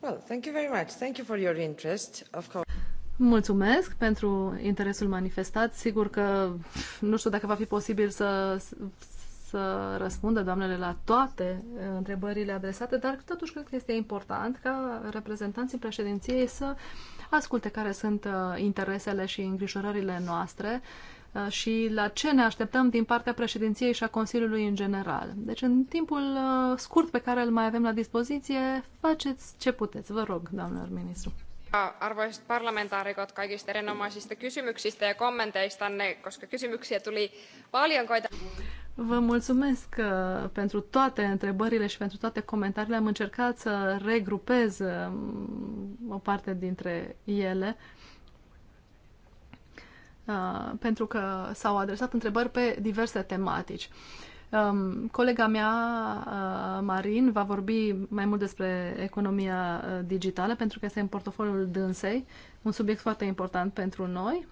Well, thank you very much. Thank you for your interest, of course. Mulțumesc pentru interesul manifestat. Sigur că nu știu dacă va fi posibil să, să răspundă doamnele la toate uh, întrebările adresate, dar totuși cred că este important ca reprezentanții președinției să asculte care sunt uh, interesele și îngrijorările noastre Uh, și la ce ne așteptăm din partea președinției și a Consiliului în general. Deci, în timpul uh, scurt pe care îl mai avem la dispoziție, faceți ce puteți. Vă rog, doamnă ministru. Arvoisat parlamentaarikot kaikista erinomaisista kysymyksistä ja kommenteistanne, koska kysymyksiä tuli paljon koita. Vă mulțumesc uh, pentru toate întrebările și pentru toate comentariile. Am încercat să regrupez um, o parte dintre ele Uh, pentru că s-au adresat întrebări pe diverse tematici. Um, colega mea, uh, Marin, va vorbi mai mult despre economia uh, digitală, pentru că este în portofoliul dânsei, un subiect foarte important pentru noi,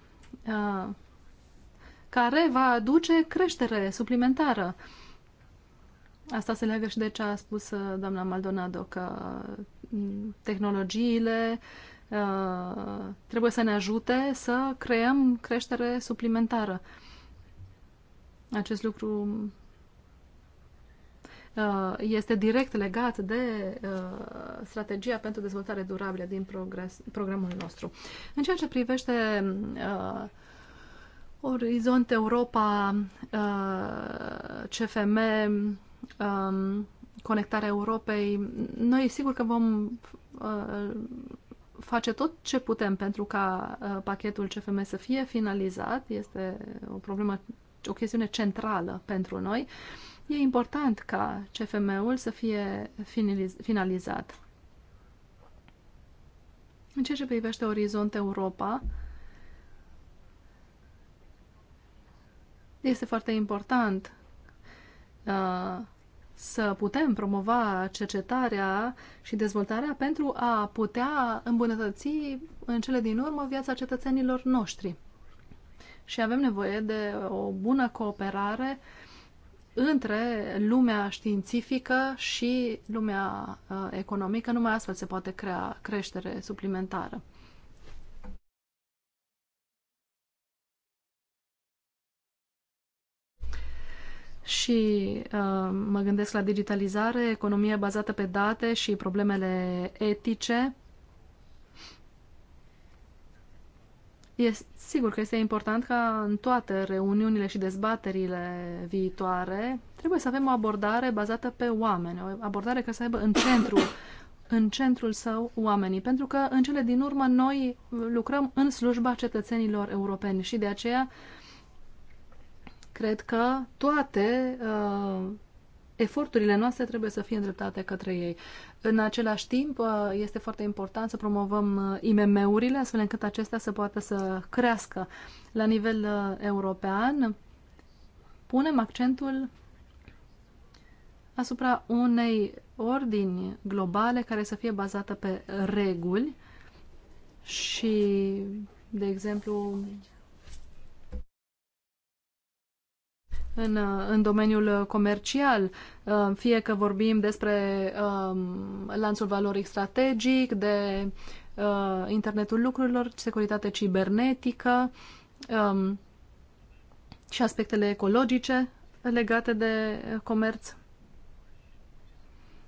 care va aduce creștere suplimentară. Asta se leagă și de ce a spus doamna Maldonado, că tehnologiile uh, Uh, trebuie să ne ajute să creăm creștere suplimentară. Acest lucru uh, este direct legat de uh, strategia pentru dezvoltare durabilă din progres, programul nostru. În ceea ce privește Orizont Europa, CFM, um, Conectarea Europei, noi sigur că vom face tot ce putem pentru ca uh, pachetul CFM să fie finalizat. Este o problemă, o chestiune centrală pentru noi. E important ca CFM-ul să fie finalizat. În ceea ce privește Orizont Europa, este foarte important uh, să putem promova cercetarea și dezvoltarea pentru a putea îmbunătăți în cele din urmă viața cetățenilor noștri. Și avem nevoie de o bună cooperare între lumea științifică și lumea uh, economică, numai astfel se poate crea creștere suplimentară. și uh, mă gândesc la digitalizare, economie bazată pe date și problemele etice. E sigur că este important ca în toate reuniunile și dezbaterile viitoare trebuie să avem o abordare bazată pe oameni, o abordare care să aibă în centru în centrul său oamenii, pentru că în cele din urmă noi lucrăm în slujba cetățenilor europeni și de aceea uh, Cred că toate uh, eforturile noastre trebuie să fie îndreptate către ei. În același timp, uh, este foarte important să promovăm uh, IMM-urile, astfel încât acestea să poată să crească. La nivel uh, european, punem accentul asupra unei ordini globale care să fie bazată pe reguli și, de exemplu, în, în domeniul comercial, uh, fie că vorbim despre um, lanțul valoric strategic, de uh, internetul lucrurilor, securitate cibernetică um, și aspectele ecologice legate de comerț.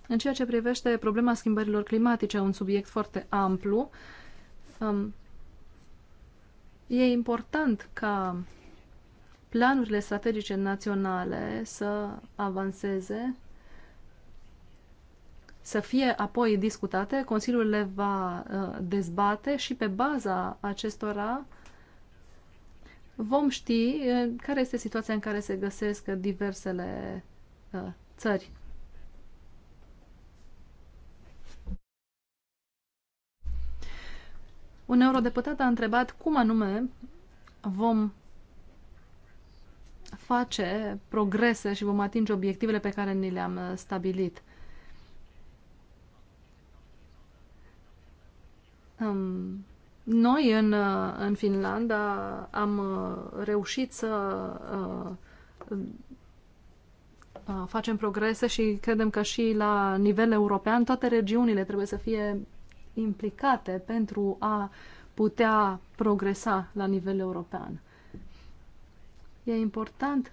În ceea ce privește problema schimbărilor climatice, un subiect foarte amplu, um, e important ca planurile strategice naționale să avanseze, să fie apoi discutate, Consiliul le va uh, dezbate și pe baza acestora vom ști uh, care este situația în care se găsesc diversele uh, țări. Un eurodeputat a întrebat cum anume vom face progrese și vom atinge obiectivele pe care ni le-am uh, stabilit. Um, noi în, uh, în Finlanda am uh, reușit să facem progrese și credem că și la nivel european toate regiunile trebuie să fie implicate pentru a putea progresa la nivel european. E important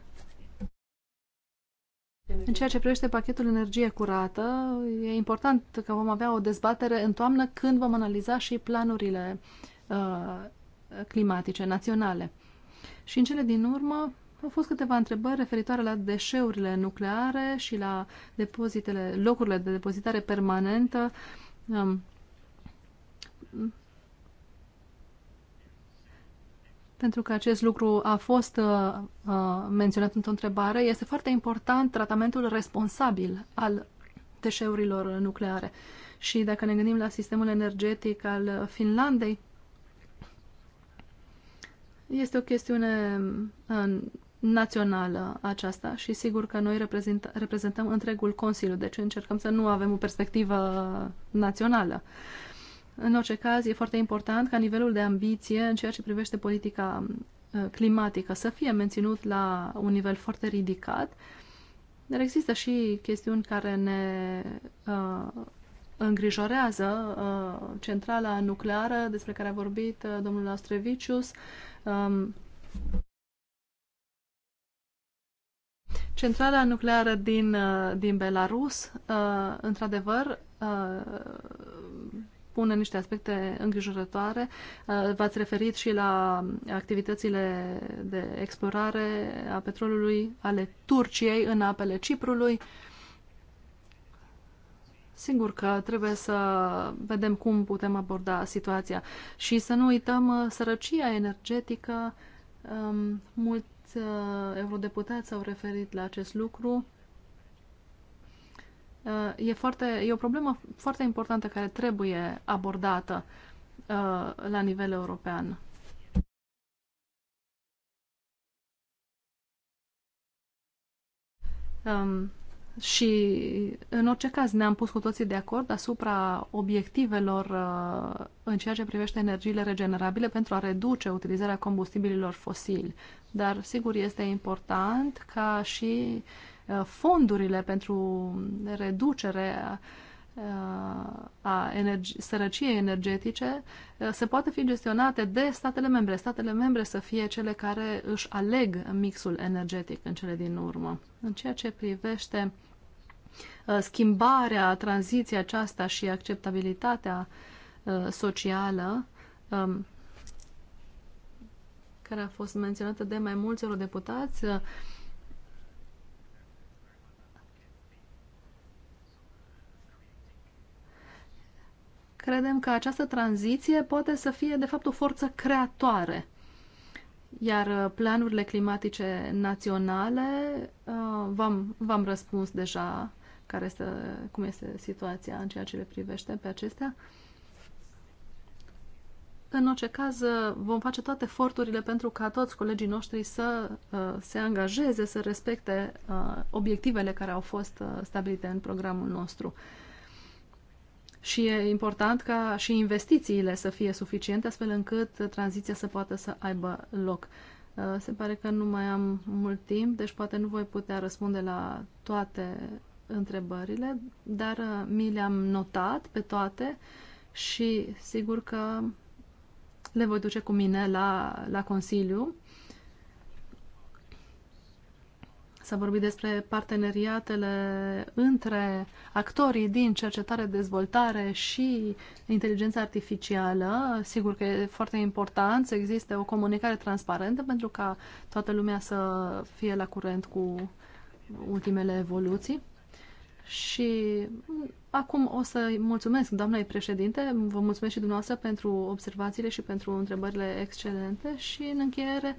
în ceea ce privește pachetul energie curată, e important că vom avea o dezbatere în toamnă când vom analiza și planurile uh, climatice naționale. Și în cele din urmă au fost câteva întrebări referitoare la deșeurile nucleare și la depozitele, locurile de depozitare permanentă. Um, pentru că acest lucru a fost uh, uh, menționat într-o întrebare, este foarte important tratamentul responsabil al deșeurilor nucleare. Și dacă ne gândim la sistemul energetic al Finlandei, este o chestiune uh, națională aceasta și sigur că noi reprezentăm întregul Consiliu, deci încercăm să nu avem o perspectivă națională. Uh, în orice caz, e foarte important ca nivelul de ambiție în ceea ce privește politica uh, climatică să fie menținut la un nivel foarte ridicat, dar există și chestiuni care ne uh, îngrijorează. Uh, centrala nucleară, despre care a vorbit uh, domnul Austrevicius, um, Centrala nucleară din, uh, din Belarus, uh, într-adevăr, pune niște aspecte îngrijorătoare. Uh, V-ați referit și la activitățile de explorare a petrolului ale Turciei în apele Ciprului. Sigur că trebuie să vedem cum putem aborda situația și să nu uităm uh, sărăcia energetică. Um, mulți uh, eurodeputați s-au referit la acest lucru. Uh, e, foarte, e o problemă foarte importantă care trebuie abordată uh, la nivel european. Um, și, în orice caz, ne-am pus cu toții de acord asupra obiectivelor uh, în ceea ce privește energiile regenerabile pentru a reduce utilizarea combustibililor fosili. Dar, sigur, este important ca și fondurile pentru reducere a energi- sărăciei energetice se poate fi gestionate de statele membre. Statele membre să fie cele care își aleg mixul energetic în cele din urmă. În ceea ce privește schimbarea, tranziția aceasta și acceptabilitatea socială, care a fost menționată de mai mulți eurodeputați, Credem că această tranziție poate să fie, de fapt, o forță creatoare. Iar uh, planurile climatice naționale, uh, v-am răspuns deja care este, cum este situația în ceea ce le privește pe acestea. În orice caz, uh, vom face toate eforturile pentru ca toți colegii noștri să se angajeze, să respecte obiectivele care au fost stabilite în programul nostru și e important ca și investițiile să fie suficiente, astfel încât tranziția să poată să aibă loc. Uh, se pare că nu mai am mult timp, deci poate nu voi putea răspunde la toate întrebările, dar uh, mi le-am notat pe toate și sigur că le voi duce cu mine la, la Consiliu S-a vorbit despre parteneriatele între actorii din cercetare, dezvoltare și inteligența artificială. Sigur că e foarte important să existe o comunicare transparentă pentru ca toată lumea să fie la curent cu ultimele evoluții. Și acum o să mulțumesc, doamnei președinte, vă mulțumesc și dumneavoastră pentru observațiile și pentru întrebările excelente și în încheiere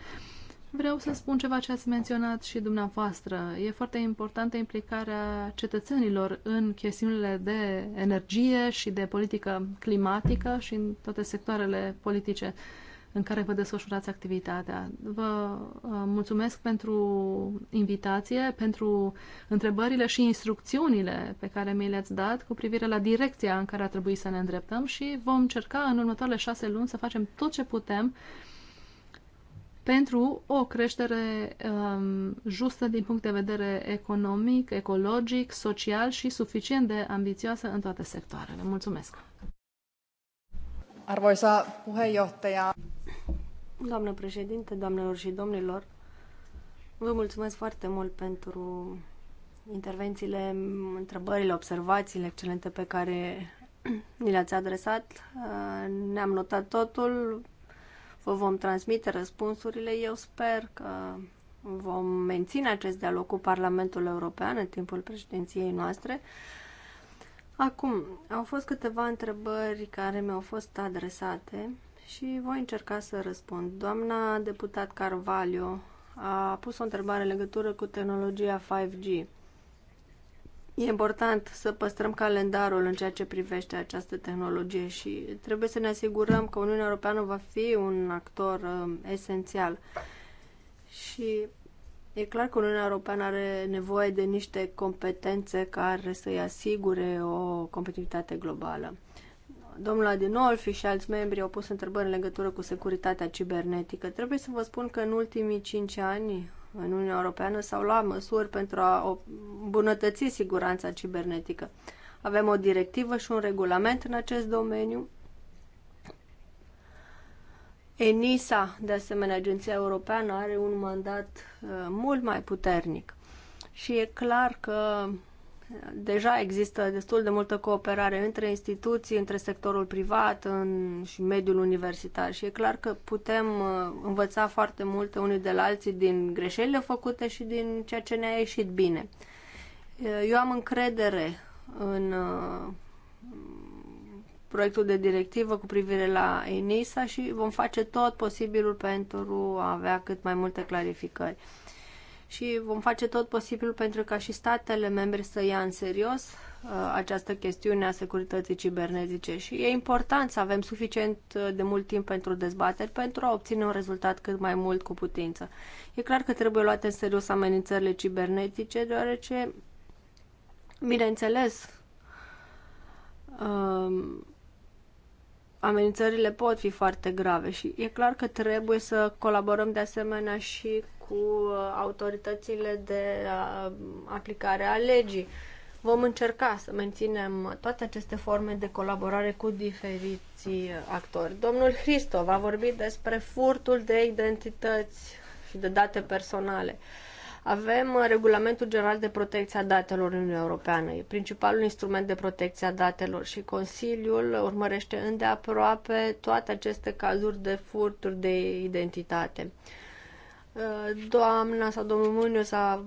Vreau să spun ceva ce ați menționat și dumneavoastră. E foarte importantă implicarea cetățenilor în chestiunile de energie și de politică climatică și în toate sectoarele politice în care vă desfășurați activitatea. Vă uh, mulțumesc pentru invitație, pentru întrebările și instrucțiunile pe care mi le-ați dat cu privire la direcția în care ar trebui să ne îndreptăm și vom încerca în următoarele șase luni să facem tot ce putem pentru o creștere um, justă din punct de vedere economic, ecologic, social și suficient de ambițioasă în toate sectoarele. Mulțumesc! Arvoisa puheenjohtaja. Doamnă președinte, doamnelor și domnilor, vă mulțumesc foarte mult pentru intervențiile, întrebările, observațiile excelente pe care ni le-ați adresat. Ne-am notat totul, Vă vom transmite răspunsurile. Eu sper că vom menține acest dialog cu Parlamentul European în timpul președinției noastre. Acum, au fost câteva întrebări care mi-au fost adresate și voi încerca să răspund. Doamna deputat Carvalho a pus o întrebare în legătură cu tehnologia 5G. E important să păstrăm calendarul în ceea ce privește această tehnologie și trebuie să ne asigurăm că Uniunea Europeană va fi un actor uh, esențial. Și e clar că Uniunea Europeană are nevoie de niște competențe care să-i asigure o competitivitate globală. Domnul Adinolfi și alți membri au pus întrebări în legătură cu securitatea cibernetică. Trebuie să vă spun că în ultimii 5 ani în Uniunea Europeană s-au luat măsuri pentru a îmbunătăți siguranța cibernetică. Avem o directivă și un regulament în acest domeniu. ENISA, de asemenea, Agenția Europeană, are un mandat uh, mult mai puternic. Și e clar că Deja există destul de multă cooperare între instituții, între sectorul privat în, și mediul universitar și e clar că putem uh, învăța foarte multe unii de la alții din greșelile făcute și din ceea ce ne-a ieșit bine. Uh, eu am încredere în uh, proiectul de directivă cu privire la ENISA și vom face tot posibilul pentru a avea cât mai multe clarificări și vom face tot posibilul pentru ca și statele membre să ia în serios uh, această chestiune a securității cibernetice și e important să avem suficient uh, de mult timp pentru dezbateri pentru a obține un rezultat cât mai mult cu putință. E clar că trebuie luate în serios amenințările cibernetice, deoarece, bineînțeles, um, amenințările pot fi foarte grave și e clar că trebuie să colaborăm de asemenea și cu uh, autoritățile de uh, aplicare a legii. Vom încerca să menținem toate aceste forme de colaborare cu diferiți uh, actori. Domnul Hristo a vorbit despre furtul de identități și de date personale. Avem Regulamentul General de Protecție a Datelor în Uniunea Europeană, e principalul instrument de protecție a datelor și Consiliul urmărește îndeaproape toate aceste cazuri de furturi de identitate. Uh, doamna sau domnul s a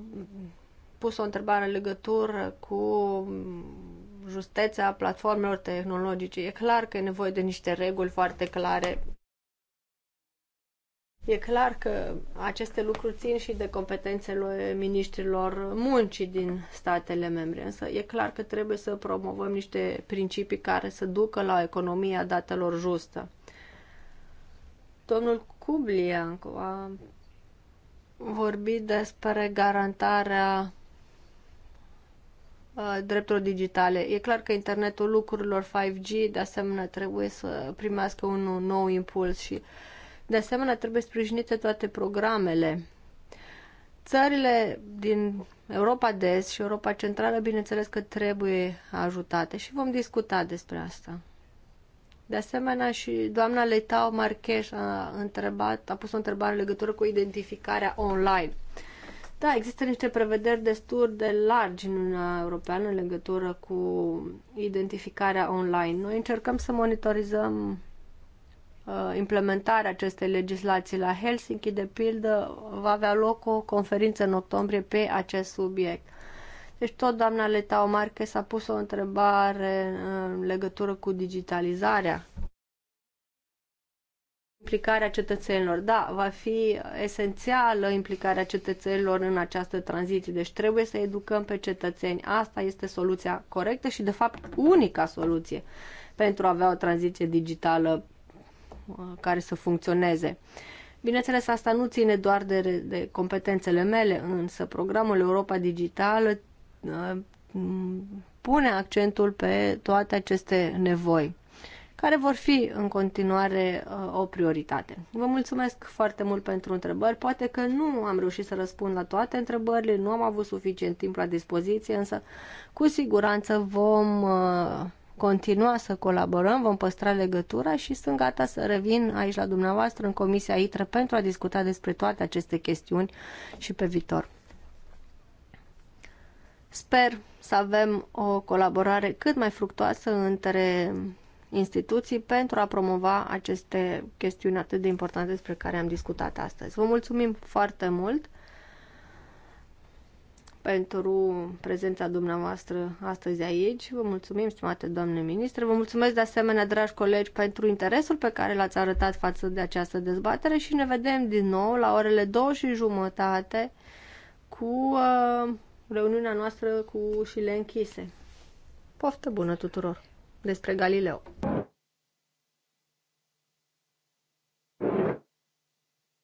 pus o întrebare în legătură cu mm, justeța platformelor tehnologice. E clar că e nevoie de niște reguli foarte clare. E clar că aceste lucruri țin și de competențele ministrilor muncii din statele membre, însă e clar că trebuie să promovăm niște principii care să ducă la economia datelor justă. Domnul Kubliancu a vorbit despre garantarea uh, drepturilor digitale. E clar că internetul lucrurilor 5G, de asemenea, trebuie să primească un nou impuls și, de asemenea, trebuie sprijinite toate programele. Țările din Europa de Est și Europa Centrală, bineînțeles că trebuie ajutate și vom discuta despre asta. De asemenea, și doamna Letau Marcheș a, întrebat, a pus o întrebare în legătură cu identificarea online. Da, există niște prevederi destul de largi în Uniunea Europeană în legătură cu identificarea online. Noi încercăm să monitorizăm uh, implementarea acestei legislații la Helsinki. De pildă, va avea loc o conferință în octombrie pe acest subiect. Deci tot doamna Leta Omarche s-a pus o întrebare în legătură cu digitalizarea implicarea cetățenilor. Da, va fi esențială implicarea cetățenilor în această tranziție, deci trebuie să educăm pe cetățeni. Asta este soluția corectă și, de fapt, unica soluție pentru a avea o tranziție digitală uh, care să funcționeze. Bineînțeles, asta nu ține doar de, de competențele mele, însă programul Europa Digitală pune accentul pe toate aceste nevoi, care vor fi în continuare uh, o prioritate. Vă mulțumesc foarte mult pentru întrebări. Poate că nu am reușit să răspund la toate întrebările, nu am avut suficient timp la dispoziție, însă cu siguranță vom uh, continua să colaborăm, vom păstra legătura și sunt gata să revin aici la dumneavoastră în Comisia ITRE pentru a discuta despre toate aceste chestiuni și pe viitor. Sper să avem o colaborare cât mai fructoasă între instituții pentru a promova aceste chestiuni atât de importante despre care am discutat astăzi. Vă mulțumim foarte mult pentru prezența dumneavoastră astăzi aici. Vă mulțumim, stimate doamne ministre. Vă mulțumesc de asemenea, dragi colegi, pentru interesul pe care l-ați arătat față de această dezbatere și ne vedem din nou la orele două și jumătate cu uh, reuniunea noastră cu Șile închise. Poftă bună tuturor despre Galileo!